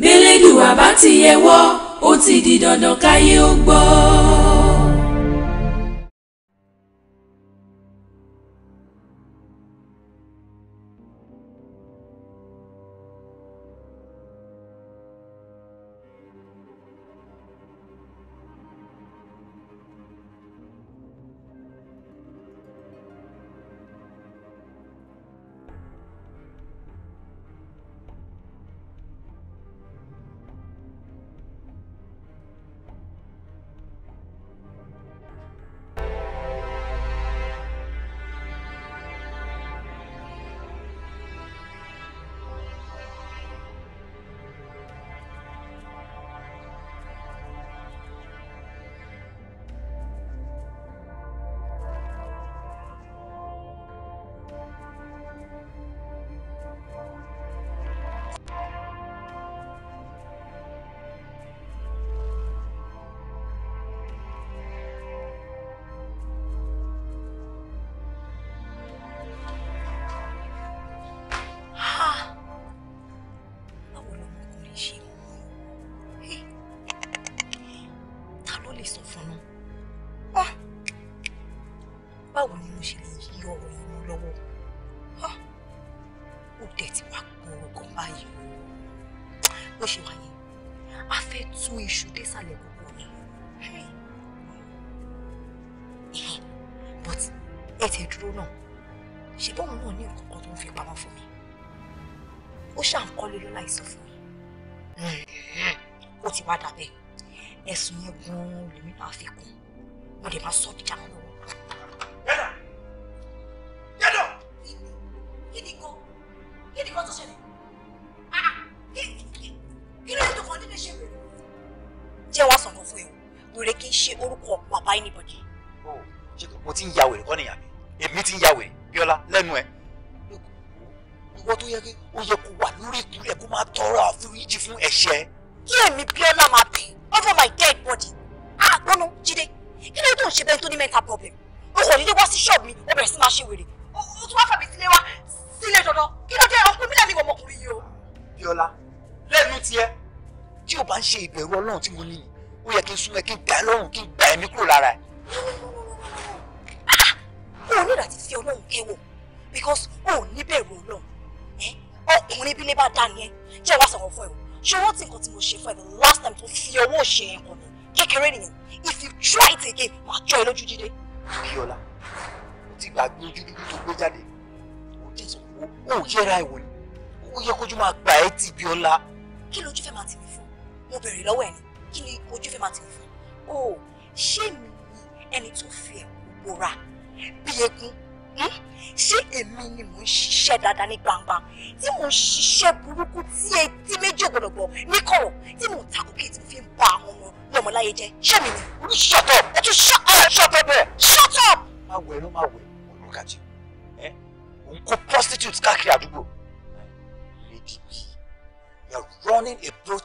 bẹ́lẹ́dùn àbá ti yẹwọ́ ó ti di dandan káyé ó gbọ́. ẹ tiẹ̀ dúró náà ṣe bóun náà ní nǹkan kan tó ń fi pamọ́ fún mi ó ṣàǹkọ́lé lọ́la ìsọ fún mi ó ti wá dà bẹ́ẹ̀ ẹ̀sùn yẹn gan-an lèmi náà fi kún mo dẹ̀ máa sọ ọ́ dìjà mọ́ lọ́wọ́.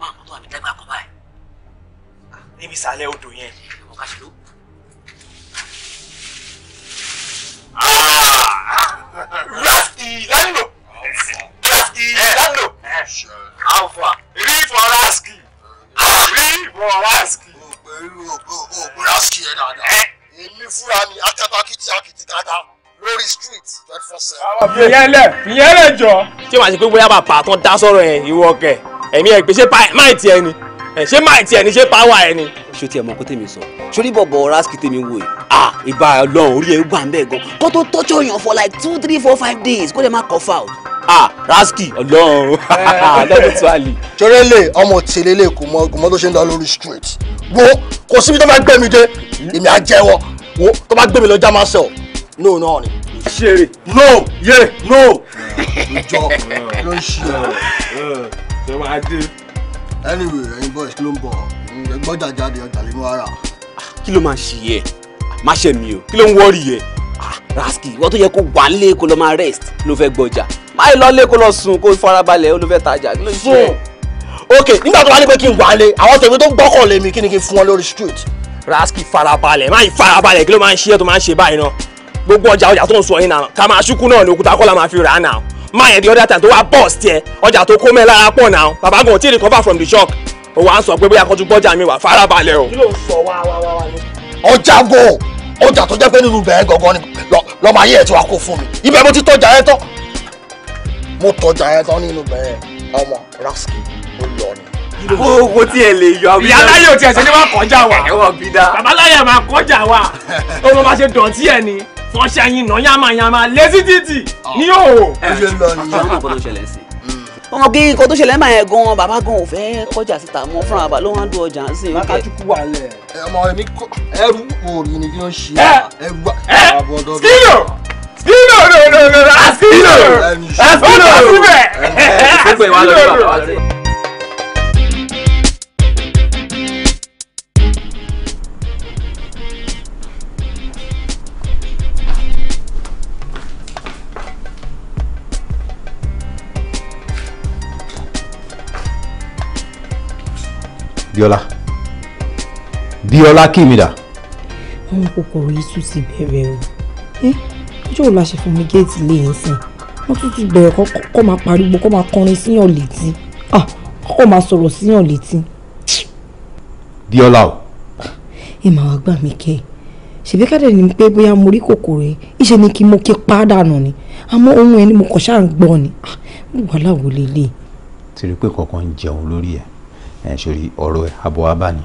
wá àwọn tó wà ní dágbà kan báyìí. Ah, níbi ìsàlẹ̀ odò yẹn. ìwọ ká fi ló. Ah! rati lando rati eh, lando eh, alfa rí for raski rí for raski. òògùn raski yẹn dáadáa eh. èmi fúra mi atẹ́pá kìtìkìtì dáadáa lórí street twenty four seven. ìyẹn lẹ ìyẹn lẹ jọ. ṣé wàá ṣe pé bóyá bàbá tán dá sọ̀rọ̀ yẹn ìwọ kẹ̀ ẹ̀mí ẹ̀ pé ṣé máì tiẹ̀ ni ṣé máì tiẹ̀ ni ṣé páwà ẹ̀ ni. ṣé tiẹ̀ mọ kó tèmi sọ sórí bọ̀bọ̀ rasky tèmi wò yìí ah ìgbà ọlọ́run orí ẹ̀ gbà ń bẹ̀ gan kó tó tọ́jú ọyàn for like two three four five days kó lè má cough out ah rasky ọlọ́run lẹ́yìn tó àlè. torí lè ọmọ tèlé lè kò mọ kò mọ tó ṣe ń lọ lórí street wo kò síbi tó bá gbé mi dé èmi á jẹ́wọ́ wo tó bá gbé mi lọ já máa sẹ̀ no náà ni. ṣeré no yé no. ìjọ ló ń ṣe. Eh ṣe máa dé. anyway ẹ̀yin boys kí ló ń bọ̀ ẹgbọ́jà jáde ọjà lè mú ara. Ah, kí ló máa ṣe yẹ ah, má ṣe mi o kí ló ń wọ́ọ̀rì yẹ ah, raski ìwọ tó yẹ kó wà lé kó lọ máa rest ló fẹ́ gbọ́jà má lọ lé kó lọ sùn kó farabalẹ̀ ó ló fẹ́ tajà kí ló ń ṣe. ok nígbà tó wá ní pé kí n wà lé àwọn tèmi tó gbọ́kàn lé mi kí ni kí n fún wọn lórí street. raski farabalẹ̀ má yí farabalẹ̀ kí ló máa ń ṣe tó máa ń ṣe báyìí náà gbogbo ọjà ọjà tó ń sọ yín náà ká máa ṣúkú máa the other time tó wá bọ́ọ̀sì tiẹ̀ ọjà tó kó mẹ́ lára pọ̀ náà bàbá gan tí recover from the shock ó wá ń sọ pé bóyá kọ́jú gbọ́jà mi wà farabalẹ̀ o. kí ló ń sọ wá wá wá wá ni. ọjà go ọjà tó jẹ́ pé nínú bẹ̀rẹ̀ gangan ni lọ́mọ ayé ẹ̀ tí wàá kó fún mi ibẹ̀ mo ti tọ́jà ẹ tán mo tọ́jà ẹ tán nínú bẹ̀rẹ̀ ọmọ rasky ó lọ ni owó tí ẹ lè yọ àwọn ìyá aláyè ò tiẹ̀ ṣe ni wọ́n kọjá wa ẹ̀wọ̀n bí dá bàbá aláyè máa kọjá wa ó mọ bá ṣe dọ̀tí wọ́n ṣe ẹyin náà yamayama létí títì ní òwò. ẹ ṣe lọ ọmọ ọmọ kí nǹkan tó ṣẹlẹ̀ máa yẹn gan bàbá gan ò fẹ́ kọjá síta mọ́ fúnra bàbá ló wọ́n ń dún ọjà sí i. lákàtúkú wà lẹ. ọmọ mi ẹrú òòrùn ni kí ló ń ṣe ẹrú àbọ̀dọ̀. skino skino no no no askino askino síbẹ̀ askino. diola diola kí mi dà. àwọn kòkòrò yìí tún ti bẹ̀rẹ̀ o ọjọ́ òun la ṣe fún mi géètì lẹ́yìn sìn wọ́n tún ti bẹ̀rẹ̀ kọ́ máa pariwo kọ́ máa kọrin síyàn létí kọ́ máa sọ̀rọ̀ síyàn létí. Bíọ́lá o. ẹ máa wá gbà mí kẹ́ ẹ ṣèbí ká dẹ̀ ní pé bóyá mo rí kòkòrò yẹn ìṣe ni kí mo ké pa dànù ni àmọ́ ohun ẹni mo kàn ṣáà ń gbọ́ ni wàhálà wò lélẹ̀. ti rí pé kankan ń jẹun lórí ẹ̀ ẹ̀ sori ọ̀rọ̀ ẹ̀ àbọ̀ wa bá ní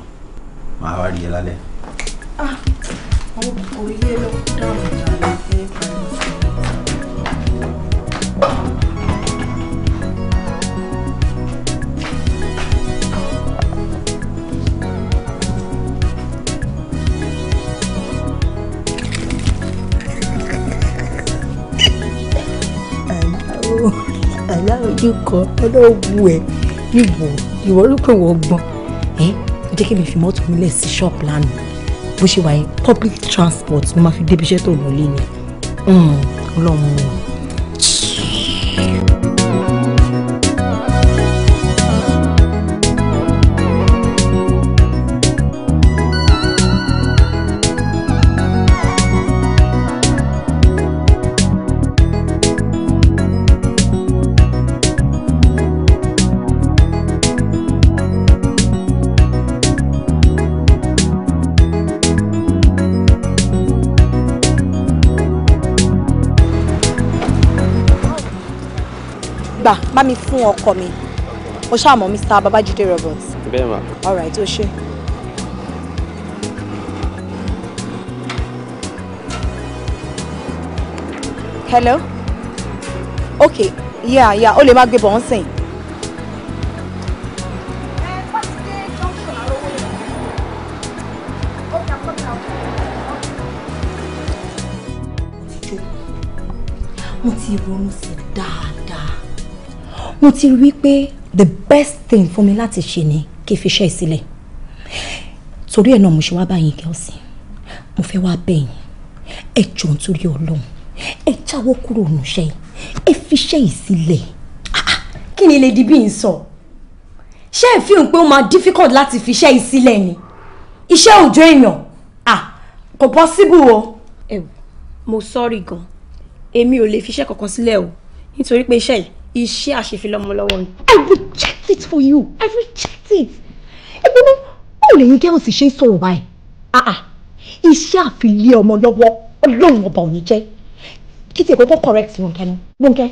màá wá rí ẹ lálẹ́. kò yé ló dáhùn jàre pé. àlá ojú kan ọlọ́wù ẹ̀ ìwọ ìwọ orúkọ ìwọ gbọ́n ẹ ó jẹ́ kí mi fi mọ́tò mi lẹ̀ sí ṣọ́ọ̀pù lánàá bó ṣe wà public transport ló máa fi débi iṣẹ́ tó lọ lé ni hmm, ọlọ́run gbà bá mi fún ọkọ mi o ṣáà mọ̀ Mr. Babajide Roberts. bẹ́ẹ̀ ma. all right o ṣe. hello okay yeah yeah o lè má gbé bọ̀ ń sìn. mo ti ronú sí mo ti rí pé the best thing fún mi láti ṣe ni kí n fi iṣẹ́ ìsílẹ̀ torí ẹ̀ náà mo ṣe wá báyìí gẹ́ọ̀sì mo fẹ́ wá bẹ̀yìn ẹ jọ̀ọ́ nítorí ọlọ́run ẹ jáwọ́ kúrò níṣẹ́ ẹ fi iṣẹ́ ìsílẹ̀. Ah, ah, kí ni lady bíi ń sọ ṣé ẹ fi hàn pé ó máa difficult láti fi iṣẹ́ ìsílẹ̀ ni iṣẹ́ òjò èèyàn ah, kò possible o. ẹ mo sọ́ọ̀rì gan-an èmi ò lè fi iṣẹ́ kankan sílẹ̀ o nítorí pé iṣẹ́ yìí iṣẹ́ àṣefilọ́mọlọ́wọ́ ni i reject it for you i reject it Ebe, ìgbóná báwo lẹ́yìn girls ṣe ń sọ̀rọ̀ báyìí iṣẹ́ àfilé ọmọ lọ́wọ́ ọlọ́run ọba òní jẹ́ kí ti ìkókó correct Rónkẹ́ nu Rónkẹ́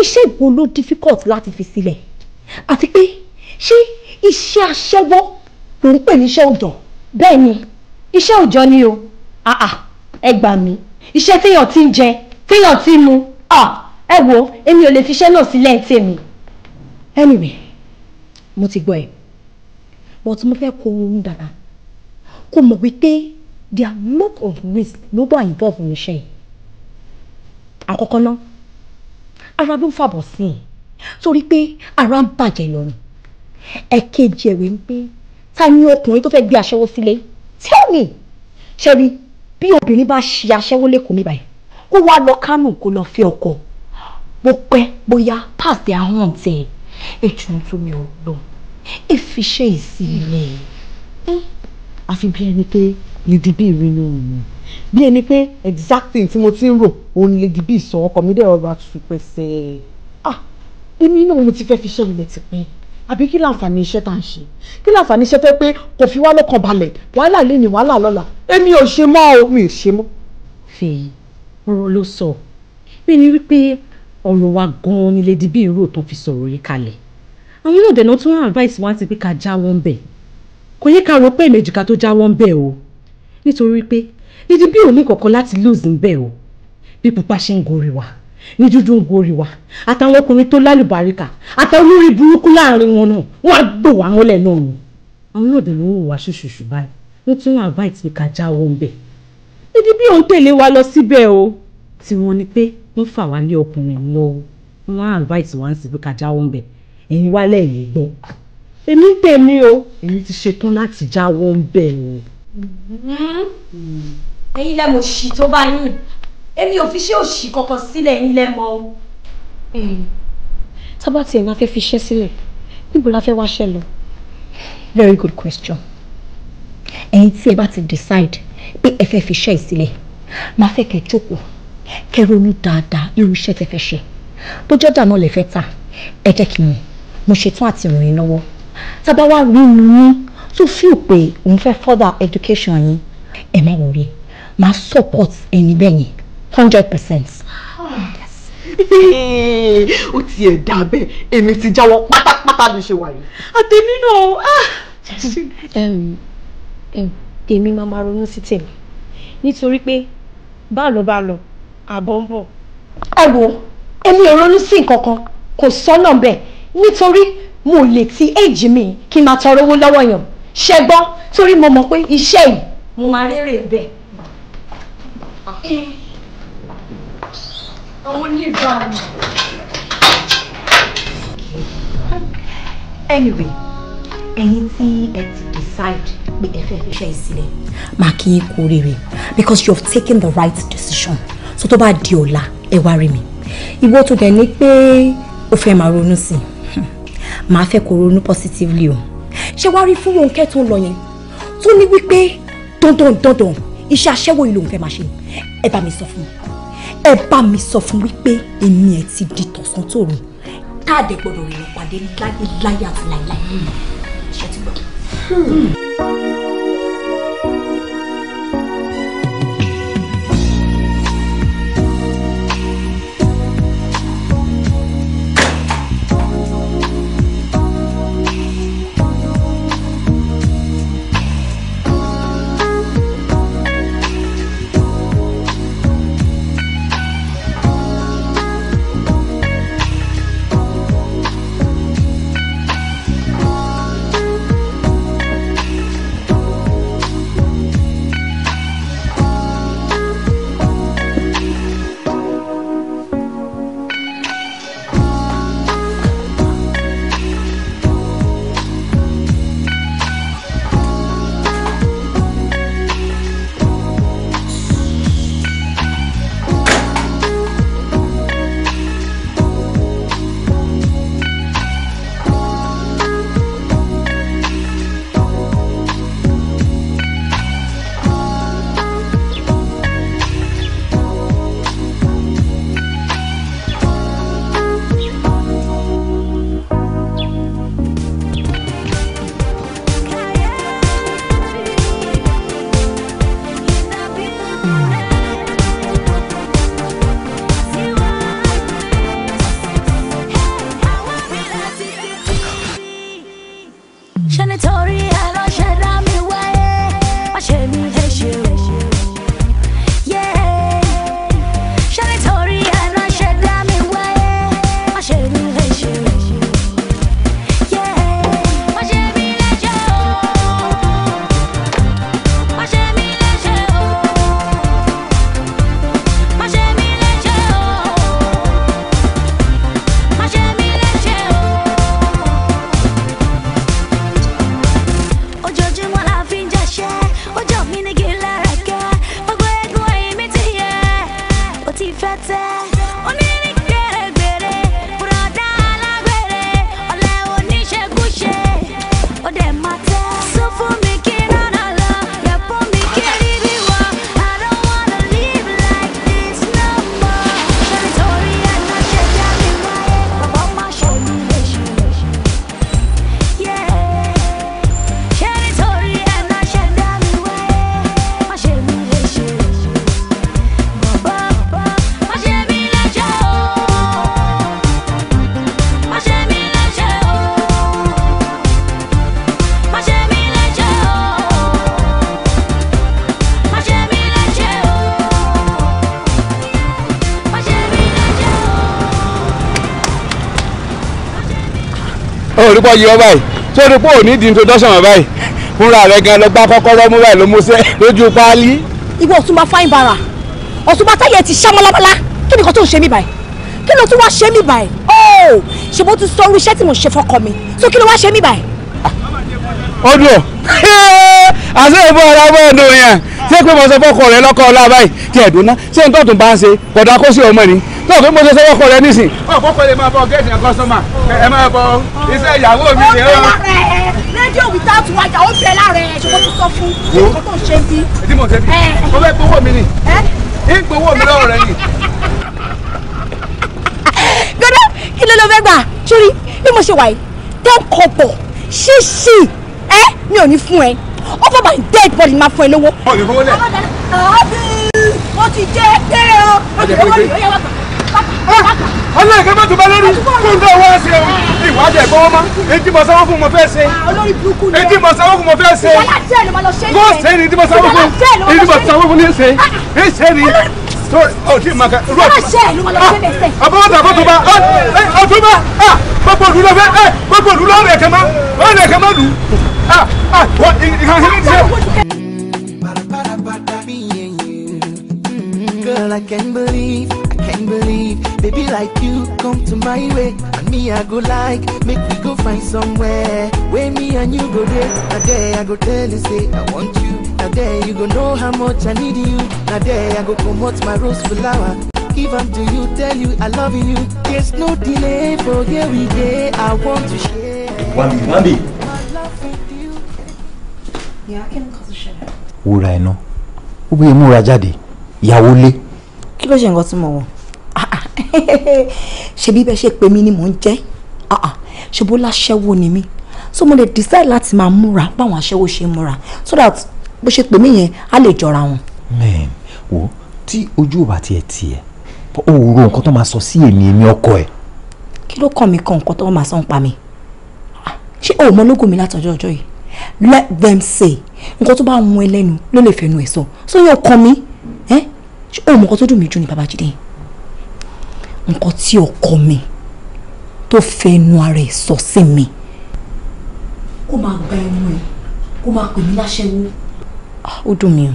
iṣẹ́ ìwo ló difficult láti fi sílẹ̀ àti pé ṣé iṣẹ́ aṣẹ́wó ló ń pè ní iṣẹ́ òòjọ́ bẹ́ẹ̀ ni iṣẹ́ òòjọ́ ni o ẹ gbà mí iṣẹ́ téèyàn ti ń jẹ téèyàn ti ń mu ah ẹ wo èmi ò lè fi iṣẹ́ náà sílẹ̀ tèmi. anyway mo ti gbọ́ ẹ but mo fẹ́ kó ohun dára kó mọ̀ wípé there are lot of risk ló bá involve ní iṣẹ́ yìí. àkọ́kọ́ náà ara ló ń fàbọ̀ sí i torí pé ara ń bàjẹ́ lọ́rùn ẹ̀kejì ẹ̀wẹ̀ ń pé ta ni ọkùnrin tó fẹ́ gbé aṣẹ́wó sílé tell me ṣẹ́ni bí obìnrin bá ṣe aṣẹ́wó lẹ́kọ̀ọ́ mi báyìí kó wá lọ kánò kó lọ fẹ́ ọkọ bó pẹ́ bóyá pàṣẹ ahọ́n tẹ̀ ètò nítorí ọlọ́run èfi ṣe ìsinmi àfi bí ẹni pé Lady-B ìrìnà mi bí ẹni pé exacting tí mo ti ń rò òun Lady-B sọ ọkọ mi dẹ̀ ọba tù pẹ̀sẹ̀ ah èmi náà mo ti fẹ́ fi ṣẹ́ ilẹ̀ ti pín àbí kí láǹfààní iṣẹ́ tá à ń ṣe kí láǹfààní iṣẹ́ tẹ́ pé kò fi wá lọ́kàn balẹ̀ wàhálà lé ní wàhálà lọ́la èmi ò ṣe mọ́ o mi ò ṣe mọ́. fèyí ọ̀rọ̀ ló sọ mí ni wípé ọ̀rọ̀ wa gan-an ni Lady Bee rò tán fi sọ̀rọ̀ yìí kalẹ̀ àwọn náà dẹ̀nà tó ń advice wá ti pé ká jáwọ́ ń bẹ̀ kò yẹ ká rò pé èmejì ká tó jáwọ́ ń bẹ̀ o nítorí pé Lady Bee ò ní kọ̀ọ̀kan láti lose ń bẹ̀ o bí pupa ṣe ń gorí wa ní dúdú ń gorí wa àtàwọn ọkùnrin tó lálùbáríkà àtàwọn olórí burúkú láàrin wọn náà wọn á gbò wá wọn lẹ́nu ọ̀run àwọn náà dẹ̀nà wò ṣùṣùṣù báyìí wọ́n tún advice ń fà wá lé ọkùnrin lọ wọ́n advice wá sí pé ká jáwọ́ ńbẹ̀ ẹ̀yin wálẹ̀ yìí gbọ́ èmi tèmi o èmi ti ṣetán láti jáwọ́ ńbẹ̀ o. Mm-hmm. ẹ̀yin lẹ́mọ òṣì tó bá yín èmi ò fi ṣe òṣì kankan sílẹ̀ ẹ̀yin lẹ́mọ o. tábà tí èèyàn fẹ́ fi ṣẹ́ sílẹ̀ níbo la fẹ́ wáṣẹ́ lọ. very good question ẹ̀yin tí ẹ bá ti decide pé ẹ fẹ́ fi ṣẹ́ ìsílẹ̀ máa fẹ́ kẹ́ jókòó kẹ́ ronú dáadáa irú iṣẹ́ tẹ́ fẹ́ ṣe bójú ọ̀dà náà lè fẹ́ tà ẹ jẹ́ kí n mọ̀ mo ṣetán àti ràn yín lọ́wọ́ tábà wá rí inú yín tó fíò pé òun fẹ́ further education yín ẹ má wọrí máa support ẹni bẹ́ẹ̀ yẹn hundred percent. ó ti ẹ̀ dà bẹ́ẹ̀ èmi ti jáwọ́ pátápátá ló ṣe wà yìí àtẹ̀mí náà. Ah! èmi máa ma ronú sí tèmi nítorí pé bá lọ bá lọ àbọ̀ ẹ wo èmi ò ronú sí nǹkan kò sọ́nà bẹ́ẹ̀ nítorí mo lè ti èjì mi kí n máa tọrọ owó lọ́wọ́ yàn ṣe gbọ́ torí mo mọ̀ pé iṣẹ́ yìí mo máa rérè bẹ́ẹ̀. àwọn oníbàárà. anyway ẹ̀yin tí ẹ ti decide pé ẹ fẹ́ fi ṣe ìsílẹ̀ máa kí n kú rere because you have taken the right decision so tó bá di ọ̀la ẹ wá rí mi ìwọ tó dẹ̀ ní pé o fẹ́ máa ronú sí i hmm. màá fẹ́ kó ronú positively o ṣé wàá rí fún Rónkẹ́ tó ń lọ yẹn tó ní wípé dandan dandan iṣẹ́ aṣẹ́wó yìí lòun fẹ́ máa ṣe ẹ bá mi sọ fún mi ẹ bá mi sọ fún wípé èmi ẹ ti di tọ̀sán tòru káàdì gbọ́dọ̀ rìn pàdé láyé àti láyé àti láyé ṣe ti gbọ́. Hmm. orí pọ̀ yí ọ báyìí tó rí pọ̀ ní di introduction ọ̀ báyìí fúnra rẹ̀ gan lọ gbá kọ́kọ́rọ́ mú báyìí ló mú sẹ́ lójú páálí. ìwọ ọ̀túnba fáyín bara ọ̀túnba táyà ti ṣá mọ́lábọ́lá kí nìkan tó ń ṣe mí báyìí kí ló tún wá ṣe mí báyìí óò ṣe bó tún sọ orí iṣẹ́ tí mo ṣe fọkọ mi tó kí ló wá ṣe mí báyìí. ọdún àṣẹ ìbọn ọ̀rọ̀ ọmọ ọ̀dọ̀ yẹn ṣé pé mo sọ fọkọ rẹ lọ́kọ ọlá báyìí tí ẹ̀dùn ná ṣé n tọ́tún bá ń ṣe kọ̀dà kó sí ọmọ ni tọ́tún mo ṣe sọ fọkọ rẹ nísìn. ọ̀pọ̀ kò lè máa bọ gẹ́ẹ̀tì ẹ̀ kọ́sọ́mà ẹ máa bọ iṣẹ́ ìyàwó mi ni ó. rédíò without wájà ó bẹ lára ẹ ṣùgbọ́n mo sọ fún ṣùgbọ́n tó ń ṣe bí. èdè mo ṣe bí mo fẹ́ gbowó mi ni ń gbowó mi lọ́wọ́ rẹ ni. gbẹdọ kí ló ló fẹ́ gbà sórí bí mo ṣe wà yìí ten kọpọ̀ ṣíṣì ẹ mi ò ní fún ẹ over my dead body máa fún ẹ lówó. ọ̀ ní fowó lẹ̀. ọ̀bí mo ti jẹ́ pé o. ọ̀jẹ̀ pé pé ọlọ́run kẹ́kọ̀ọ́ tó bá lórí fún tó wá ṣe o ìwádìí ẹ̀gbọ́n ọmọ etí mọ̀ sáwọ́ fún mo fẹ́ ṣe ah, etí mọ̀ sáwọ́ fún mo fẹ́ ṣe kó ṣe ni etí mọ̀ sáwọ́ fún etí mọ̀ sáwọ́ fún ní ṣe é ah, ah. ṣe ni ọtí màkà rọ àbọ̀wọ̀tà àbọ̀tọ̀ba ọ̀tọ̀ba gbogbo òdu fẹ́ eh, gbogbo òdu lọ rẹ̀ kẹ́ mọ́ rẹ̀ kẹ́ mọ́ lù Girl, I can't believe, I can't believe, baby, like come to my way and me i go like make we go find somewhere where me and you go there. A day i go tell you say i want you A day you go know how much i need you A day i go come out my rose flower give am to you tell you i love you there's no delay for here we dey i want to share. wambi wambi. wúra ẹ̀ náà ó bóyá múra jáde ìyàwó lé. kí ló ṣe nǹkan tí mo wọ̀ ah, ah. ṣe bí bẹ́ẹ̀ ṣe pé mi ni mò ń jẹ́ ah, ah. ṣebó láṣẹ́wó ni mí so mo lè decide láti máa múra báwọn aṣẹ́wó ṣe múra so that bó ṣe pè mí yẹn á lè jọra wọn. mẹ́ẹ̀n wo tí ojú ò bá tiẹ̀ tiẹ̀ o ò ro nǹkan tó máa sọ sí èmi èmi ọkọ ẹ̀. kí ló kàn mí kan nǹkan tó máa sọ pa mi ah, ṣé o ò mọ lógo mi látọjọ́ ọjọ́ yìí let them say nǹkan tó bá ń wọn ẹlẹ́nu ló lè fẹnu ẹ̀ sọ so yóò kàn mí ṣé o ò mọ nǹkan tó dùn mí jù ní babájídé yìí nǹkan tí ọkọ mi tó fẹ́ inú ara ẹ̀ sọ sí mi kó máa gba ẹnu ẹ̀ kó máa pè mí láṣẹ́wó. Ah, ó dùn mí o.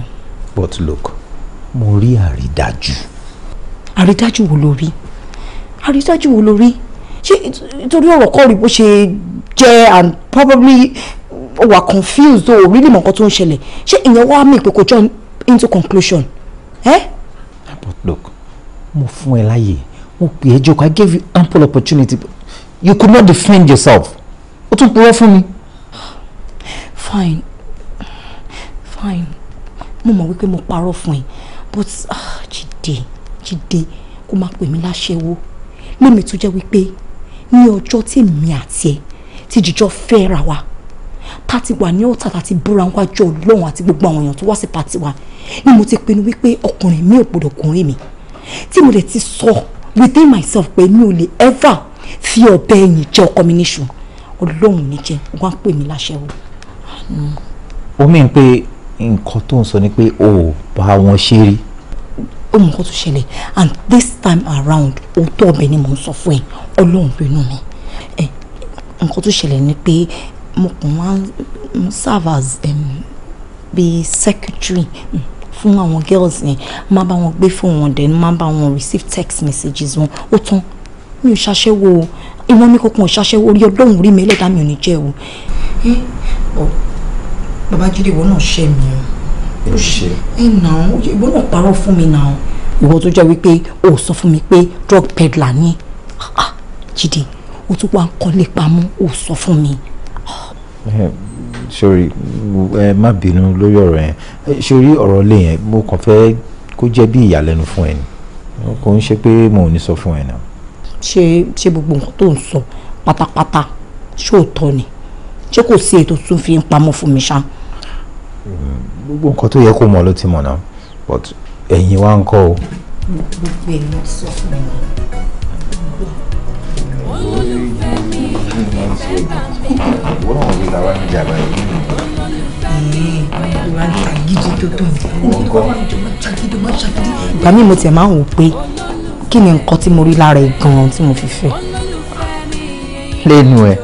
but look mo rí àrídájú. àrídájú wo lo rí àrídájú wo lo rí ṣé nítorí ọ̀rọ̀ kọ́ rí bó ṣe jẹ́ and probably wà confused o really mọ̀ nǹkan tó ń ṣẹlẹ̀ ṣé ìyẹn wá mi pé kò jọ into conclusion. Eh? but look mo fún ẹ láyè mo pè é jókòó i gave you ample opportunity but you could not defend yourself What tún purọ́ for me? fine fine mo mọ̀ wípé mo parọ́ fún ẹ but ah, Jídé Jídé kó má pè mí láṣẹ́wó lèmi tó jẹ́ wípé ní ọjọ́ tí èmi àti ẹ ti jìjọ fẹ́ra wa pati wa ní ọ̀tà àti búra wájú ọlọ́run àti gbogbo àwọn èèyàn tó wá sí pati wa ni mo ti pinnu wípé ọkùnrin mi ò a kùnrin mi tí mo dẹ̀ ti sọ within myself pé mi ò lè ever fi ọ̀bẹ ẹ̀yìn jẹ ọkọ mi níṣu ọlọ́run ní jẹ wọ́n á pè mí láṣẹ́wó. ó mìíràn pé nǹkan tó ń sọ ni pé o ò bá wọn ṣe rí. ó mọ nǹkan tó ṣẹlẹ̀ and this time around òótọ́ ọbẹ̀ ni mò ń sọ fún ẹ ọlọ́run bínú mi nǹkan tó ṣẹlẹ̀ ni pé mo kàn wá serve as um, be secretary. Mm fún àwọn girls yẹn máa bá wọn gbé fóònù wọn dẹ̀ máa bá wọn receive text messages wọn ó tán mi ò ṣàṣẹ́wó o ìwọ mi kò kàn ṣàṣẹ́wó orí ọlọ́run rí mi ẹlẹ́dàá mi ò ní jẹ́ o. bàbá jíde ìwọ náà ṣe mi o ó ṣe ẹ nà ó ìwọ náà parọ́ fún mi nà ó. ìwọ tó jẹ́ wípé o sọ fún mi pé drug peddler ni ah, ah, jíde o tún wá ń kọ́lé pamọ́ o sọ fún mi. Ah sorry ẹ má bínú lórí ọ̀rọ̀ yẹn sórí ọ̀rọ̀ lè yẹn mo kàn fẹ́ kó jẹ́ bí ìyàlẹ́nu fún ẹ ni kò ń ṣe pé mo ò ní sọ fún ẹ náà. ṣé ṣé gbogbo nǹkan tó ń sọ pátápátá ṣóòótọ́ ni ṣé kò sí ètò tún fi ń pamọ́ fún mi ṣá. gbogbo nǹkan tó yẹ kó mọ̀ ló ti mọ̀ náà but ẹ̀yin wá ń kọ́ o. gbogbo èèyàn sọ fún mi. sí ogun ìwọ náà rí làwọn ẹni jàgbá yìí nínú. ìwà gidi tó tó ìgbà mi mo tiẹ̀ máa ń wò pé kí ni nǹkan tí mo rí lára ẹ̀ gan-an tí mo fi fẹ́. lẹ́nu ẹ̀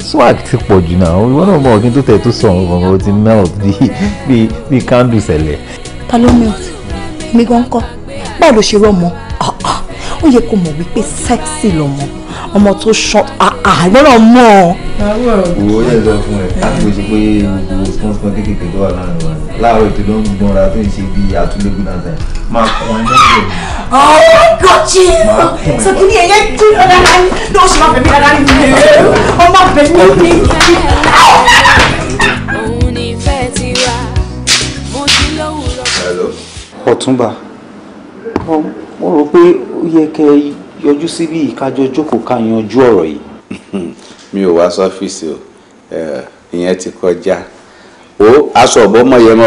swag ti pọ̀ jù náà ìwọ náà mọ ọ̀gbìn tó tẹ̀ tó sọ̀rọ̀ gbọ̀ngàn ó ti melt bíi bíi candle sẹ̀lẹ̀. ta ló melt mi gan kọ́ báwo ló ṣe rọ́ mọ́ ó yẹ kó mọ̀ wípé sexy lọ́mọ ọmọ tó ṣan àgbọ̀nà mọ́ wo yẹ lọ fún ẹ láti gbèsè pé gbogbo pọ́npọ́n kékeré tó wà láàrin wa láàárọ̀ ètò ló ń gbọ́nra tó ń ṣe bí àtúlégún náà sẹ́yìn máa kọ́ ẹ lọ́wọ́ ọ̀rọ̀ gọ̀jì sọ kí ni ẹ̀yẹ kí ọ̀dà náà ní oṣù máa bẹ̀mí dáadáa Ọ̀túnba. Oh mo rò pé ó yẹ kẹ́ yọjú síbí ìkájọ jókòó ká yanjú ọ̀rọ̀ yìí. mi ò wá sọ́fíìsì o ìyẹn ti kọjá o aṣọ ọ̀bọ ọmọyẹmọ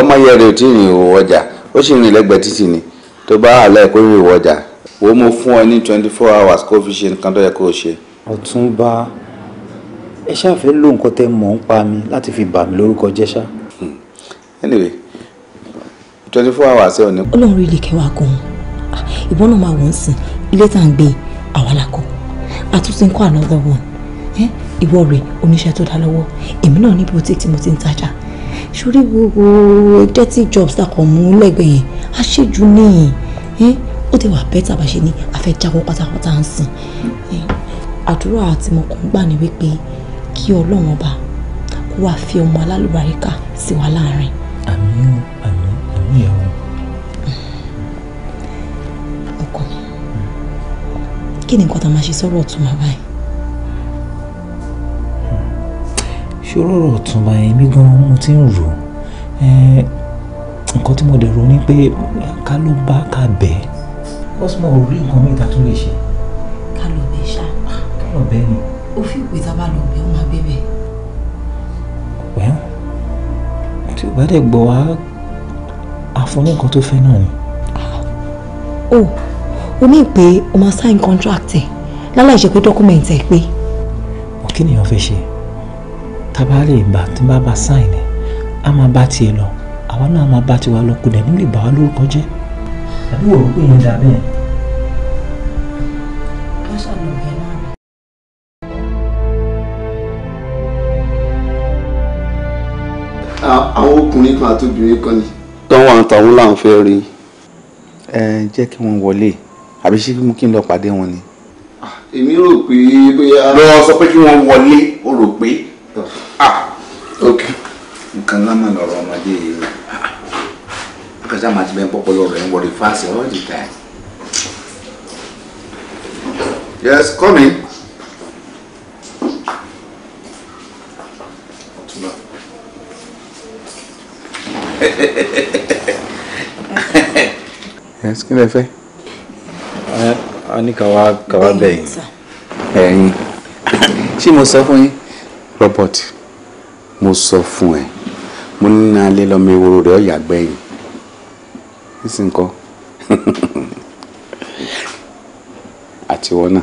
ọmọyẹ rẹ ò tí ì rìn ìwọ ọjà ó sì rìn lẹ́gbẹ̀ẹ́ títì ni tó bá wà lẹ́ẹ̀kó rìn ìwọ ọjà o mo fún ọ ní twenty four hours kó fi ṣe nǹkan tó yẹ kó o ṣe. ọ̀túnba ẹ ṣáà fẹ́ ló nǹkan mọ̀ ń pa mi láti fi bà mí lórúkọ jẹ́ ṣá. Hmm. anyway twenty four hours ẹ ò ní. ọlọ́run rí ilé kẹwàá gan-an ìbọn ah, náà máa wọ̀ ń sìn ilé tá à ń gbé àwa la kọ́ àtúntì ń kọ́ another one ìwọ rẹ̀ oníṣẹ́ tó dá lọ́wọ́ èmi náà ní boutique tí mo ti ń tajà sórí gbogbo dirty jobs tá a kàn mú lẹ́gbẹ̀ẹ́ yẹn àṣejù nìyẹn ó ti wà bẹ́ẹ̀ tàbá ṣe ni a fẹ́ jáwọ́ pátápátá ń sìn àdúrà àti mọ̀kàn gbà ní wípé kí ọlọ́run ọba kó wá fi ọmọ alálùbáríkà sí wa láàrin. àmín o pẹ̀lú ìyàwó. ọkọ kí ni nǹkan tá a máa ṣe sọ́rọ̀ ọ̀túnba báyìí. ṣòro ọ̀rọ̀ ọ̀túnba èmi gan-an mo ti ń rò nǹkan tí mo dẹ̀ rò ni pé ká ló bá ká bẹ́ẹ̀ wọ́n sì mọ orí nǹkan mẹ́ta tó lè ṣe. ká lọ bẹ́ẹ̀ ṣá. ká lọ bẹ́ẹ̀ ni. ó fi ìpè tá a bá lọ bẹ́ẹ̀ ó máa bẹ́ẹ̀ bẹ́ẹ̀. wẹ́n tí ò bá dẹ̀ gbọ́ wá àfọwọ́ nǹkan tó fẹ́ náà ni. o ò ní pé o máa sign contract ẹ láláì ṣe pé document ẹ pé. òkè nìyàn fẹ́ ṣe tábà lè gbà tí bá bá sign ẹ a máa bá tiẹ̀ lọ àwa náà máa bá tiwa lọ kò dẹ̀ nílé bá wa lórúkọ jẹ́ àbí wò ó pè yẹn dà bẹ́ẹ̀. àwọn ọkùnrin kan àti obìnrin kan ni kan wà táwọn là ń fẹ́ rí. ẹ jẹ́ kí wọ́n wọlé àbí ṣé mú kí n lọ pàdé wọn ni. Ah, èmi rò pé bóyá. lọ sọ pé kí wọ́n wọlé o rò pé ah, nǹkan lámà lọ́rọ̀ ọmọdé yìí rẹ̀ kọjá máa ti bẹ́ẹ̀ pọ́pọ́ lọ́rọ̀ ẹ̀ ń wọlé fáṣẹ̀ all the time. yes coming kí lẹ fẹ́. a ní kàwá kàwá bẹ́ẹ̀ ẹ̀yin ṣé mo sọ fún yín Robert mo sọ fún ẹ mo ní alẹ́ lọ́mọ ewúro rẹ̀ ọ̀yà gbẹ̀yìn nísìn kọ́ àtiwọ́ náà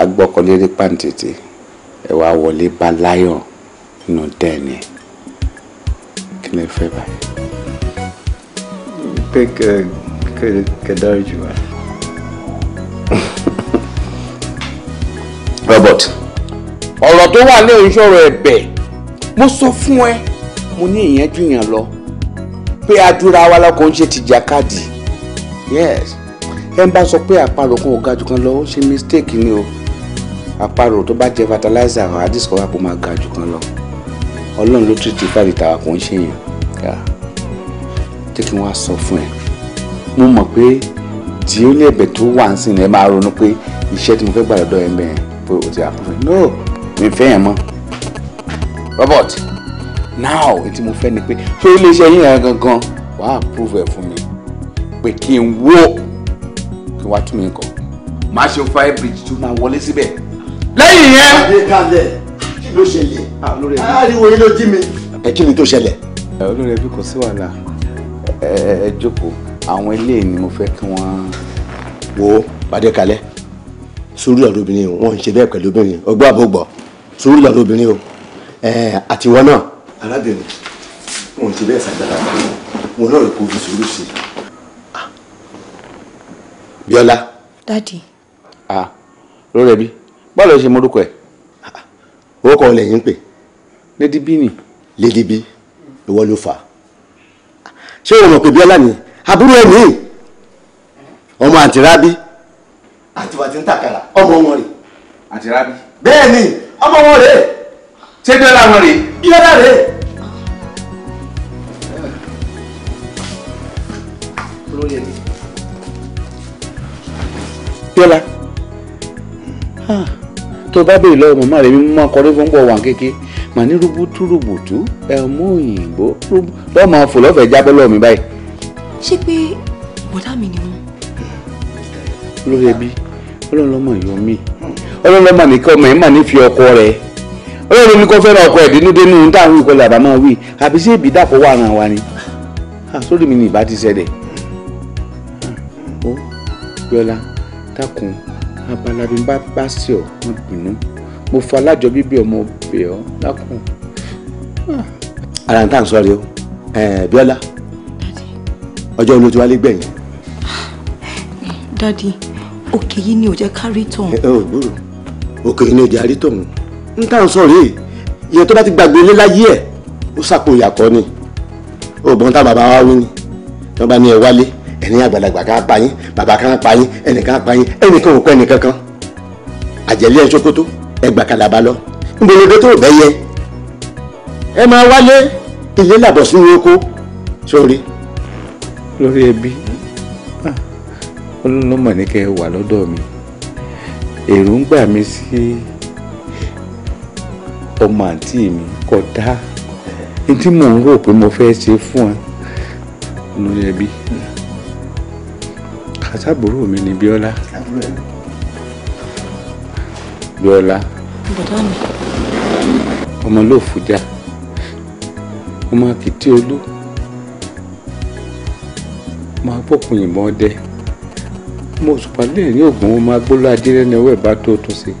agbọ́kọ̀lérí pàǹtẹ̀tẹ̀ ẹ̀ wá wọlé bá láyọ̀ nínú dẹ́ẹ̀ni kí lè fẹ́ báyìí pek kadar civar. Robert ọ̀rọ̀ tó wà lẹ́yìn sọ̀rọ̀ ẹ̀bẹ̀ mo sọ fún ẹ mo ní ìyẹn ju yàn lọ pé àdúrà wa lọkàn ń ṣe tìjàkadì yes ẹ ń bá sọ pé àparò kan ò ga jù kan lọ ó ṣe mistake ni o àparò tó bá jẹ fertilizer àdìsíkọ̀ wa kò máa ga jù kan lọ ọlọ́run ló tún ti fàbí tàwa kò ń ṣèyàn. Yeah jẹ́ kí wọ́n á sọ fún ẹ mo mọ̀ pé tí ó lè bẹ̀ tó wà ń ẹ máa ronú pé iṣẹ́ tí mo fẹ́ gbà lọ́dọ̀ ẹ bẹ́ẹ̀ pé o ti àpò fún mi no mi fẹ́ yẹn mọ́ Robert now ètí mo fẹ́ ni pé ṣé o lè yín yẹn gangan wàá approve ẹ fún mi pé kí n wó kí wàá tún mi kọ máa ṣe fire bridge tó máa wọlé síbẹ̀ lẹ́yìn yẹn. adé kalẹ̀ kí ló ṣẹlẹ̀. Ah, olórí ẹbí ah, ariwo yìí ló jí mi. ẹ kí ni tó ṣẹlẹ̀. olórí ẹbí kò sí wàhálà ẹ jókòó àwọn ilé ni mo fẹ́ kí wọ́n. wo pàdé kalẹ̀ sórí ọ̀dọ̀ obìnrin o wọ́n ń ṣe bẹ́ẹ̀ pẹ̀lú obìnrin ọgbọ́n àbúgbọ̀ sórí ọ̀dọ̀ obìnrin o àtiwọ́ náà arábìnrin wọ́n ń ṣe bẹ́ẹ̀ sàgbàlagbà wọn náà rẹ̀ kó fi sùúrù sí i. Bíọ́lá. dadi. ah lórí ẹbí báwo ló ṣe morúkọ ẹ. orúkọ lẹ́yìn ń pè. Lady B ni. Lady B ìwọ ló fà á ṣé o mọ̀ pé bíọ́lá ni àbúrò ẹ̀ ní ọmọ àǹtírábí. àtiwà ti ń tàkàrà ọmọ wọn rè. àǹtírábí. bẹ́ẹ̀ ni ọmọ wọn rè. ṣé bíọ́lá wọn rè. bíọ́lá rè. bíọ́lá ah, tó bá béèrè lọ́wọ́ màmá rẹ̀ mi mú akọrin fún pọ̀ wà kékeré mà ní rubutu rubutu ẹmú òyìnbó lọ́mọ fò lọ́fẹ̀ẹ́ jábọ́ lọ́ọ̀mí báyìí. ṣé pé bọ̀dá mi ni wọ́n. lórí ẹbí ọlọ́run lọ́mọ yọ mí ọlọ́run lọ́mọ nìkan ọmọ ẹ̀ mà ní fi ọkọ rẹ̀ ọlọ́run ní kò fẹ́ràn ọkọ ẹ̀ dínúdínú ní táwọn ìkọlẹ̀ àbámọ́ wí àbí sí èbí dàpọ̀ wà ràn wá ni sórí mi ni ìbá ti ṣẹlẹ̀ ó yọlá dákun abalabi bá bá sí ọ wọn bínú mo fa alájọ bíbí ọmọ bẹ̀ ọ́ lákùn. Ah. ara ń tà ń sọrí o eh, Bíọ́lá ọjọ́ olóòtú wa lè gbẹ̀yìn. dádì òkè yìí ni ò jẹ́ ká rí tọ̀hún. ẹ eh, eh, ò gbúrò òkè yìí ni ò jẹ́ ká rí tọ̀hún ń tà ń sọrí ìyẹn tó bá ti gbàgbé ilé láyé ẹ̀ ó sàpò ìyàtọ̀ ni òògùn tá bàbá wa wí ni tí wọ́n bá ní ẹ wálé ẹni àgbàlagbà kan pa yín bàbá kan pa yín ẹnìkan pa yín ẹnìkan ò pẹ́ ẹnìkan kan àjẹlé ẹ̀ ṣokoto ẹgbà kalaba lọ nbolodo tó bẹ yẹ ẹ máa wálé ilé làbọ̀ sínú oko sórí. lórí ẹbí ah, ọlọ́run ló mọ̀ ní kẹ́ ẹ wà lọ́dọ̀ mi èròǹgbà mi sí ọmọ àǹtí mi kódà ní tí mò ń rò pé mo fẹ́ ṣe fún ẹ lórí ẹbí àtàbúrò mi ni Bíọ́lá. àbúrò ẹ̀ Bíọ́lá. Bọ̀dá mi. Ọmọ ló fújà. Ọmọ akitì olú. Ọmọ apọ̀kùn yìnbọn dẹ. Mo sùpà lẹ́yìn ògùn mo máa gbóló adírẹ́ ní ọwọ́ ẹ̀ bá tó tó ṣe.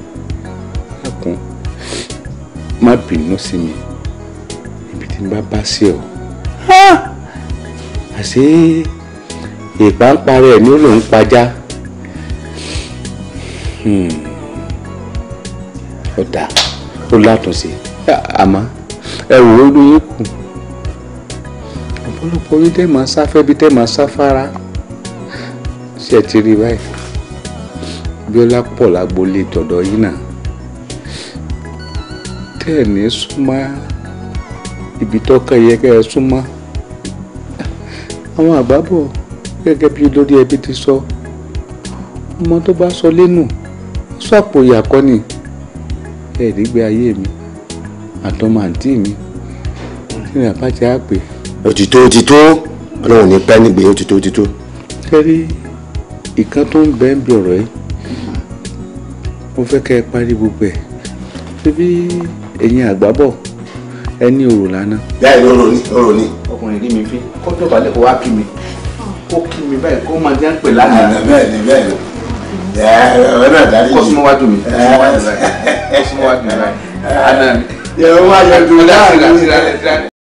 Lákùn má bínú sí mi. Ibi tí n bá bá sí ọ. Àṣé ìpàǹparẹ̀ ni ó lòún pajá. Hmm ó dáa ó látúnṣe àmọ́ ẹ wò ó lóyún kù ọ̀pọ̀lọpọ̀ yín tẹ́ máa sáfẹ́ bí tẹ́ máa sáfárá ṣe ti rí báyìí bíọ́lá pọ̀ lágboolé tọ̀dọ̀ yín náà tẹ́ ẹ̀ ní súnmọ́ ibi tọ́ka yẹ kẹ́ ẹ súnmọ́ àwọn àbábọ̀ gẹ́gẹ́ bí olórí ẹbí ti sọ ọmọ tó bá sọ lẹ́nu sọ àpò ìyàkọ́ So tẹ̀ẹ́dẹ́gbé ayé mi àtọmọ àǹtí mi tí mi àbá ti á pè. òtítọ́ òtítọ́ ọlọ́run ní pẹ́ nígbè òtítọ́ òtítọ́. kẹ́rí ìkan tó ń bẹ ń bí ọ̀rọ̀ yìí mo fẹ́ kẹ́ ẹ parí gbogbo ẹ̀ síbí ẹ̀yin àgbà bọ̀ ẹ ní òrò lánàá. bẹ́ẹ̀ ni òrò ni òrò ni. ọkùnrin rí mi fi kó tó balẹ̀ kó wá kí mi kó kí mi báyìí kó máa jẹ́ ń pè lánàá. bẹ́ẹ̀ ni bẹ́ẹ̀ ni ọ̀rẹ́ náà dárí yìí kó súnmọ́ wájú mi kó súnmọ́ wájú mi láì àná mi. yẹ wọ́n